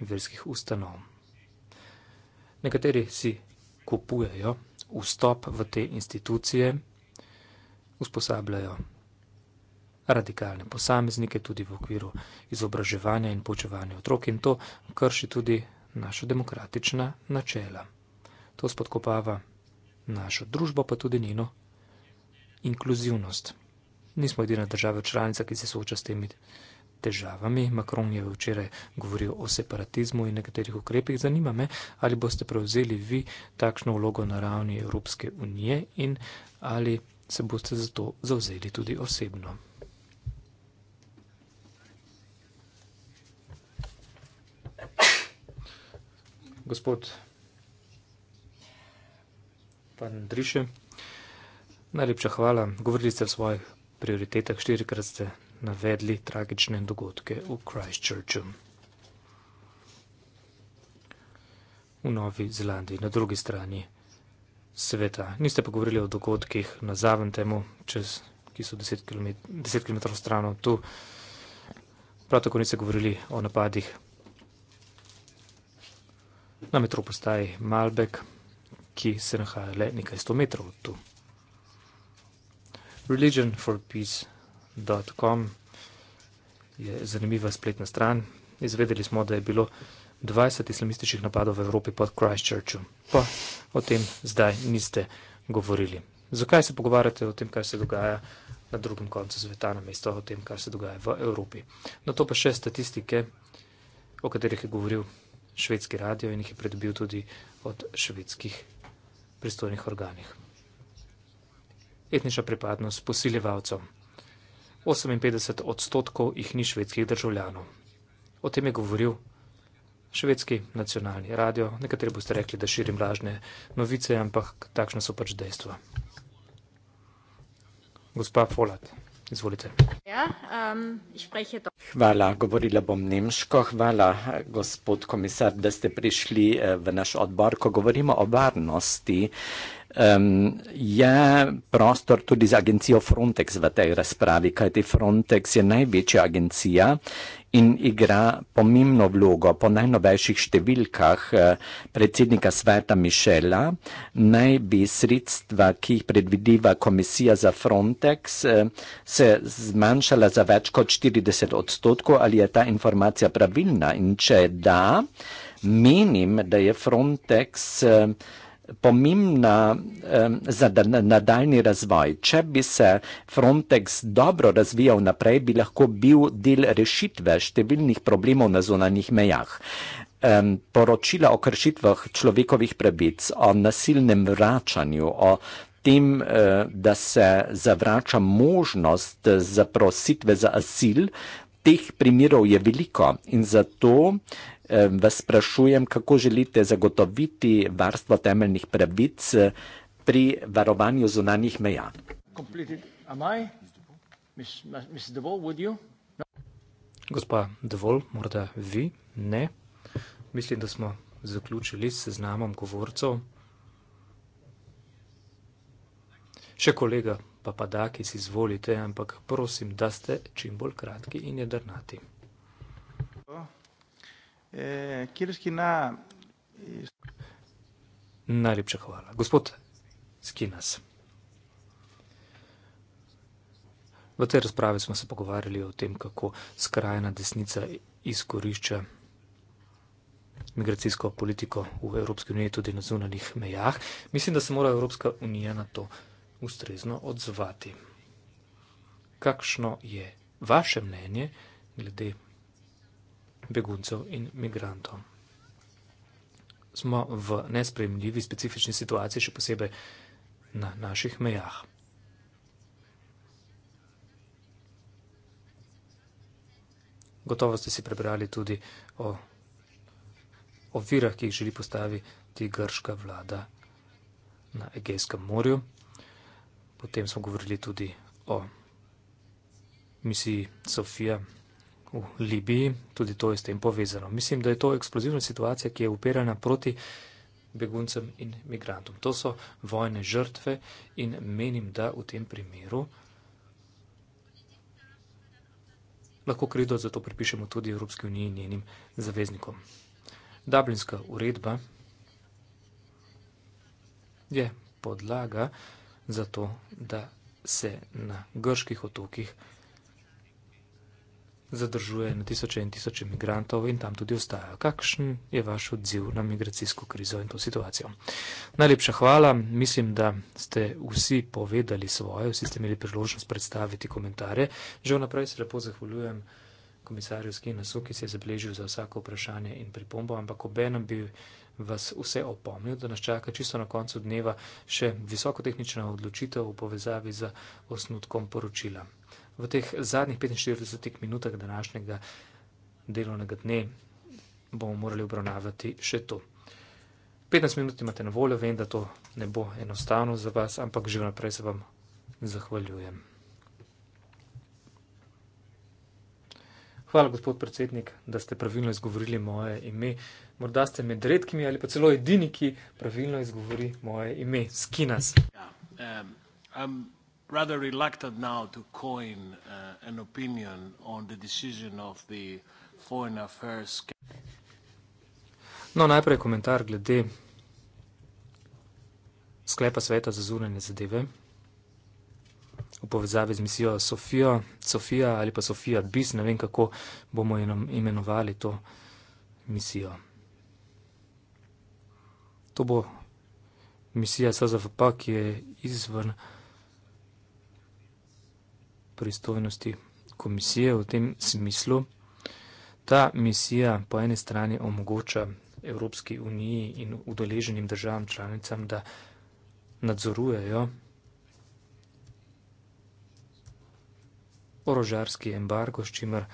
verskih ustanov? Nekateri si kupujejo vstop v te institucije, usposabljajo radikalne posameznike tudi v okviru izobraževanja in počevanja otrok in to krši tudi naša demokratična načela. To spodkopava našo družbo, pa tudi njeno inkluzivnost. Nismo edina država članica, ki se sooča s temi težavami. Macron je včeraj govoril o separatizmu in nekaterih ukrepih. Zanima me, ali boste prevzeli vi takšno vlogo na ravni Evropske unije in ali se boste za to zauzeli tudi osebno. Gospod Pandriše, najlepša hvala. Govorili ste o svojih prioritetah, štirikrat ste navedli tragične dogodke v Christchurchu. V Novi Zelandiji, na drugi strani sveta. Niste pa govorili o dogodkih na Zaventemu, čez, ki so 10 km, 10 km stran od tu. Prav tako niste govorili o napadih na metropostaji Malbek, ki se nahaja le nekaj 100 metrov od tu. Religion for Peace www.dotcom je zanimiva spletna stran. Izvedeli smo, da je bilo 20 islamističnih napadov v Evropi pod Christchurchu. Pa o tem zdaj niste govorili. Zakaj se pogovarjate o tem, kaj se dogaja na drugem koncu sveta, na mesto o tem, kaj se dogaja v Evropi? Na to pa še statistike, o katerih je govoril švedski radio in jih je predobil tudi od švedskih pristojnih organih. Etnična pripadnost posiljevalcem. 58 odstotkov jih ni švedskih državljanov. O tem je govoril švedski nacionalni radio. Nekateri boste rekli, da širim lažne novice, ampak takšne so pač dejstva. Gospa Folat, izvolite. Ja, Hvala, govorila bom nemško. Hvala, gospod komisar, da ste prišli eh, v naš odbor, ko govorimo o varnosti. Um, je prostor tudi za agencijo Frontex v tej razpravi, kajti Frontex je največja agencija in igra pomembno vlogo. Po najnovejših številkah eh, predsednika sveta Mišela naj bi sredstva, ki jih predvideva komisija za Frontex, eh, se zmanjšala za več kot 40 odstotkov. Ali je ta informacija pravilna? In če da, menim, da je Frontex. Uh, pomembna um, za nadaljni razvoj. Če bi se Frontex dobro razvijal naprej, bi lahko bil del rešitve številnih problemov na zunanjih mejah. Um, poročila o kršitvah človekovih pravic, o nasilnem vračanju, o tem, uh, da se zavrača možnost zaprositve za asil, teh primerov je veliko in zato vas sprašujem, kako želite zagotoviti varstvo temeljnih pravic eh, pri varovanju zunanjih meja. No. Gospa Dovolj, morda vi? Ne. Mislim, da smo zaključili s seznamom govorcev. Še kolega Papadakis, izvolite, ampak prosim, da ste čim bolj kratki in jedrnati. Hvala. E, Kjer skina. Najlepša hvala. Gospod Skinas. V tej razpravi smo se pogovarjali o tem, kako skrajna desnica izkorišča migracijsko politiko v Evropski uniji, tudi na zunanjih mejah. Mislim, da se mora Evropska unija na to ustrezno odzvati. Kakšno je vaše mnenje glede beguncev in migrantov. Smo v nespremljivi specifični situaciji, še posebej na naših mejah. Gotovo ste si prebrali tudi o ovirah, ki jih želi postaviti grška vlada na Egejskem morju. Potem smo govorili tudi o misiji Sofija v Libiji, tudi to je s tem povezano. Mislim, da je to eksplozivna situacija, ki je uperjena proti beguncem in migrantom. To so vojne žrtve in menim, da v tem primeru lahko krido za to pripišemo tudi Evropski uniji in njenim zaveznikom. Dublinska uredba je podlaga za to, da se na grških otokih zadržuje na tisoče in tisoče migrantov in tam tudi ostaja. Kakšen je vaš odziv na migracijsko krizo in to situacijo? Najlepša hvala. Mislim, da ste vsi povedali svoje, vsi ste imeli priložnost predstaviti komentarje. Že vnaprej se lepo zahvaljujem komisarju Skinasu, ki se je zabeležil za vsako vprašanje in pripombo, ampak obenem bi vas vse opomnil, da nas čaka čisto na koncu dneva še visokotehnična odločitev v povezavi z osnutkom poročila v teh zadnjih 45 minutah današnjega delovnega dne bomo morali obravnavati še to. 15 minut imate na voljo, vem, da to ne bo enostavno za vas, ampak že vnaprej se vam zahvaljujem. Hvala, gospod predsednik, da ste pravilno izgovorili moje ime. Morda ste med redkimi ali pa celo edini, ki pravilno izgovori moje ime. Skinas. Ja, um, um rather reluctant now to coin uh, an opinion on the decision of the Foreign Affairs No, najprej komentar glede sklepa sveta za zunanje zadeve v povezavi z misijo Sofia, Sofia ali pa Sofia Bis, ne vem kako bomo imenovali to misijo. To bo misija SZFP, ki je izvrn pristojnosti komisije v tem smislu. Ta misija po eni strani omogoča Evropski uniji in udeleženim državam članicam, da nadzorujejo orožarski embargo, s čimer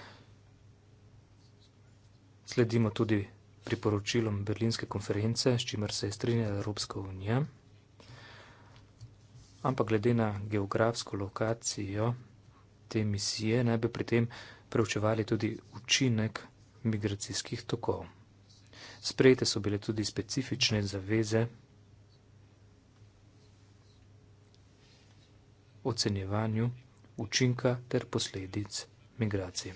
sledimo tudi priporočilom Berlinske konference, s čimer se je strinjala Evropska unija. Ampak glede na geografsko lokacijo, te misije, naj bi pri tem preučevali tudi učinek migracijskih tokov. Sprejete so bile tudi specifične zaveze ocenjevanju učinka ter posledic migracije.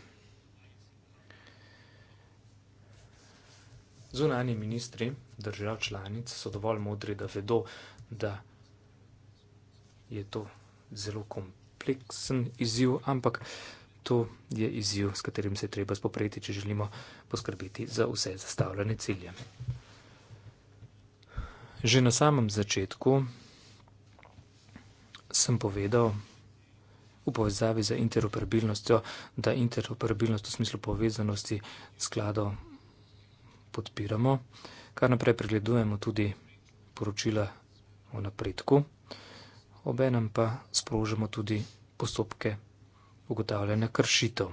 Zunani ministri držav članic so dovolj modri, da vedo, da je to zelo kompleksno kompleksen izziv, ampak to je izziv, s katerim se treba spopreti, če želimo poskrbeti za vse zastavljene cilje. Že na samem začetku sem povedal v povezavi z interoperabilnostjo, da interoperabilnost v smislu povezanosti sklado podpiramo, kar naprej pregledujemo tudi poročila o napredku obenem pa sprožamo tudi postopke ugotavljanja kršitev.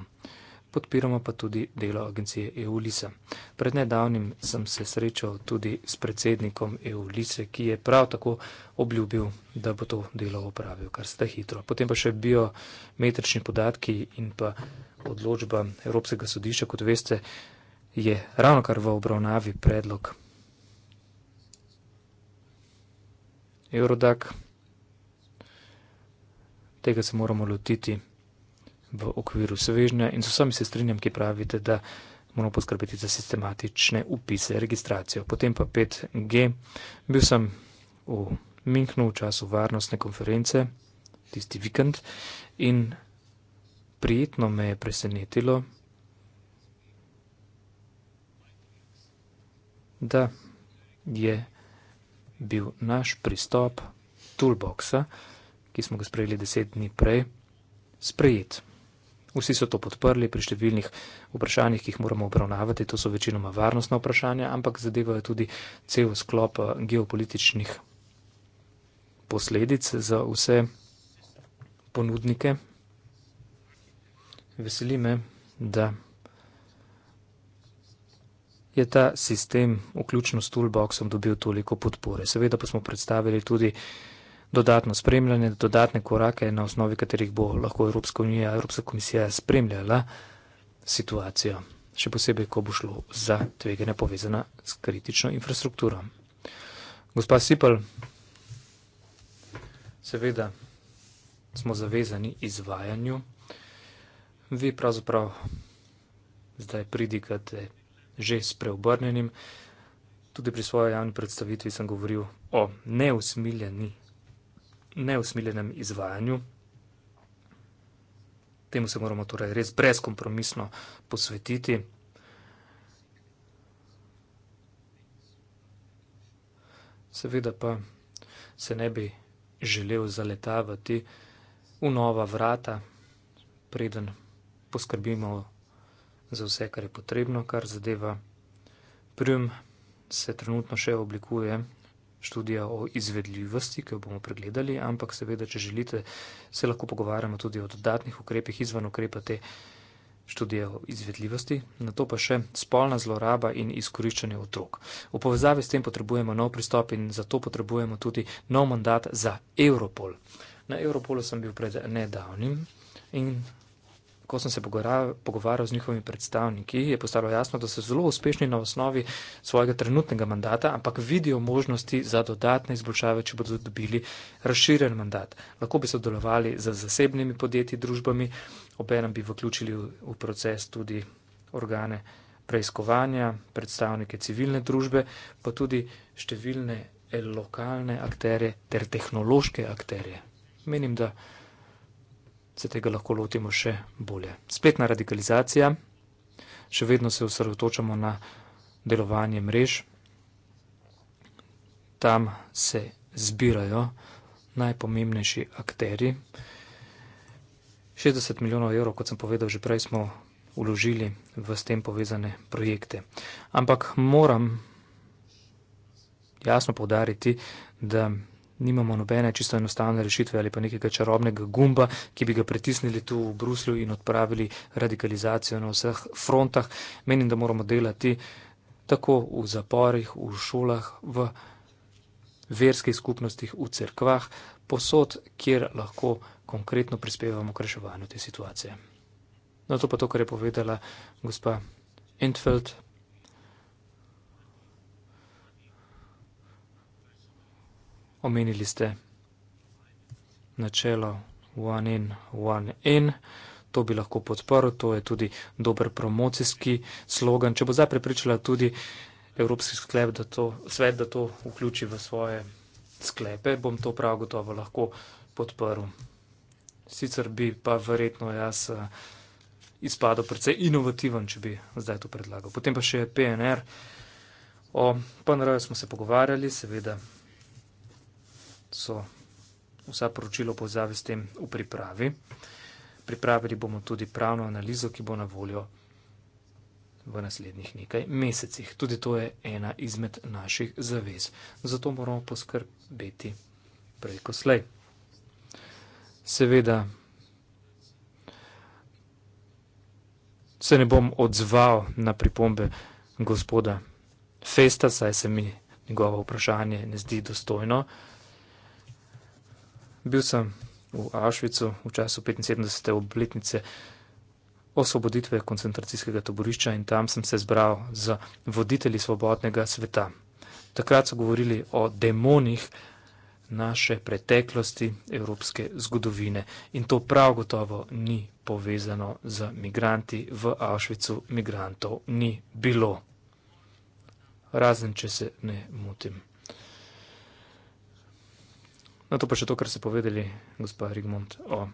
Podpiramo pa tudi delo agencije EULISA. Pred nedavnim sem se srečal tudi s predsednikom EULISA, ki je prav tako obljubil, da bo to delo opravil, kar se da hitro. Potem pa še biometrični podatki in pa odločba Evropskega sodišča, kot veste, je ravno kar v obravnavi predlog Eurodac tega se moramo lotiti v okviru svežnja in z vsemi se strinjam, ki pravite, da moramo poskrbeti za sistematične upise, registracijo. Potem pa 5G. Bil sem v Minhnu v času varnostne konference, tisti vikend, in prijetno me je presenetilo, da je bil naš pristop toolboxa, ki smo ga sprejeli deset dni prej, sprejet. Vsi so to podprli pri številnih vprašanjih, ki jih moramo obravnavati. To so večinoma varnostna vprašanja, ampak zadevajo tudi cel sklop eh, geopolitičnih posledic za vse ponudnike. Veseli me, da je ta sistem, vključno s toolboxom, dobil toliko podpore. Seveda pa smo predstavili tudi dodatno spremljanje, dodatne korake, na osnovi katerih bo lahko Evropska unija, Evropska komisija spremljala situacijo, še posebej, ko bo šlo za tvegane povezana s kritično infrastrukturo. Gospa Sipel, seveda smo zavezani izvajanju. Vi pravzaprav zdaj pridigate že s preobrnenim. Tudi pri svoji javni predstavitvi sem govoril o neusmiljeni neusmiljenem izvajanju. Temu se moramo torej res brezkompromisno posvetiti. Seveda pa se ne bi želel zaletavati v nova vrata, preden poskrbimo za vse, kar je potrebno, kar zadeva. Prim se trenutno še oblikuje študija o izvedljivosti, ki jo bomo pregledali, ampak seveda, če želite, se lahko pogovarjamo tudi o dodatnih ukrepih izven ukrepa te študije o izvedljivosti, na to pa še spolna zloraba in izkoriščanje otrok. V povezavi s tem potrebujemo nov pristop in zato potrebujemo tudi nov mandat za Europol. Na Europolu sem bil pred nedavnim in ko sem se pogovarjal z njihovimi predstavniki, je postalo jasno, da so zelo uspešni na osnovi svojega trenutnega mandata, ampak vidijo možnosti za dodatne izboljšave, če bodo dobili razširjen mandat. Lahko bi sodelovali z zasebnimi podjetji, družbami, obenem bi vključili v, v proces tudi organe preiskovanja, predstavnike civilne družbe, pa tudi številne lokalne akterje ter tehnološke akterje. Menim, da se tega lahko lotimo še bolje. Spletna radikalizacija, še vedno se osredotočamo na delovanje mrež, tam se zbirajo najpomembnejši akteri. 60 milijonov evrov, kot sem povedal, že prej smo uložili v s tem povezane projekte. Ampak moram jasno povdariti, da nimamo nobene čisto enostavne rešitve ali pa nekega čarobnega gumba, ki bi ga pritisnili tu v Bruslju in odpravili radikalizacijo na vseh frontah. Menim, da moramo delati tako v zaporih, v šolah, v verskih skupnostih, v cerkvah, posod, kjer lahko konkretno prispevamo k reševanju te situacije. Na to pa to, kar je povedala gospa Entfeld. omenili ste načelo one in one in. To bi lahko podprl, to je tudi dober promocijski slogan. Če bo zdaj prepričala tudi Evropski sklep, da to, svet, da to vključi v svoje sklepe, bom to prav gotovo lahko podprl. Sicer bi pa verjetno jaz eh, izpadel precej inovativen, če bi zdaj to predlagal. Potem pa še PNR. O PNR-ju smo se pogovarjali, seveda so vsa poročila povzave s tem v pripravi. Pripravili bomo tudi pravno analizo, ki bo na voljo v naslednjih nekaj mesecih. Tudi to je ena izmed naših zavez. Zato moramo poskrbeti preko slej. Seveda se ne bom odzval na pripombe gospoda Festa, saj se mi njegovo vprašanje ne zdi dostojno. Bil sem v Auschwitzu v času 75. obletnice osvoboditve koncentracijskega taborišča in tam sem se zbral z voditelji svobodnega sveta. Takrat so govorili o demonih naše preteklosti evropske zgodovine in to prav gotovo ni povezano z migranti v Auschwitzu, migrantov ni bilo. Razen, če se ne motim. Na no, to pa še to, kar ste povedali, gospa Rigmund, o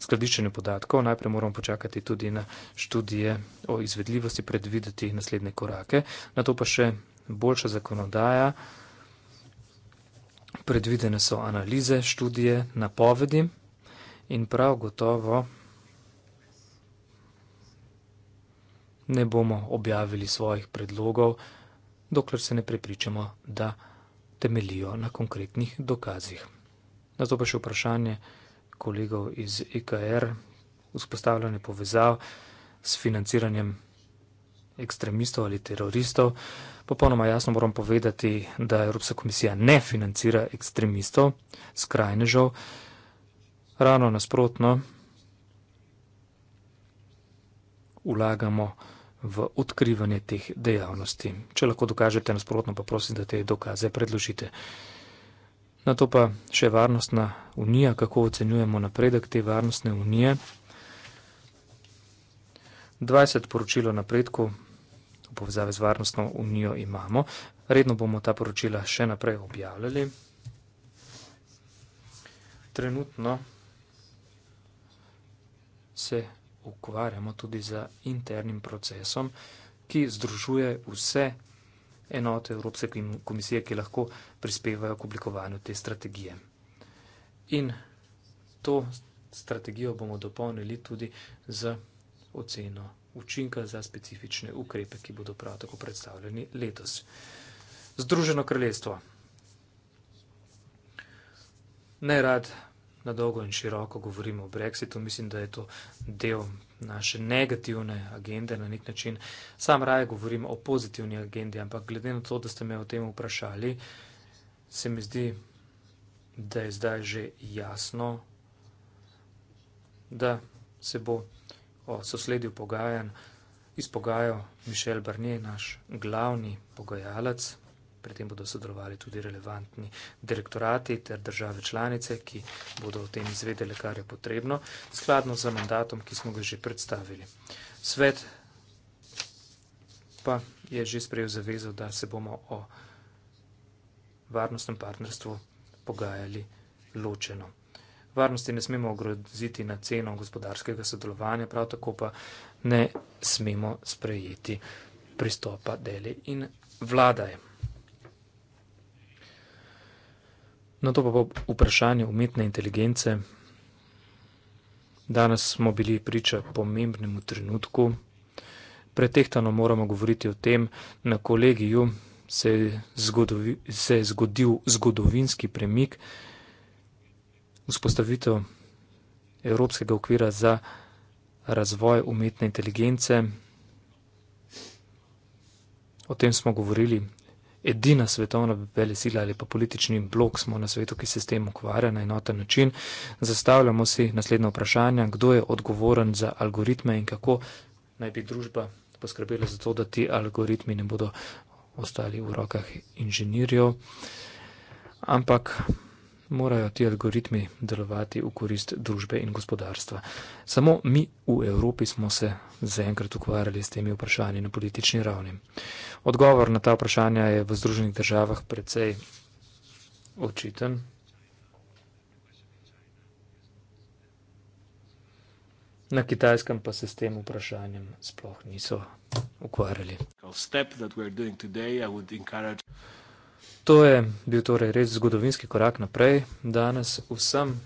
skladiščenju podatkov. Najprej moramo počakati tudi na študije o izvedljivosti, predvideti naslednje korake. Na to pa še boljša zakonodaja. Predvidene so analize, študije, napovedi in prav gotovo. ne bomo objavili svojih predlogov, dokler se ne prepričamo, da temelijo na konkretnih dokazih. Na to pa še vprašanje kolegov iz IKR, e vzpostavljanje povezav s financiranjem ekstremistov ali teroristov. Popolnoma jasno moram povedati, da Evropska komisija ne financira ekstremistov, skrajnežev, ravno nasprotno. Ulagamo v odkrivanje teh dejavnosti. Če lahko dokažete nasprotno, pa prosim, da te dokaze predložite. Na to pa še varnostna unija, kako ocenjujemo napredek te varnostne unije. 20 poročilo napredku v povezavi z varnostno unijo imamo. Redno bomo ta poročila še naprej objavljali. Trenutno se ukvarjamo tudi z internim procesom, ki združuje vse enote Evropske komisije, ki lahko prispevajo k oblikovanju te strategije. In to strategijo bomo dopolnili tudi z oceno učinka za specifične ukrepe, ki bodo prav tako predstavljeni letos. Združeno kraljestvo. Najrad na dolgo in široko govorimo o Brexitu. Mislim, da je to del naše negativne agende na nek način. Sam raje govorim o pozitivni agendi, ampak glede na to, da ste me o tem vprašali, se mi zdi, da je zdaj že jasno, da se bo o sosledju pogajanj izpogajal Mišel Barnier, naš glavni pogajalec pri tem bodo sodelovali tudi relevantni direktorati ter države članice, ki bodo o tem izvedele, kar je potrebno, skladno z mandatom, ki smo ga že predstavili. Svet pa je že sprejel zavezo, da se bomo o varnostnem partnerstvu pogajali ločeno. Varnosti ne smemo ogroziti na ceno gospodarskega sodelovanja, prav tako pa ne smemo sprejeti pristopa deli in vladaj. Na to pa bo vprašanje umetne inteligence. Danes smo bili priča pomembnemu trenutku. Pretehtano moramo govoriti o tem, na kolegiju se je, zgodovi, se je zgodil zgodovinski premik, vzpostavitev Evropskega okvira za razvoj umetne inteligence. O tem smo govorili edina svetovna velesila ali pa politični blok smo na svetu, ki se s tem ukvarja na enoten način. Zastavljamo si naslednje vprašanje, kdo je odgovoren za algoritme in kako naj bi družba poskrbela za to, da ti algoritmi ne bodo ostali v rokah inženirjev. Ampak morajo ti algoritmi delovati v korist družbe in gospodarstva. Samo mi v Evropi smo se zaenkrat ukvarjali s temi vprašanji na politični ravni. Odgovor na ta vprašanja je v Združenih državah precej očiten. Na kitajskem pa se s tem vprašanjem sploh niso ukvarjali. Step, To je bil torej res zgodovinski korak naprej. Danes vsem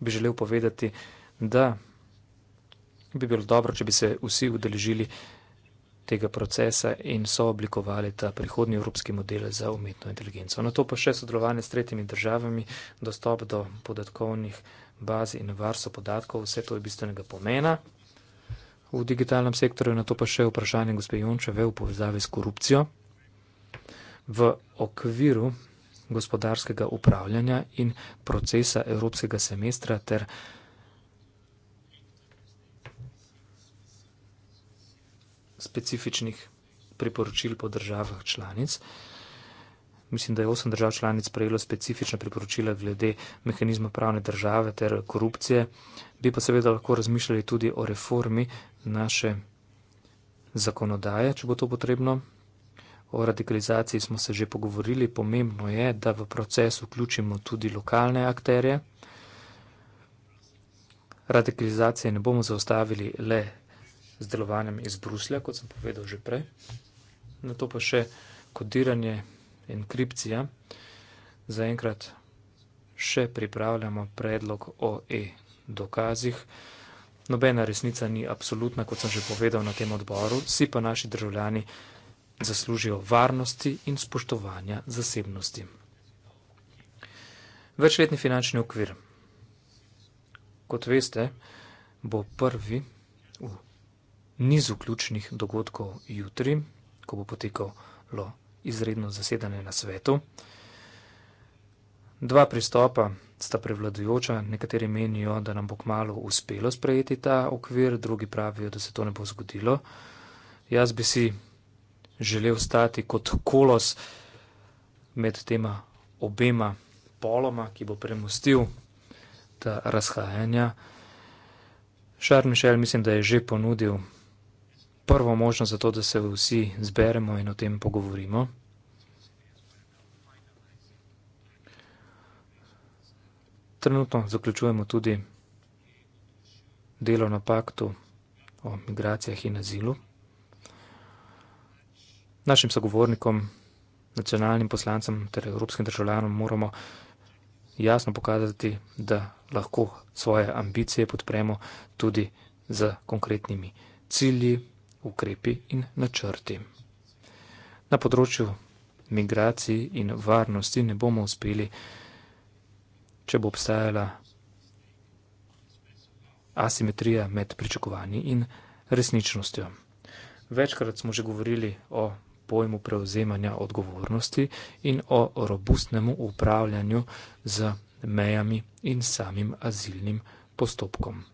bi želel povedati, da bi bilo dobro, če bi se vsi udeležili tega procesa in so oblikovali ta prihodnji evropski model za umetno inteligenco. Na to pa še sodelovanje s tretjimi državami, dostop do podatkovnih baz in varstvo podatkov, vse to je bistvenega pomena v digitalnem sektorju, na to pa še vprašanje gospe Jončeve v povezavi s korupcijo v okviru gospodarskega upravljanja in procesa evropskega semestra ter specifičnih priporočil po državah članic mislim, da je osem držav članic prejelo specifična priporočila glede mehanizma pravne države ter korupcije, bi pa seveda lahko razmišljali tudi o reformi naše zakonodaje, če bo to potrebno. O radikalizaciji smo se že pogovorili, pomembno je, da v proces vključimo tudi lokalne akterje. Radikalizacije ne bomo zaustavili le z delovanjem iz Bruslja, kot sem povedal že prej. Na to pa še kodiranje enkripcija. Zaenkrat še pripravljamo predlog o e-dokazih. Nobena resnica ni absolutna, kot sem že povedal na tem odboru, vsi pa naši državljani zaslužijo varnosti in spoštovanja zasebnosti. Večletni finančni okvir. Kot veste, bo prvi v nizu ključnih dogodkov jutri, ko bo potekalo izredno zasedanje na svetu. Dva pristopa sta prevladujoča, nekateri menijo, da nam bo kmalo uspelo sprejeti ta okvir, drugi pravijo, da se to ne bo zgodilo. Jaz bi si želel stati kot kolos med tema obema poloma, ki bo premustil ta razhajanja. Šarmišel mislim, da je že ponudil prvo možnost za to, da se vsi zberemo in o tem pogovorimo. Trenutno zaključujemo tudi delo na paktu o migracijah in azilu. Našim sogovornikom, nacionalnim poslancem ter evropskim državljanom moramo jasno pokazati, da lahko svoje ambicije podpremo tudi z konkretnimi cilji, ukrepi in načrti. Na področju migracij in varnosti ne bomo uspeli, če bo obstajala asimetrija med pričakovanji in resničnostjo. Večkrat smo že govorili o pojmu prevzemanja odgovornosti in o robustnemu upravljanju z mejami in samim azilnim postopkom.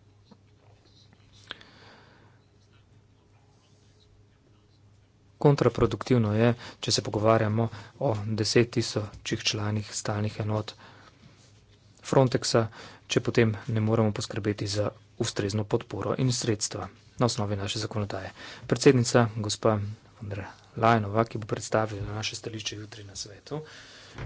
kontraproduktivno je, če se pogovarjamo o deset tisočih članih stalnih enot Frontexa, če potem ne moremo poskrbeti za ustrezno podporo in sredstva na osnovi naše zakonodaje. Predsednica, gospa Andreja Lajnova, ki bo predstavila naše stališče jutri na svetu,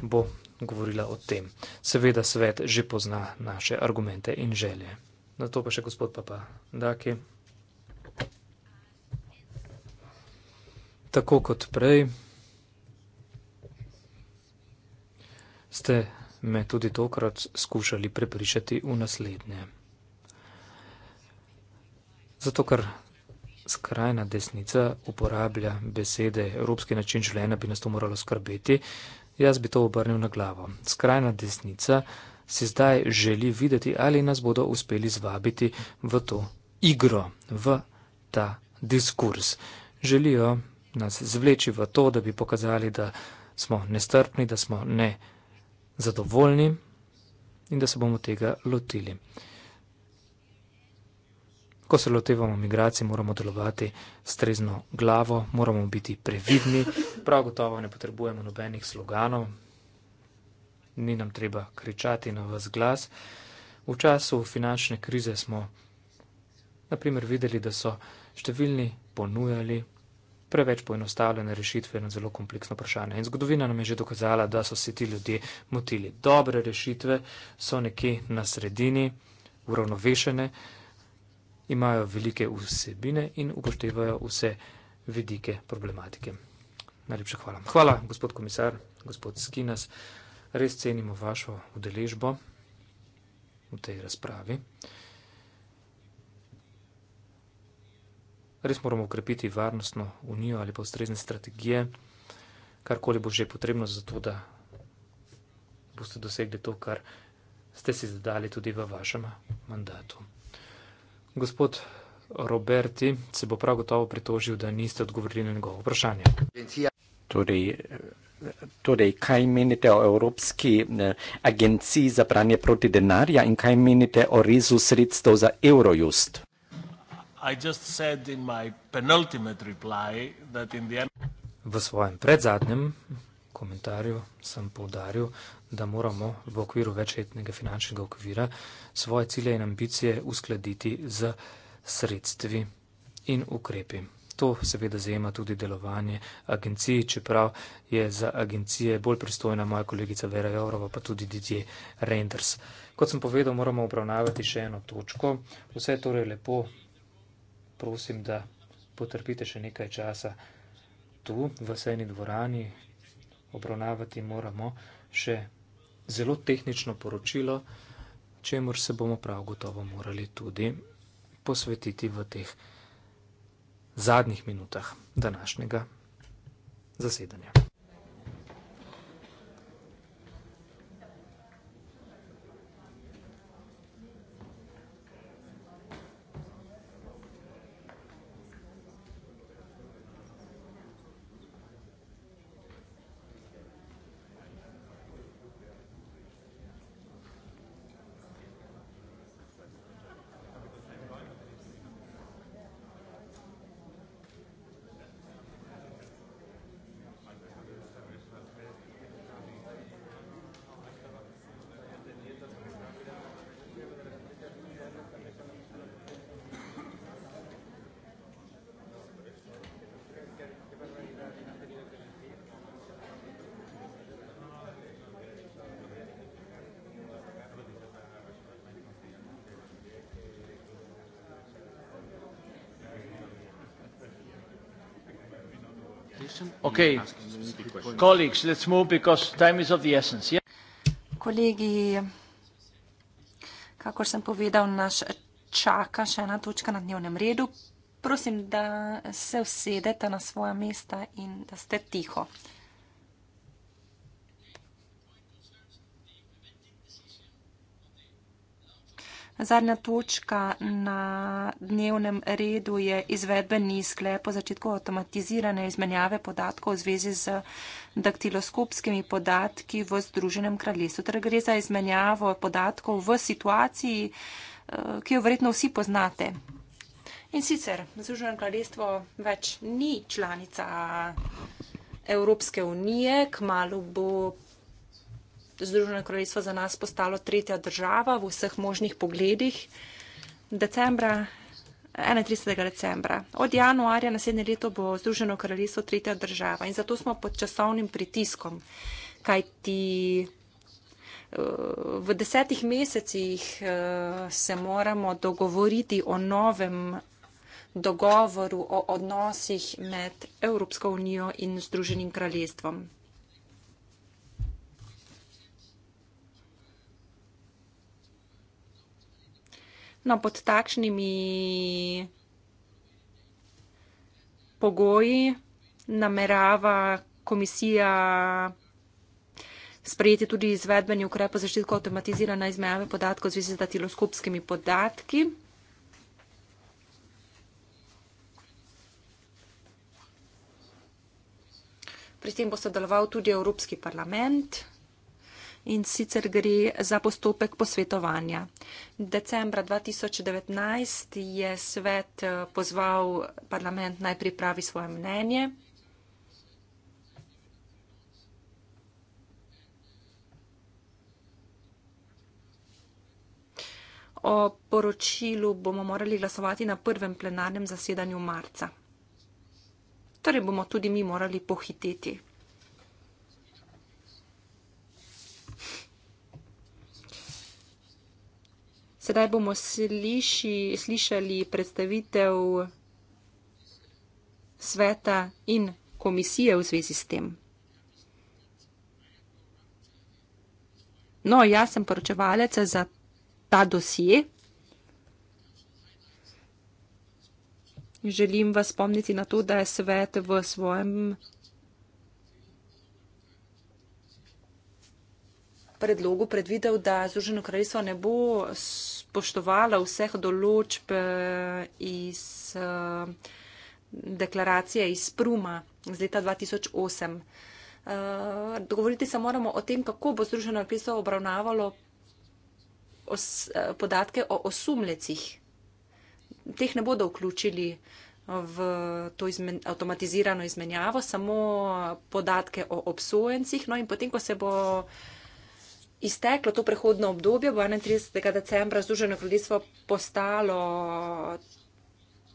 bo govorila o tem. Seveda svet že pozna naše argumente in želje. Na to pa še gospod Papa Daki. tako kot prej, ste me tudi tokrat skušali prepričati v naslednje. Zato, ker skrajna desnica uporablja besede evropski način življenja, bi nas to moralo skrbeti, jaz bi to obrnil na glavo. Skrajna desnica si zdaj želi videti, ali nas bodo uspeli zvabiti v to igro, v ta diskurs. Želijo nas zvleči v to, da bi pokazali, da smo nestrpni, da smo ne zadovoljni in da se bomo tega lotili. Ko se lotevamo migracij, moramo delovati strezno glavo, moramo biti previdni, prav gotovo ne potrebujemo nobenih sloganov, ni nam treba kričati na vas glas. V času finančne krize smo naprimer videli, da so številni ponujali preveč poenostavljene rešitve na zelo kompleksno vprašanje. In zgodovina nam je že dokazala, da so se ti ljudje motili. Dobre rešitve so nekje na sredini, uravnovešene, imajo velike vsebine in upoštevajo vse vidike problematike. Najlepša hvala. Hvala, gospod komisar, gospod Skinas. Res cenimo vašo udeležbo v tej razpravi. res moramo ukrepiti varnostno unijo ali pa ustrezne strategije, karkoli bo že potrebno za to, da boste dosegli to, kar ste si zadali tudi v vašem mandatu. Gospod Roberti se bo prav gotovo pritožil, da niste odgovorili na njegovo vprašanje. Torej, torej, kaj menite o Evropski eh, agenciji za pranje proti denarja in kaj menite o rezu sredstev za Eurojust? I just said in my penultimate reply that in the end. V svojem predzadnjem komentarju sem povdaril, da moramo v okviru večletnega finančnega okvira svoje cilje in ambicije uskladiti z sredstvi in ukrepi. To seveda zajema tudi delovanje agencij, čeprav je za agencije bolj pristojna moja kolegica Vera Jourova, pa tudi Didier Reinders. Kot sem povedal, moramo obravnavati še eno točko. Vse je torej lepo prosim, da potrpite še nekaj časa tu v sejni dvorani. Obravnavati moramo še zelo tehnično poročilo, čemur se bomo prav gotovo morali tudi posvetiti v teh zadnjih minutah današnjega zasedanja. Okay. Colleagues, let's move because time is of the essence. Yeah. Kolegi, kakor sem povedal, naš čaka še ena točka na dnevnem redu. Prosim, da se usedete na svoja mesta in da ste tiho. Zadnja točka na dnevnem redu je izvedbeni sklep o začetku avtomatizirane izmenjave podatkov v zvezi z daktiloskopskimi podatki v Združenem kraljestvu. Torej gre za izmenjavo podatkov v situaciji, eh, ki jo verjetno vsi poznate. In sicer Združeno kraljestvo več ni članica Evropske unije, kmalo bo Združeno kraljestvo za nas postalo tretja država v vseh možnih pogledih. Decembra, 31. decembra. Od januarja naslednje leto bo Združeno kraljestvo tretja država in zato smo pod časovnim pritiskom, kajti eh, v desetih mesecih eh, se moramo dogovoriti o novem dogovoru o odnosih med Evropsko unijo in Združenim kraljestvom. no, pod takšnimi pogoji namerava komisija sprejeti tudi izvedbeni ukrep za zaščitko avtomatizirane izmejave podatkov z vizi z datiloskopskimi podatki. Pri tem bo sodeloval tudi Evropski parlament in sicer gre za postopek posvetovanja. Decembra 2019 je svet eh, pozval parlament naj pripravi svoje mnenje. O poročilu bomo morali glasovati na prvem plenarnem zasedanju marca. Torej bomo tudi mi morali pohiteti. Sedaj bomo sliši, slišali predstavitev sveta in komisije v zvezi s tem. No, jaz sem poročevalec za ta dosje. Želim vas spomniti na to, da je svet v svojem predlogu predvidel, da Združeno kraljestvo ne bo spoštovala vseh določb eh, iz eh, deklaracije iz Pruma iz leta 2008. Eh, dogovoriti se moramo o tem, kako bo Združeno kristo obravnavalo podatke o osumlecih. Teh ne bodo vključili v to izmen, avtomatizirano izmenjavo, samo podatke o obsojencih. No in potem, ko se bo uh, izteklo to prehodno obdobje, bo 31. decembra Združeno kraljestvo postalo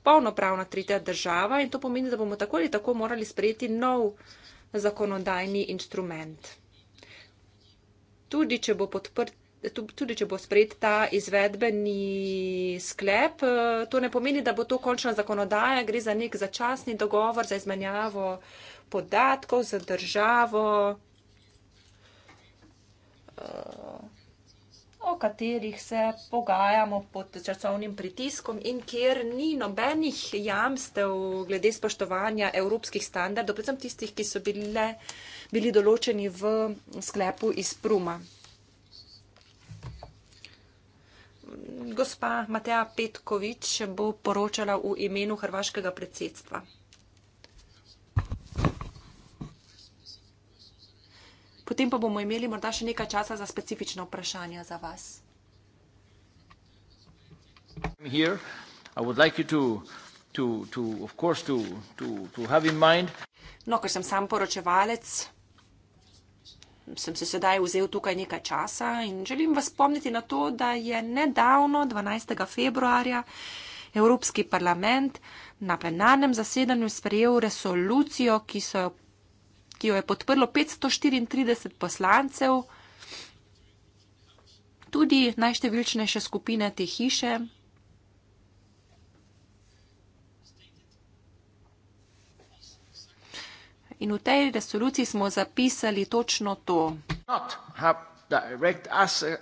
polnopravna tretja država in to pomeni, da bomo tako ali tako morali sprejeti nov zakonodajni inštrument. Tudi če bo, podprt, tudi če bo sprejet ta izvedbeni sklep, to ne pomeni, da bo to končna zakonodaja, gre za nek začasni dogovor za izmenjavo podatkov z državo. Eh, o katerih se pogajamo pod časovnim pritiskom in kjer ni nobenih jamstev glede spoštovanja evropskih standardov, predvsem tistih, ki so bile, bili določeni v sklepu iz Pruma. Gospa Mateja Petkovič bo poročala v imenu hrvaškega predsedstva. potem pa bomo imeli morda še nekaj časa za specifično vprašanje za vas. No, ker sem sam poročevalec, sem se sedaj vzel tukaj nekaj časa in želim vas spomniti na to, da je nedavno, 12. februarja, Evropski parlament na plenarnem zasedanju sprejel resolucijo, ki so jo ki jo je podprlo 534 poslancev, tudi najštevilčnejše skupine te hiše. In v tej resoluciji smo zapisali točno to direct access.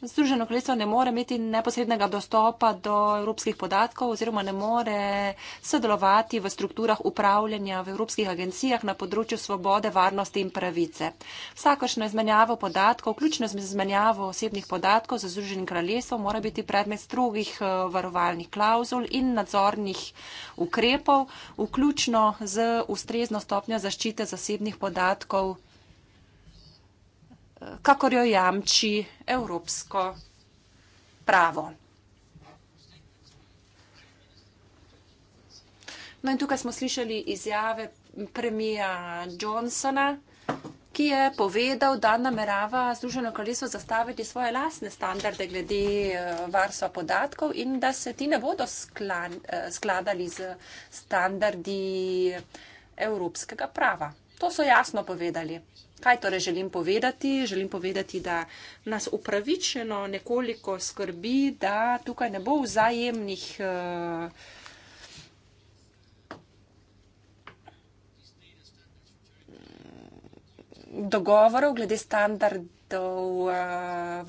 Združeno kraljestvo ne more imeti neposrednega dostopa do evropskih podatkov oziroma ne more sodelovati v strukturah upravljanja v evropskih agencijah na področju svobode, varnosti in pravice. Vsakošno izmenjavo podatkov, vključno z izmenjavo osebnih podatkov za Združenim kraljestvom, mora biti predmet strogih eh, varovalnih klauzul in nadzornih ukrepov, vključno z ustrezno stopnjo zaščite zasebnih podatkov kakor jo jamči evropsko pravo. No in tukaj smo slišali izjave premija Johnsona, ki je povedal, da namerava Združeno kraljestvo zastaviti svoje lasne standarde glede eh, varstva podatkov in da se ti ne bodo eh, skladali z standardi evropskega prava. To so jasno povedali. Kaj torej želim povedati? Želim povedati, da nas upravičeno nekoliko skrbi, da tukaj ne bo vzajemnih. Uh, Dogovorov glede standardov uh,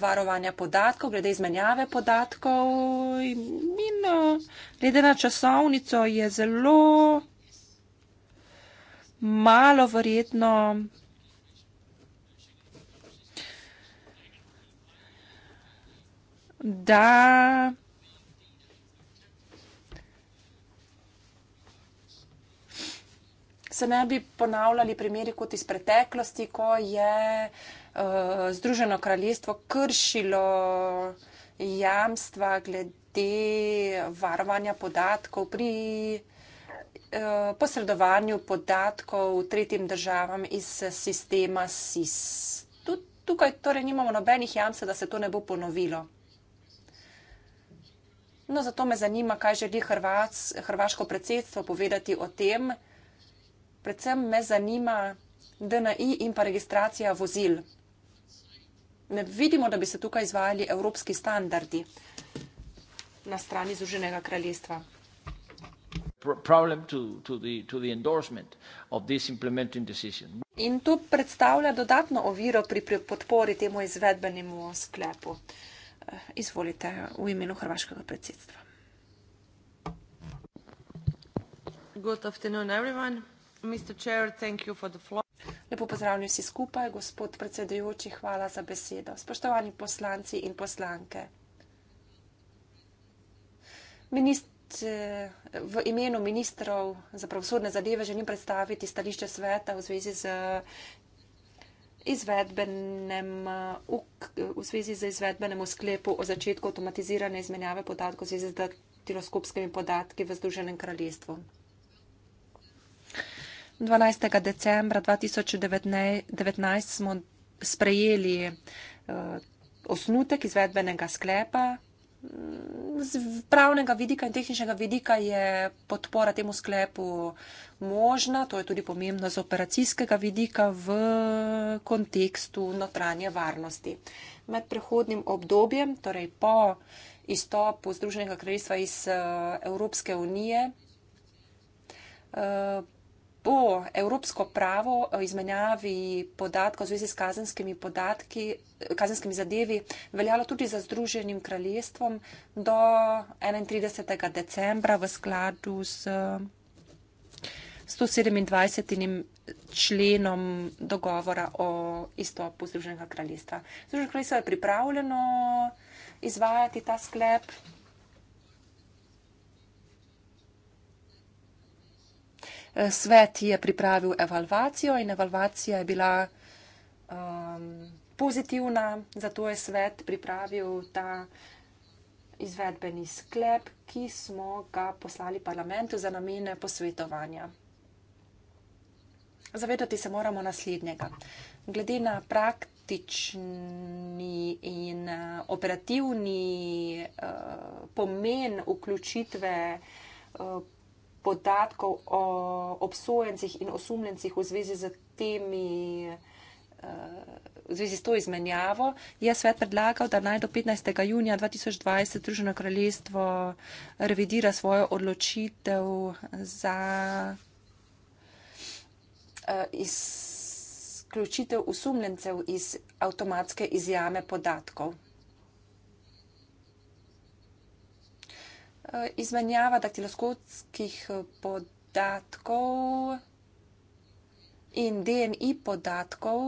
varovanja podatkov, glede izmenjave podatkov in, in eh, glede na časovnico je zelo malo verjetno, da se ne bi ponavljali primeri kot iz preteklosti, ko je uh, Združeno kraljestvo kršilo jamstva glede varovanja podatkov pri eh, posredovanju podatkov tretjim državam iz sistema SIS. Tukaj torej nimamo nobenih jamstva, da se to ne bo ponovilo. No, zato me zanima, kaj želi Hrvats, hrvaško predsedstvo povedati o tem. Predvsem me zanima DNI in pa registracija vozil. Ne vidimo, da bi se tukaj izvajali evropski standardi na strani Združenega kraljestva. To, to the, to the in to predstavlja dodatno oviro pri podpori temu izvedbenemu sklepu izvolite v imenu hrvaškega predsedstva. Good afternoon everyone. Mr. Chair, thank you for the floor. Lepo pozdravljeni vsi skupaj, gospod predsedujoči, hvala za besedo. Spoštovani poslanci in poslanke. Minist, v imenu ministrov za pravosodne zadeve želim predstaviti stališče sveta v zvezi z izvedbenem, v, eh, v zvezi z izvedbenem sklepu o začetku avtomatizirane izmenjave podatkov z izdatiloskopskimi podatki v Združenem kraljestvu. 12. decembra 2019 smo sprejeli uh, osnutek izvedbenega sklepa z pravnega vidika in tehničnega vidika je podpora temu sklepu možna, to je tudi pomembno z operacijskega vidika v kontekstu notranje varnosti. Med prehodnim obdobjem, torej po izstopu Združenega kraljestva iz eh, Evropske unije, eh, bo evropsko pravo o izmenjavi podatkov v zvezi s kazenskimi podatki, kazenskimi zadevi veljalo tudi za Združenim kraljestvom do 31. decembra v skladu s 127. Eh, členom dogovora o izstopu Združenega kraljestva. Združeno kraljestvo je pripravljeno izvajati ta sklep. svet je pripravil evalvacijo in evalvacija je bila um, pozitivna, zato je svet pripravil ta izvedbeni sklep, ki smo ga poslali parlamentu za namene posvetovanja. Zavedati se moramo naslednjega. Glede na praktični in uh, operativni uh, pomen vključitve uh, podatkov o obsojencih in osumljencih v zvezi z temi. Eh, v zvezi s to izmenjavo je svet predlagal, da naj do 15. junija 2020 Združeno kraljestvo revidira svojo odločitev za eh, izključitev usumljencev iz avtomatske izjame podatkov. Eh, izmenjava daktiloskopskih eh, podatkov in DNI podatkov.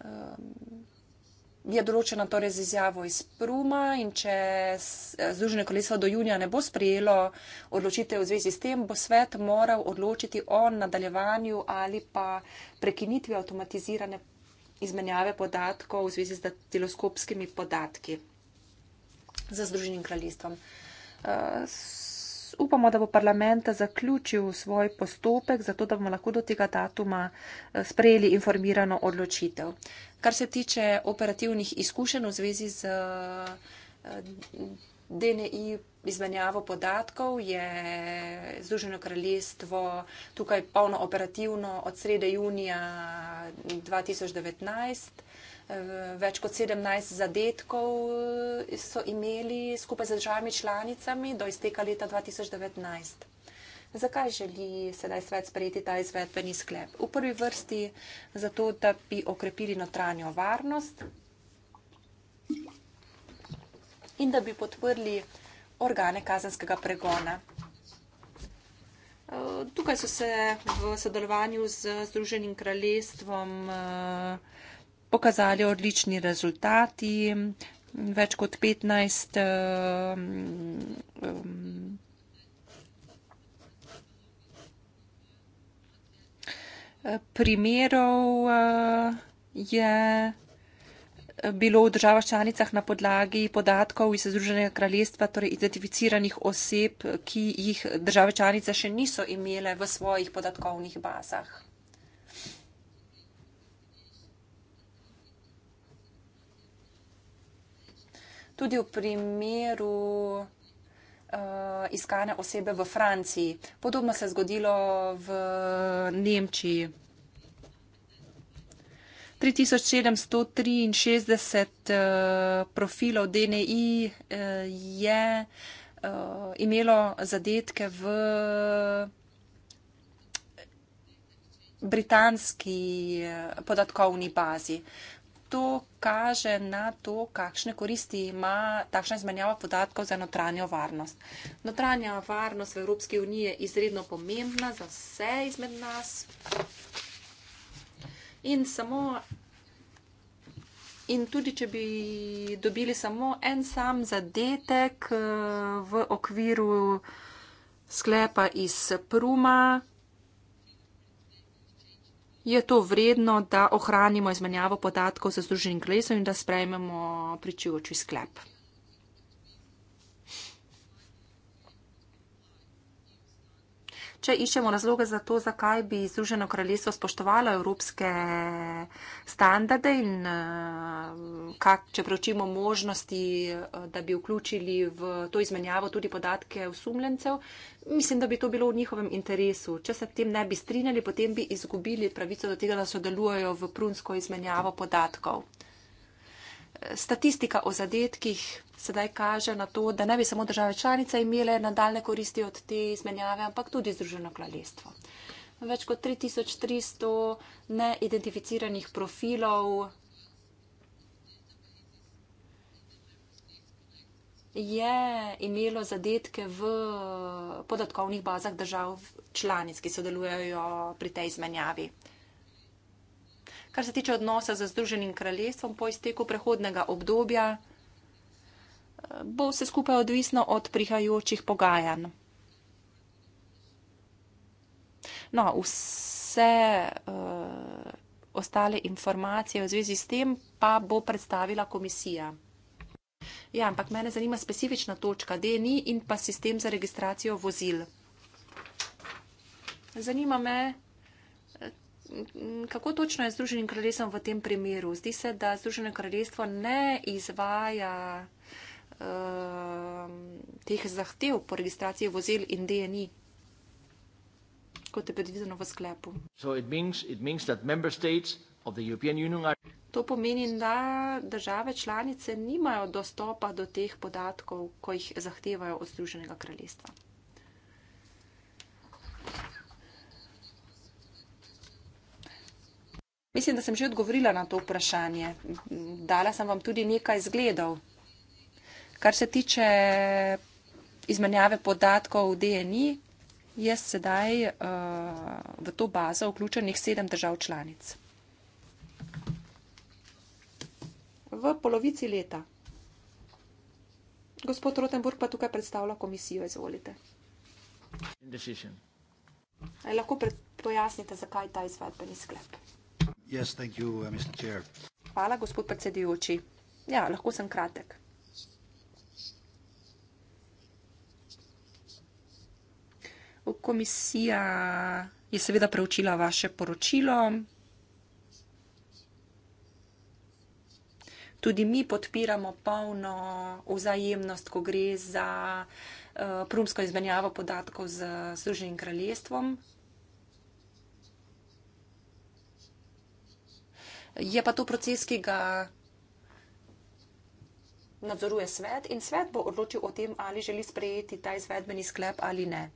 Ehm, je določena torej z izjavo iz Pruma in če eh, Združene kolesa do junija ne bo sprejelo odločitev v zvezi s tem, bo svet moral odločiti o nadaljevanju ali pa prekinitvi avtomatizirane podatke izmenjave podatkov v zvezi z teleskopskimi podatki za Združenim kraljestvom. Eh, upamo, da bo parlament zaključil svoj postopek, zato da bomo lahko do tega datuma eh, sprejeli informirano odločitev. Kar se tiče operativnih izkušenj v zvezi z eh, DNI izmenjavo podatkov je Združeno kraljestvo tukaj polno operativno od srede junija 2019. Eh, več kot 17 zadetkov eh, so imeli skupaj z državami članicami do izteka leta 2019. Zakaj želi sedaj svet sprejeti ta izvedbeni sklep? V prvi vrsti zato, da bi okrepili notranjo varnost in da bi podprli organe kazenskega pregona. Eh, tukaj so se v sodelovanju z Združenim kraljestvom eh, pokazali odlični rezultati. Več kot 15 eh, primerov je bilo v državah članicah na podlagi podatkov iz Združenega kraljestva, torej identificiranih oseb, ki jih države članice še niso imele v svojih podatkovnih bazah. Tudi v primeru uh, iskane osebe v Franciji. Podobno se je zgodilo v Nemčiji. 3763 uh, eh, profilov DNI uh, eh, je uh, imelo zadetke v britanski podatkovni bazi. To kaže na to, kakšne koristi ima takšna izmenjava podatkov za notranjo varnost. Notranja varnost v Evropski uniji je izredno pomembna za vse izmed nas. In samo. In tudi, če bi dobili samo en sam zadetek eh, v okviru sklepa iz Pruma, je to vredno, da ohranimo izmenjavo podatkov z Združenim kraljestvom in da sprejmemo pričujoči sklep. Če iščemo razloge za to, zakaj bi Združeno kraljestvo spoštovalo evropske standarde in eh, kak, če pročimo možnosti, eh, da bi vključili v to izmenjavo tudi podatke usumljencev, mislim, da bi to bilo v njihovem interesu. Če se tem ne bi strinjali, potem bi izgubili pravico do tega, da sodelujo v prunsko izmenjavo podatkov. Statistika o zadetkih sedaj kaže na to, da ne bi samo države članice imele nadaljne koristi od te izmenjave, ampak tudi Združeno kraljestvo. Več kot 3300 neidentificiranih profilov je imelo zadetke v podatkovnih bazah držav članic, ki sodelujejo pri tej izmenjavi. Kar se tiče odnosa z Združenim kraljestvom po izteku prehodnega obdobja, bo vse skupaj odvisno od prihajajočih pogajanj. No, vse uh, ostale informacije v zvezi s tem pa bo predstavila komisija. Ja, ampak mene zanima specifična točka DNI in pa sistem za registracijo vozil. Zanima me, eh, kako točno je Združenim kraljestvom v tem primeru. Zdi se, da Združeno kraljestvo ne izvaja uh, Um, teh zahtev po registraciji vozil in DNI, kot je predvideno v sklepu. To pomeni, da države članice nimajo dostopa do teh podatkov, ko jih zahtevajo od Združenega kraljestva. Mislim, da sem že odgovorila na to vprašanje. Dala sem vam tudi nekaj zgledov. Kar se tiče izmenjave podatkov v DNI, je sedaj uh, v to bazo vključenih sedem držav članic. V polovici leta. Gospod Rotenburg pa tukaj predstavlja komisijo, izvolite. Lahko pojasnite, zakaj ta izvedbeni sklep? Yes, you, uh, Hvala, gospod predsedujoči. Ja, lahko sem kratek. komisija je seveda preučila vaše poročilo. Tudi mi podpiramo polno vzajemnost, ko gre za uh, prumsko izmenjavo podatkov z Združenim kraljestvom. Je pa to proces, ki ga nadzoruje svet in svet bo odločil o tem, ali želi sprejeti ta izvedbeni sklep ali ne.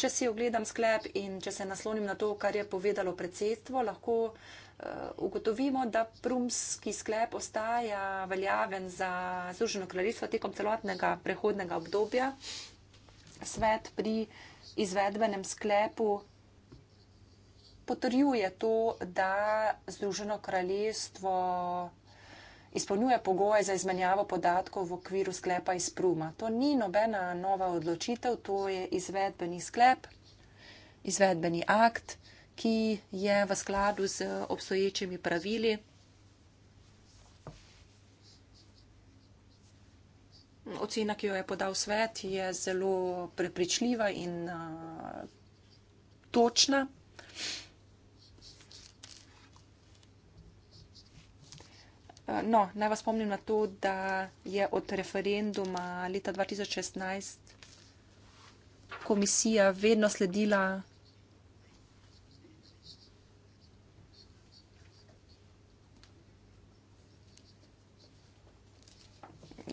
Če si ogledam sklep in če se naslonim na to, kar je povedalo predsedstvo, lahko eh, ugotovimo, da prumski sklep ostaja veljaven za Združeno kraljestvo tekom celotnega prehodnega obdobja. Svet pri izvedbenem sklepu potrjuje to, da Združeno kraljestvo izpolnjuje pogoje za izmenjavo podatkov v okviru sklepa iz Pruma. To ni nobena nova odločitev, to je izvedbeni sklep, izvedbeni akt, ki je v skladu z obstoječimi pravili. Ocena, ki jo je podal svet, je zelo prepričljiva in uh, točna. Uh, Eh, no, naj vas spomnim na to, da je od referenduma leta 2016 komisija vedno sledila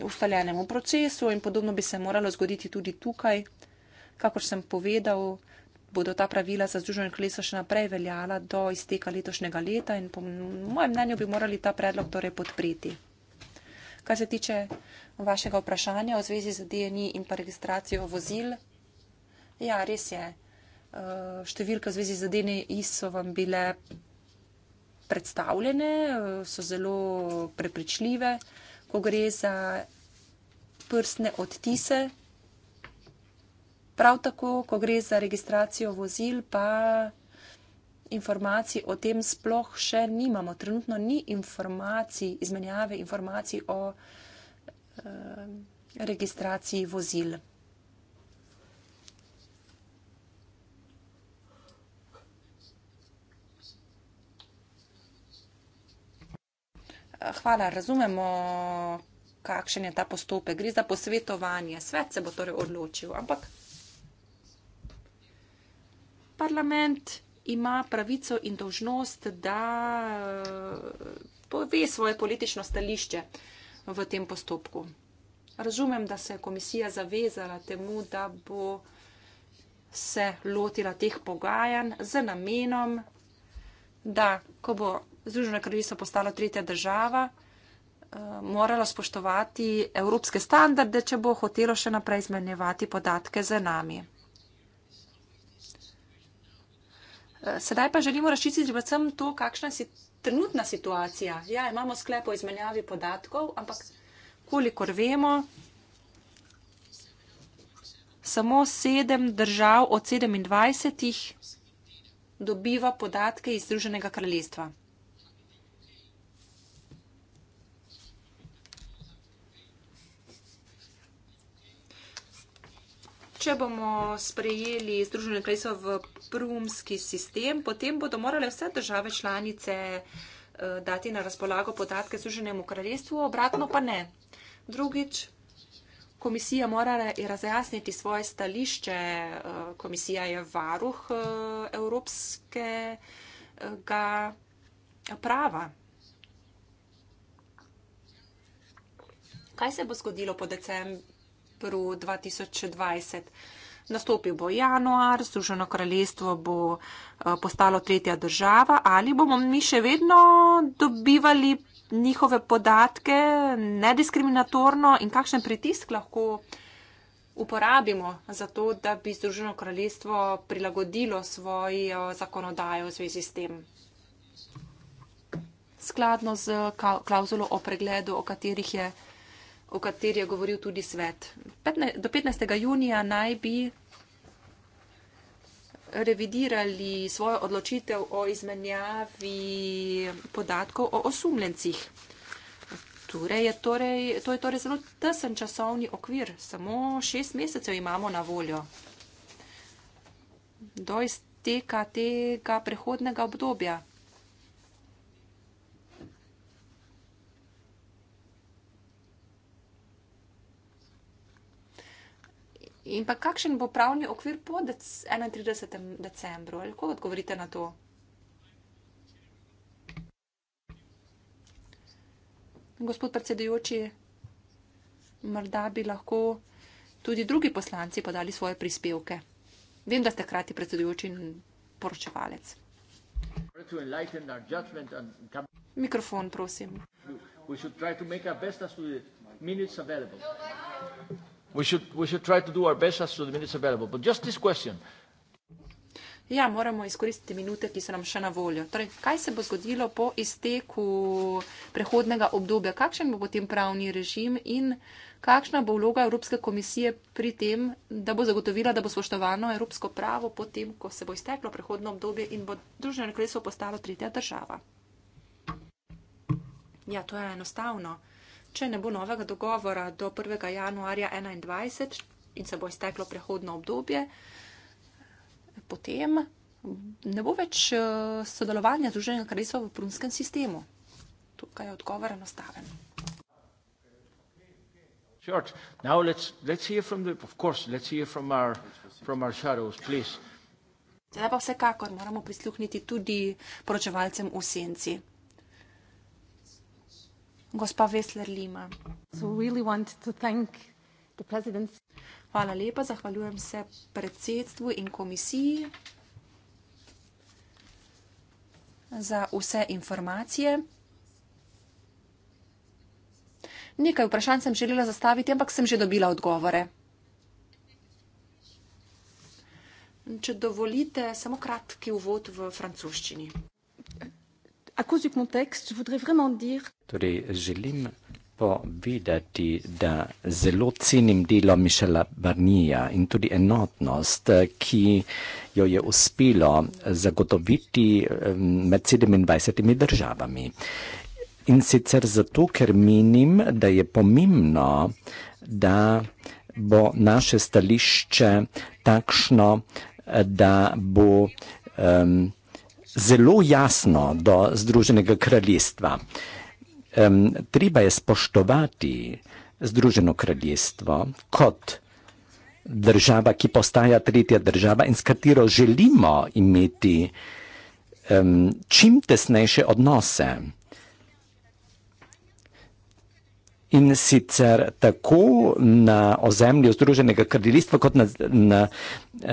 ustaljenemu procesu in podobno bi se moralo zgoditi tudi tukaj, kakor sem povedal bodo ta pravila za združeno kraljestvo še naprej veljala do izteka letošnjega leta in po mojem mnenju bi morali ta predlog torej podpreti. Kar se tiče vašega vprašanja v zvezi z DNI in pa registracijo vozil, ja, res je. Eh, številke v zvezi z DNI so vam bile predstavljene, eh, so zelo prepričljive, ko gre za prstne odtise. Prav tako, ko gre za registracijo vozil, pa informacij o tem sploh še nimamo. Trenutno ni informacij, izmenjave informacij o eh, registraciji vozil. Hvala, razumemo, kakšen je ta postopek. Gre za posvetovanje. Svet se bo torej odločil, ampak parlament ima pravico in dožnost, da eh, pove svoje politično stališče v tem postopku. Razumem, da se je komisija zavezala temu, da bo se lotila teh pogajanj z namenom, da ko bo Združeno kraljestvo postalo tretja država, eh, morala spoštovati evropske standarde, če bo hotelo še naprej izmenjevati podatke z nami. Sedaj pa želimo razčistiti predvsem to, kakšna je trenutna situacija. Ja, imamo sklep o izmenjavi podatkov, ampak kolikor vemo, samo sedem držav od 27 dobiva podatke iz Združenega kraljestva. Če bomo sprejeli Združene kraljestvo v prumski sistem, potem bodo morale vse države članice eh, dati na razpolago podatke Združenemu kraljestvu, obratno pa ne. Drugič, komisija mora razjasniti svoje stališče. Eh, komisija je varuh eh, evropskega prava. Kaj se bo zgodilo po decembru? 2021. Nastopil bo januar, Združeno kraljestvo bo eh, postalo tretja država. Ali bomo mi še vedno dobivali njihove podatke nediskriminatorno in kakšen pritisk lahko uporabimo za to, da bi Združeno kraljestvo prilagodilo svojo zakonodajo v zvezi s tem? Skladno z klauzulo o pregledu, o katerih je o kateri je govoril tudi svet. Do 15. junija naj bi revidirali svojo odločitev o izmenjavi podatkov o osumljencih. Torej je torej, to je torej zelo tesen časovni okvir, samo šest mesecev imamo na voljo do izteka tega prehodnega obdobja. In pa kakšen bo pravni okvir po 31. decembru? Lahko odgovorite na to? Gospod predsedujoči, morda bi lahko tudi drugi poslanci podali svoje prispevke. Vem, da ste krati predsedujoči in poročevalec. Mikrofon, prosim. We should, we should try to do our best as to the minutes available. But just this question. Ja, moramo izkoristiti minute, ki so nam še na voljo. Torej, kaj se bo zgodilo po izteku prehodnega obdobja? Kakšen bo potem pravni režim in kakšna bo vloga Evropske komisije pri tem, da bo zagotovila, da bo spoštovano evropsko pravo potem, ko se bo izteklo prehodno obdobje in bo Združeno kraljestvo postalo tretja država? Ja, to je enostavno če ne bo novega dogovora do 1. januarja 2021 in se bo izteklo prehodno obdobje, potem ne bo več eh, sodelovanja Združenega kraljestva v prunskem sistemu. Tukaj je odgovor enostaven. George, now let's let's hear from the of course let's hear from our from our shadows, please. Zdaj pa vsekakor moramo prisluhniti tudi poročevalcem v senci gospa Vesler Lima. Hvala lepa, zahvaljujem se predsedstvu in komisiji za vse informacije. Nekaj vprašanj sem želela zastaviti, ampak sem že dobila odgovore. Če dovolite, samo kratki uvod v francoščini à cause du contexte, je voudrais vraiment dire. Torej, želim povedati, da zelo cenim delo Mišela Barnija in tudi enotnost, ki jo je uspelo zagotoviti med 27 državami. In sicer zato, ker menim, da je pomembno, da bo naše stališče takšno, da bo. Um, zelo jasno do Združenega kraljestva. Um, treba je spoštovati Združeno kraljestvo kot država, ki postaja tretja država in s katero želimo imeti um, čim tesnejše odnose. In sicer tako na ozemlju Združenega kraljestva, kot na, na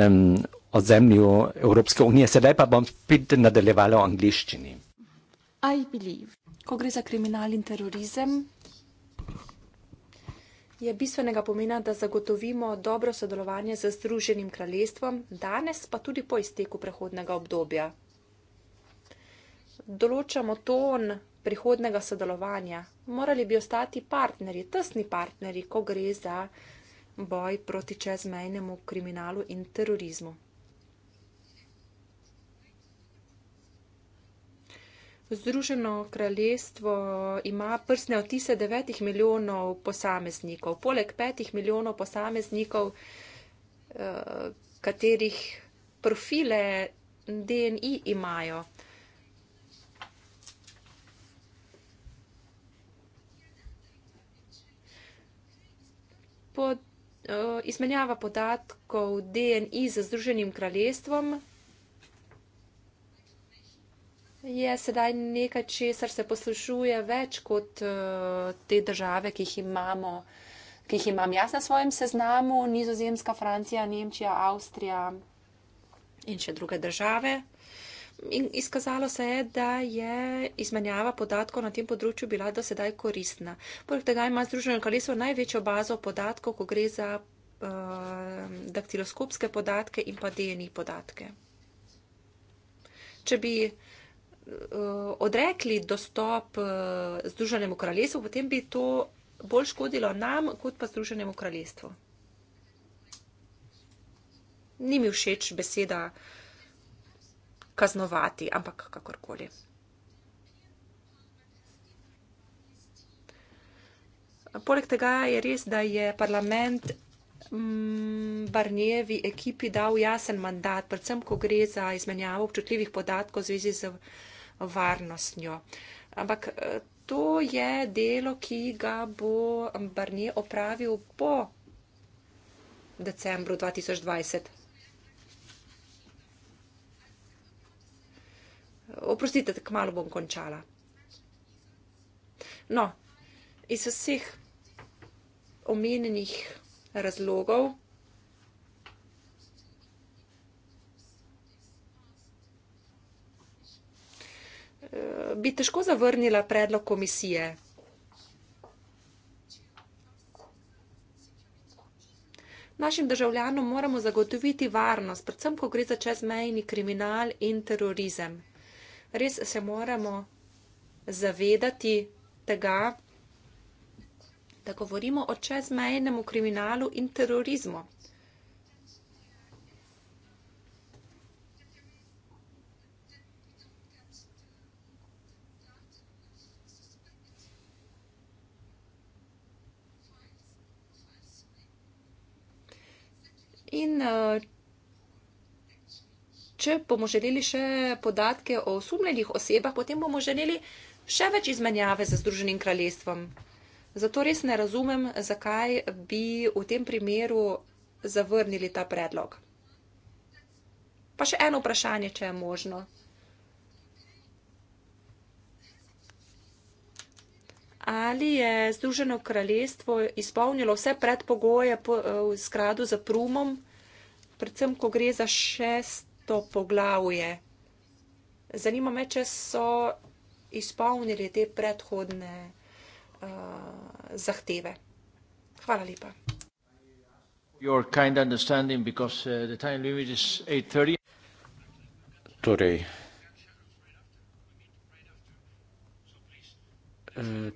um, ozemlju Evropske unije, sedaj pa bom spet nadaljevala v angliščini. I believe, ko gre za kriminal in terorizem, je bistvenega pomena, da zagotovimo dobro sodelovanje z Združenim kraljestvom, danes pa tudi po izteku prehodnega obdobja. Določamo ton prihodnega sodelovanja. Morali bi ostati partnerji, tesni partnerji, ko gre za boj proti čezmejnemu kriminalu in terorizmu. Združeno kraljestvo ima prsne otise devetih milijonov posameznikov, poleg petih milijonov posameznikov, eh, katerih profile DNI imajo. Pod, eh, izmenjava podatkov DNI z Združenim kraljestvom je sedaj nekaj, česar se poslušuje več kot eh, te države, ki jih imamo, ki jih imam jaz na svojem seznamu, Nizozemska, Francija, Nemčija, Avstrija in še druge države. In izkazalo se je, da je izmenjava podatkov na tem področju bila do sedaj koristna. Poleg tega ima Združeno kraljestvo največjo bazo podatkov, ko gre za uh, daktiloskopske podatke in pa DNI podatke. Če bi uh, Eh, odrekli dostop eh, Združenemu kraljestvu, potem bi to bolj škodilo nam, kot pa Združenemu kraljestvu. Ni mi všeč beseda kaznovati, ampak kakorkoli. Poleg tega je res, da je parlament mm, Barnijevi ekipi dal jasen mandat, predvsem ko gre za izmenjavo občutljivih podatkov v zvezi z varnostjo. Ampak eh, to je delo, ki ga bo Barnier opravil po decembru 2020. Oprostite, tako malo bom končala. No, iz vseh omenjenih razlogov. bi težko zavrnila predlog komisije. Našim državljanom moramo zagotoviti varnost, predvsem, ko gre za čezmejni kriminal in terorizem. Res se moramo zavedati tega, da govorimo o čezmejnemu kriminalu in terorizmu. in eh, če bomo želeli še podatke o osumljenih osebah, potem bomo želeli še več izmenjave z Združenim kraljestvom. Zato res ne razumem, zakaj bi v tem primeru zavrnili ta predlog. Pa še eno vprašanje, če je možno. ali je Združeno kraljestvo izpolnilo vse predpogoje eh, v skladu z Prumom, predvsem, ko gre za šesto poglavje. Zanima me, če so izpolnili te predhodne uh, zahteve. Hvala lepa. Eh, torej,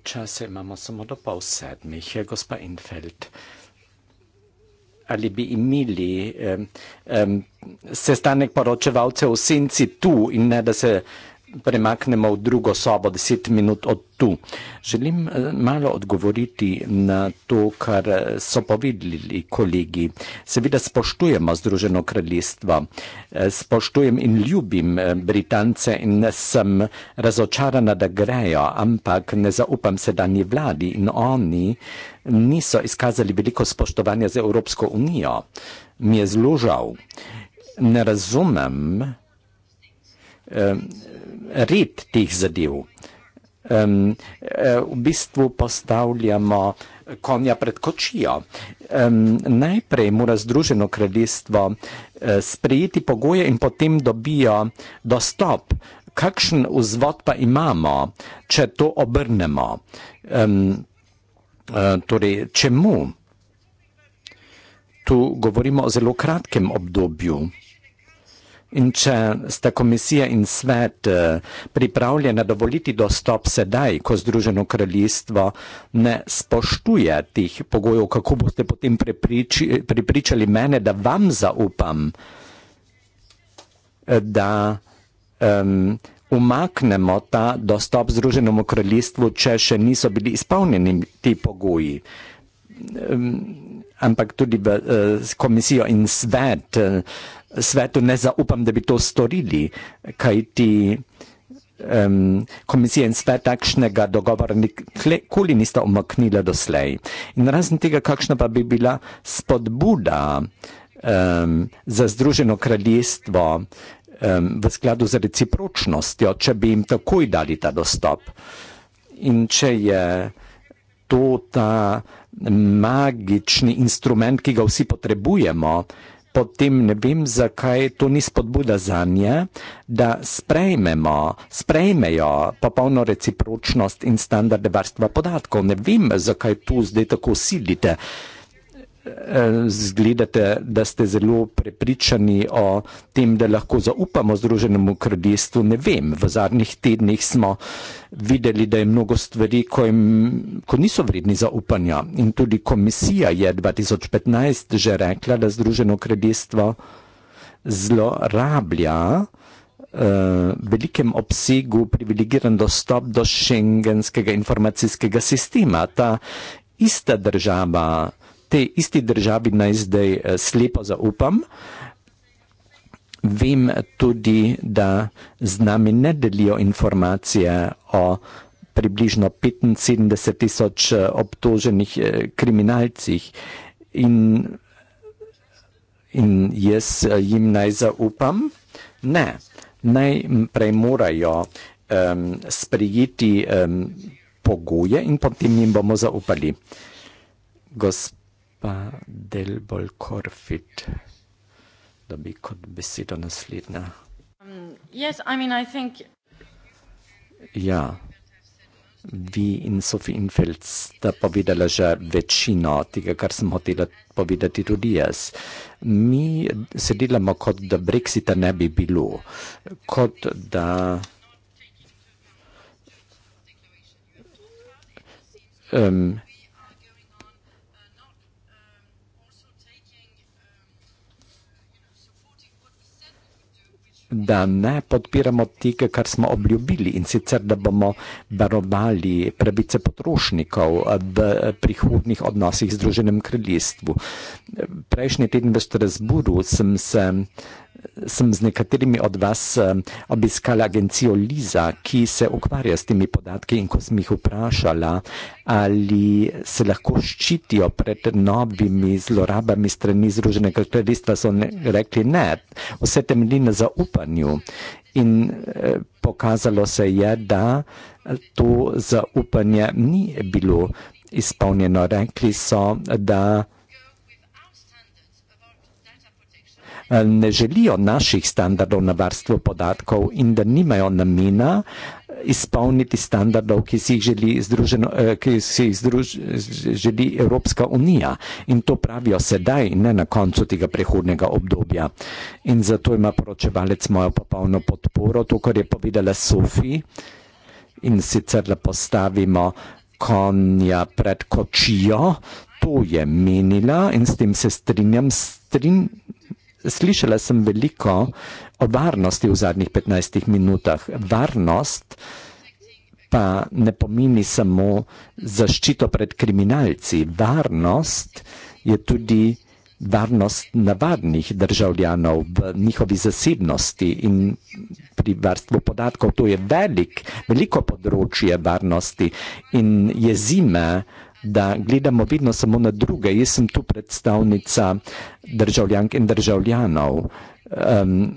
čas imamo samo do pol sedmih, gospa Infeld. Ali bi imeli um, um, sestanek poročevalcev v senci tu in ne da se premaknemo v drugo sobo, deset minut od tu. Želim eh, malo odgovoriti na to, kar eh, so povedali kolegi. Seveda spoštujemo Združeno kraljestvo, eh, spoštujem in ljubim Britance in sem razočarana, da grejo, ampak ne zaupam sedanji vladi in oni niso izkazali veliko spoštovanja za Evropsko unijo. Mi je zložal. Ne razumem, red teh zadev. Um, v bistvu postavljamo konja pred kočijo. Um, najprej mora Združeno kraljestvo eh, sprejeti pogoje in potem dobijo dostop. Kakšen vzvod pa imamo, če to obrnemo? Um, torej, čemu? Tu govorimo o zelo kratkem obdobju. In če sta komisija in svet eh, pripravljena dovoliti dostop sedaj, ko Združeno kraljestvo ne spoštuje tih pogojev, kako boste potem prepriči, prepričali mene, da vam zaupam, eh, da um, umaknemo ta dostop Združenemu kraljestvu, če še niso bili izpolnjeni ti pogoji. Um, ampak tudi v, uh, komisijo in svet. Uh, svetu ne zaupam, da bi to storili, kaj ti um, komisija in svet takšnega dogovora nikoli nista omaknila doslej. In razen tega, kakšna pa bi bila spodbuda um, za Združeno kraljestvo um, v skladu z recipročnostjo, če bi jim takoj dali ta dostop. In če je to ta magični instrument, ki ga vsi potrebujemo, potem ne vem, zakaj to ni spodbuda za nje, da sprejmemo, sprejmejo popolno recipročnost in standarde varstva podatkov. Ne vem, zakaj tu zdaj tako silite. Uh, zgledate, da ste zelo prepričani o tem, da lahko zaupamo Združenemu kraljestvu, ne vem. V zadnjih tednih smo videli, da je mnogo stvari, ko, jim, ko niso vredni zaupanja. In tudi komisija je 2015 že rekla, da Združeno kraljestvo zlorablja v uh, eh, velikem obsegu privilegiran dostop do šengenskega informacijskega sistema. Ta ista država tej isti državi naj zdaj eh, slepo zaupam. Vem tudi, da z nami ne delijo informacije o približno 75 tisoč eh, obtoženih eh, kriminalcih in, in jaz jim naj zaupam. Ne, najprej morajo um, sprijeti um, pogoje in potem jim bomo zaupali. Gospod pa del bolj korfit, da bi kot besedo naslednja. Um, yes, I mean, I think... Ja, vi in Sofi Infeld sta povedala že večino tega, kar sem hotela povedati tudi jaz. Mi se delamo kot, da Brexita ne bi bilo, kot da um, da ne podpiramo tega, kar smo obljubili in sicer, da bomo barovali pravice potrošnikov eh, v prihodnih odnosih z Združenem kraljestvu. Prejšnji teden v Štrasburu sem se sem z nekaterimi od vas obiskala agencijo Liza, ki se ukvarja s temi podatki in ko sem jih vprašala, ali se lahko ščitijo pred novimi zlorabami strani Združenega kraljestva, so ne, rekli ne, vse temelji na zaupanju. In eh, pokazalo se je, da eh, to zaupanje ni bilo izpolnjeno. Rekli so, da. ne želijo naših standardov na varstvo podatkov in da nimajo namena izpolniti standardov, ki si jih želi, združeno, eh, ki si jih združ, želi Evropska unija. In to pravijo sedaj, ne na koncu tega prehodnega obdobja. In zato ima poročevalec mojo popolno podporo, to, kar je povedala Sofi. In sicer, da postavimo konja pred kočijo, to je menila in s tem se strinjam. Strin, slišala sem veliko o varnosti v zadnjih 15 minutah. Varnost pa ne pomeni samo zaščito pred kriminalci. Varnost je tudi varnost navadnih državljanov v njihovi zasebnosti in pri varstvu podatkov. To je velik, veliko področje varnosti in je zime da gledamo vedno samo na druge. Jaz sem tu predstavnica državljank in državljanov um,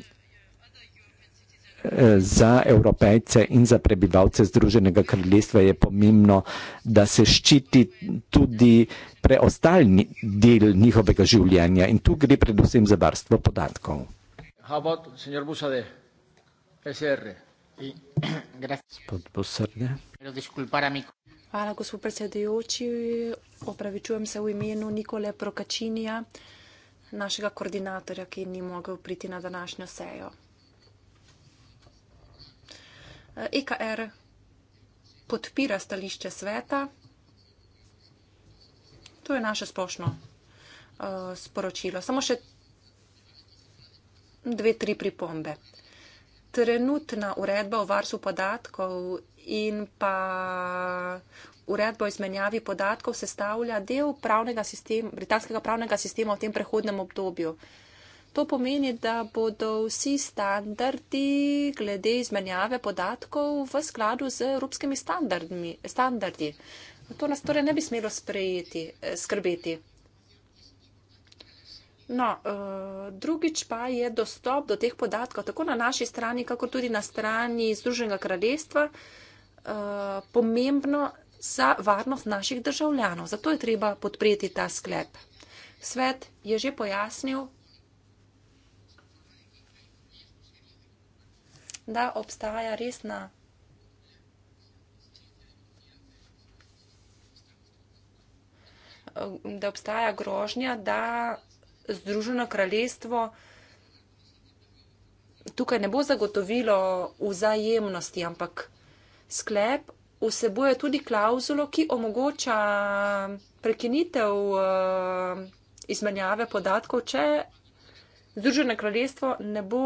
za evropejce in za prebivalce Združenega kraljestva je pomembno, da se ščiti tudi preostalni del njihovega življenja in tu gre predvsem za varstvo podatkov. Gospod Busrde, Hvala, gospod predsedujoči. Opravičujem se v imenu Nikole Prokačinija, našega koordinatorja, ki ni mogel priti na današnjo sejo. EKR er podpira stališče sveta. To je naše splošno eh, sporočilo. Samo še dve, tri pripombe trenutna uredba o varstvu podatkov in pa uredba o izmenjavi podatkov sestavlja del pravnega sistema, britanskega pravnega sistema v tem prehodnem obdobju. To pomeni, da bodo vsi standardi glede izmenjave podatkov v skladu z evropskimi standardi. To nas torej ne bi smelo sprejeti, skrbeti. No, uh, drugič pa je dostop do teh podatkov tako na naši strani, kako tudi na strani Združenega kraljestva uh, pomembno za varnost naših državljanov. Zato je treba podpreti ta sklep. Svet je že pojasnil, da obstaja resna. Eh, da obstaja grožnja, da Združeno kraljestvo tukaj ne bo zagotovilo vzajemnosti, ampak sklep vsebuje tudi klauzulo, ki omogoča prekinitev eh, izmenjave podatkov, če Združeno kraljestvo ne bo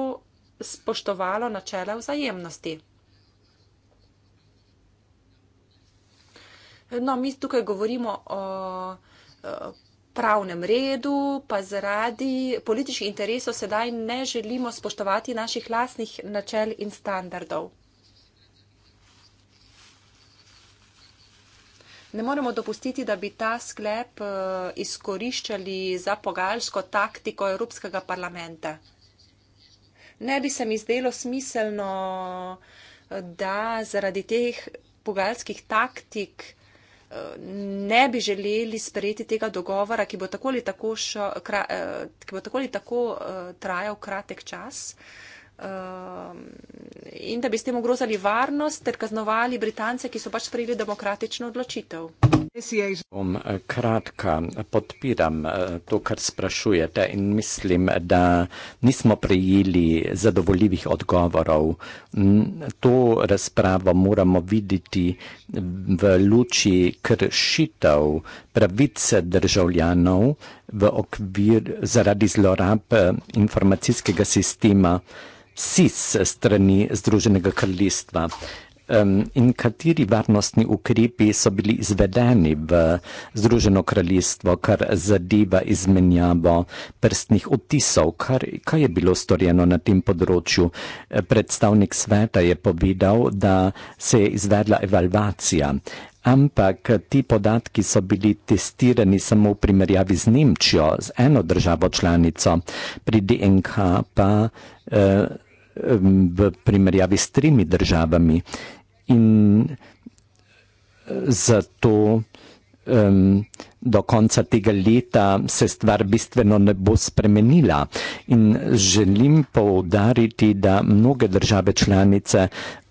spoštovalo načela vzajemnosti. No, mi tukaj govorimo o eh, pravnem redu, pa zaradi političnih interesov sedaj ne želimo spoštovati naših lasnih načel in standardov. Ne moremo dopustiti, da bi ta sklep eh, izkoriščali za pogajalsko taktiko Evropskega parlamenta. Ne bi se mi zdelo smiselno, eh, da zaradi teh pogajalskih taktik ne bi želeli sprejeti tega dogovora, ki bo tako ali tako, šo, kra, eh, ki bo tako, ali tako uh, trajal kratek čas uh, in da bi s tem ogrozali varnost ter kaznovali Britance, ki so pač sprejeli demokratično odločitev. Bom eh, kratka, podpiram eh, to, kar sprašujete in mislim, da nismo prejeli zadovoljivih odgovorov. To razpravo moramo videti v luči kršitev pravice državljanov v okvir zaradi zlorab eh, informacijskega sistema SIS strani Združenega kraljestva. Um, in kateri varnostni ukrepi so bili izvedeni v Združeno kraljestvo, kar zadeva izmenjavo prstnih odtisov? Kar, kaj je bilo storjeno na tem področju? E, predstavnik sveta je povedal, da se je izvedla evalvacija. Ampak ti podatki so bili testirani samo v primerjavi z Nemčijo, z eno državo članico, pri DNK pa uh, v primerjavi s tremi državami. Uh, in eh, zato um, do konca tega leta se stvar bistveno ne bo spremenila. In želim poudariti, da mnoge države članice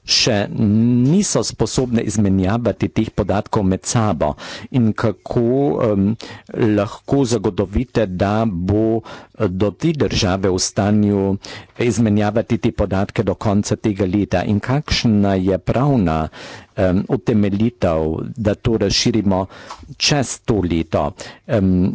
še niso sposobne izmenjavati teh podatkov med sabo in kako um, lahko zagotovite, da bo eh, do te države v stanju izmenjavati te podatke do konca tega leta in kakšna je pravna um, utemeljitev, da to razširimo čez to leto. Um,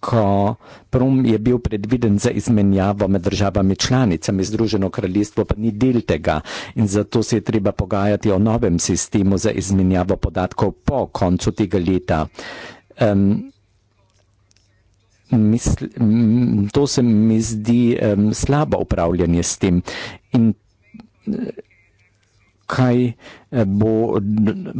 ko prom je bil predviden za izmenjavo med državami članicami, Združeno kraljestvo pa ni del tega in zato se je treba pogajati o novem sistemu za izmenjavo podatkov po koncu tega leta. Um, misl, to se mi zdi um, slabo upravljanje s tem in kaj eh, bo,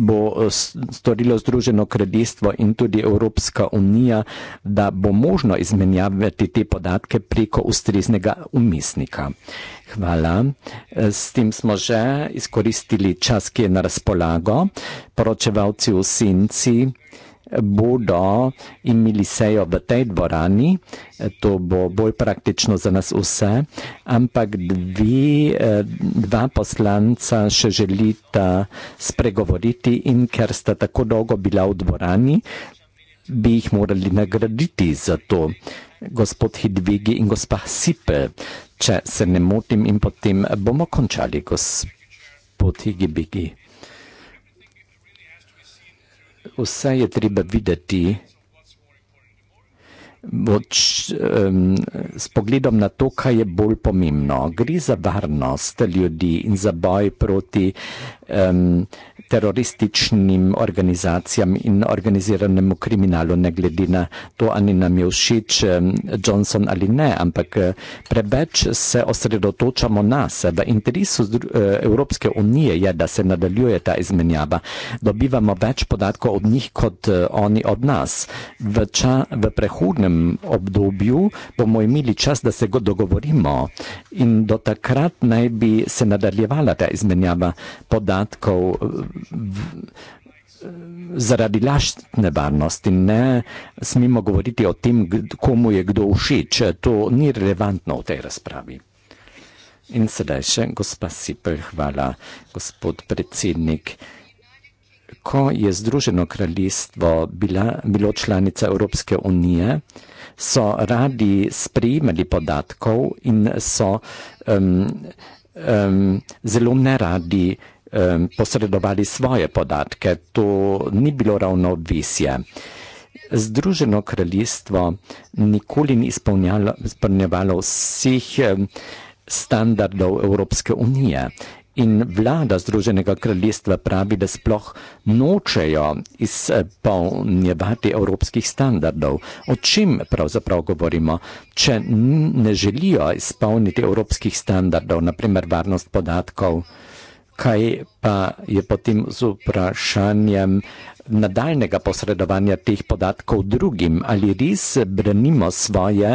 bo eh, storilo Združeno kredistvo in tudi Evropska unija, da bo možno izmenjavati te podatke preko ustreznega umestnika. Hvala. Eh, s tem smo že izkoristili čas, ki je na razpolago. Poročevalci v Sinci bodo imeli sejo v tej dvorani, to bo bolj praktično za nas vse, ampak dvi, eh, dva poslanca še želita spregovoriti in ker sta tako dolgo bila v dvorani, bi jih morali nagraditi za to, gospod Hidvigi in gospa Sipe, če se ne motim in potem bomo končali, gospod Hidvigi vse je treba videti boč, um, s pogledom na to, kaj je bolj pomembno. Gre za varnost ljudi in za boj proti um, terorističnim organizacijam in organiziranemu kriminalu, ne glede na to, ali nam je všeč um, Johnson ali ne, ampak eh, preveč se osredotočamo na sebe. V interesu eh, Evropske unije je, da se nadaljuje ta izmenjava. Dobivamo več podatkov od njih, kot uh, oni od nas. V, ča, v prehurnem obdobju bomo imeli čas, da se ga dogovorimo in do takrat naj bi se nadaljevala ta izmenjava podatkov podatkov eh, zaradi lastne varnosti. Ne smemo govoriti o tem, komu je kdo všeč. To ni relevantno v tej razpravi. In sedaj še gospa Sipel, hvala, gospod predsednik. Ko je Združeno kraljestvo bila, bilo članica Evropske unije, so radi sprejemali podatkov in so um, um, zelo neradi posredovali svoje podatke. To ni bilo ravno visje. Združeno kraljestvo nikoli ni izpolnjevalo vseh standardov Evropske unije in vlada Združenega kraljestva pravi, da sploh nočejo izpolnjevati evropskih standardov. O čem pravzaprav govorimo? Če ne želijo izpolniti evropskih standardov, naprimer varnost podatkov, kaj pa je potem z vprašanjem nadaljnega posredovanja teh podatkov drugim? Ali res branimo svoje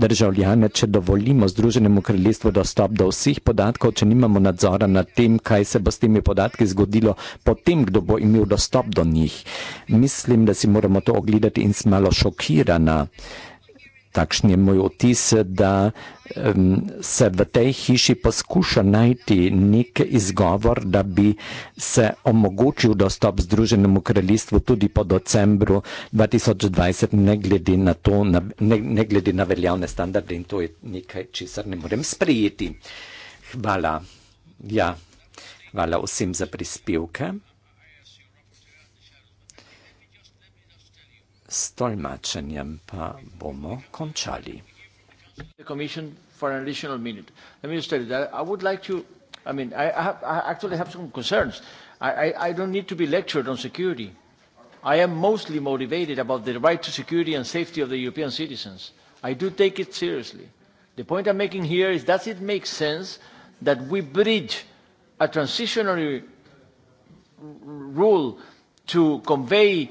državljane, če dovolimo Združenemu kraljestvu dostop do vseh podatkov, če nimamo nadzora nad tem, kaj se bo s temi podatki zgodilo, potem kdo bo imel dostop do njih? Mislim, da si moramo to ogledati in smo malo šokirani takšen je moj otis, da um, se v tej hiši poskuša najti nek izgovor, da bi se omogočil dostop Združenemu kraljestvu tudi po decembru 2020, ne glede na, to, na, ne, ne glede na veljavne standarde in to je nekaj, česar ne morem sprijeti. Hvala. Ja. Hvala vsem za prispevke. s tolmačenjem pa bomo končali. I mean, I, have, I actually have some concerns. I, I, I don't need to be lectured on security. I am mostly motivated about the right to security and safety of the European citizens. I do take it seriously. The point I'm making here is, does it make sense that we bridge a transitionary rule to convey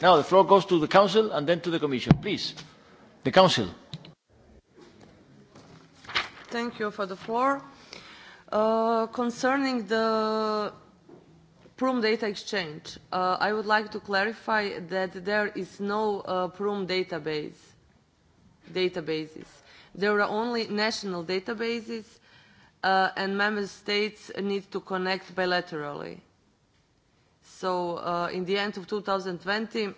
Now the floor goes to the Council and then to the Commission. Please, the Council. Thank you for the floor. Uh, concerning the Prum data exchange, uh, I would like to clarify that there is no uh, Prum database, databases. There are only national databases uh, and member states need to connect bilaterally. So, uh, in the end of 2020,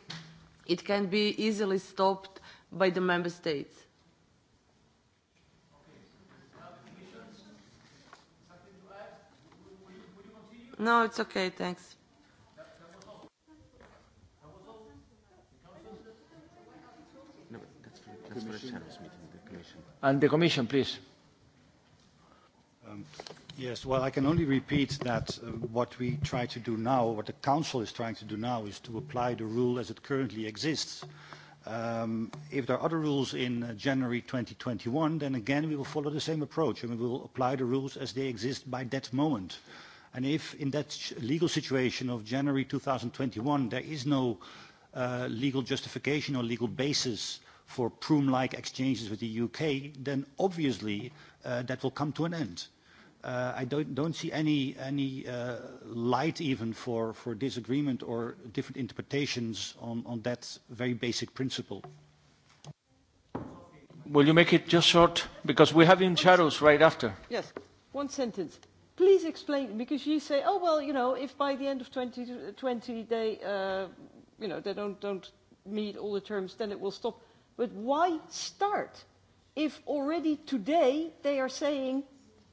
it can be easily stopped by the member states. Okay. Emissions? Something to add? No, it's okay. Thanks. That was all. That was all. Councillors? No, that's for the Chairman's meeting, the commission. The commission, please. Yes. Well, I can only repeat that uh, what we try to do now, what the council is trying to do now, is to apply the rule as it currently exists. Um, if there are other rules in uh, January 2021, then again we will follow the same approach and we will apply the rules as they exist by that moment. And if in that legal situation of January 2021 there is no uh, legal justification or legal basis for prum like exchanges with the UK, then obviously uh, that will come to an end. Uh, I don't see any uh, light even for disagreement or different interpretations on that very basic principle. Will you make it just short? Because we're having shadows right after. Yes. One sentence. Please explain, because you say, "Oh, well, you know, if by the end of 2020 they, uh, you know, they don't meet all the terms, then it will stop." But why start if already today they are saying,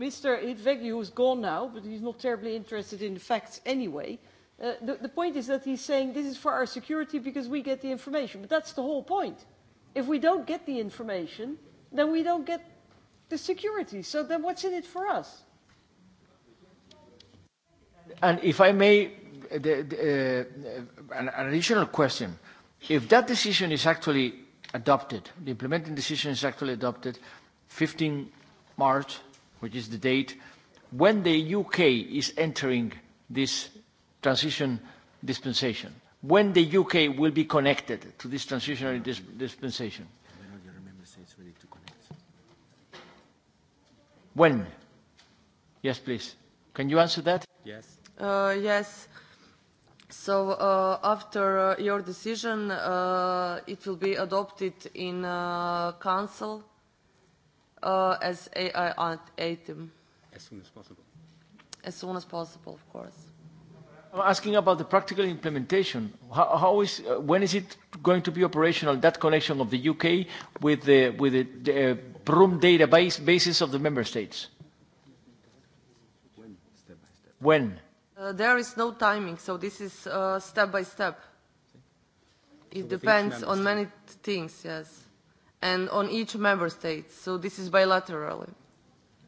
Mr. Hidvegi, who's gone now, but he's not terribly interested in the facts anyway, uh, the, the point is that he's saying this is for our security because we get the information. But that's the whole point. If we don't get the information, then we don't get the security. So then what's in it for us? And if I may, the, the, uh, an, an additional question. If that decision is actually adopted, the implementing decision is actually adopted 15 March which is the date when the UK is entering this transition dispensation, when the UK will be connected to this transitional dis dispensation. When? Yes, please. Can you answer that? Yes. Uh, yes. So uh, after uh, your decision, uh, it will be adopted in uh, council uh, as AI item? As soon as possible. As soon as possible, of course. I'm asking about the practical implementation. How, how is, uh, when is it going to be operational, that connection of the UK with the, with the, the uh, BROOM database basis of the member states? When? Step by step. when? Uh, there is no timing, so this is uh, step by step. It so depends on many things, yes and on each member state. So this is bilaterally.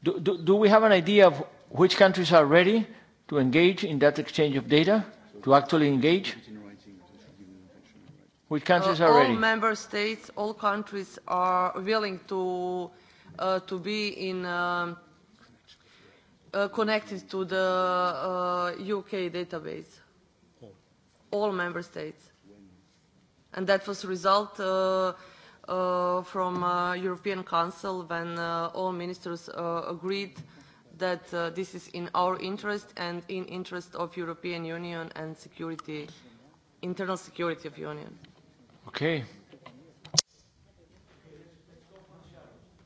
Do, do, do we have an idea of which countries are ready to engage in that exchange of data, to actually engage? Which countries uh, are all ready? All member states, all countries are willing to uh, to be in um, uh, connected to the uh, UK database. All member states, and that was result. Uh, uh, from uh, European Council when uh, all ministers uh, agreed that uh, this is in our interest and in interest of European Union and security, internal security of Union. Okay.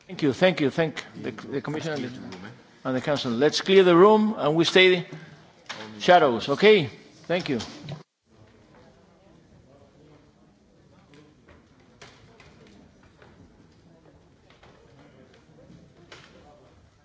Thank you, thank you, thank the, the Commission and the, and the Council. Let's clear the room and we stay shadows, okay? Thank you.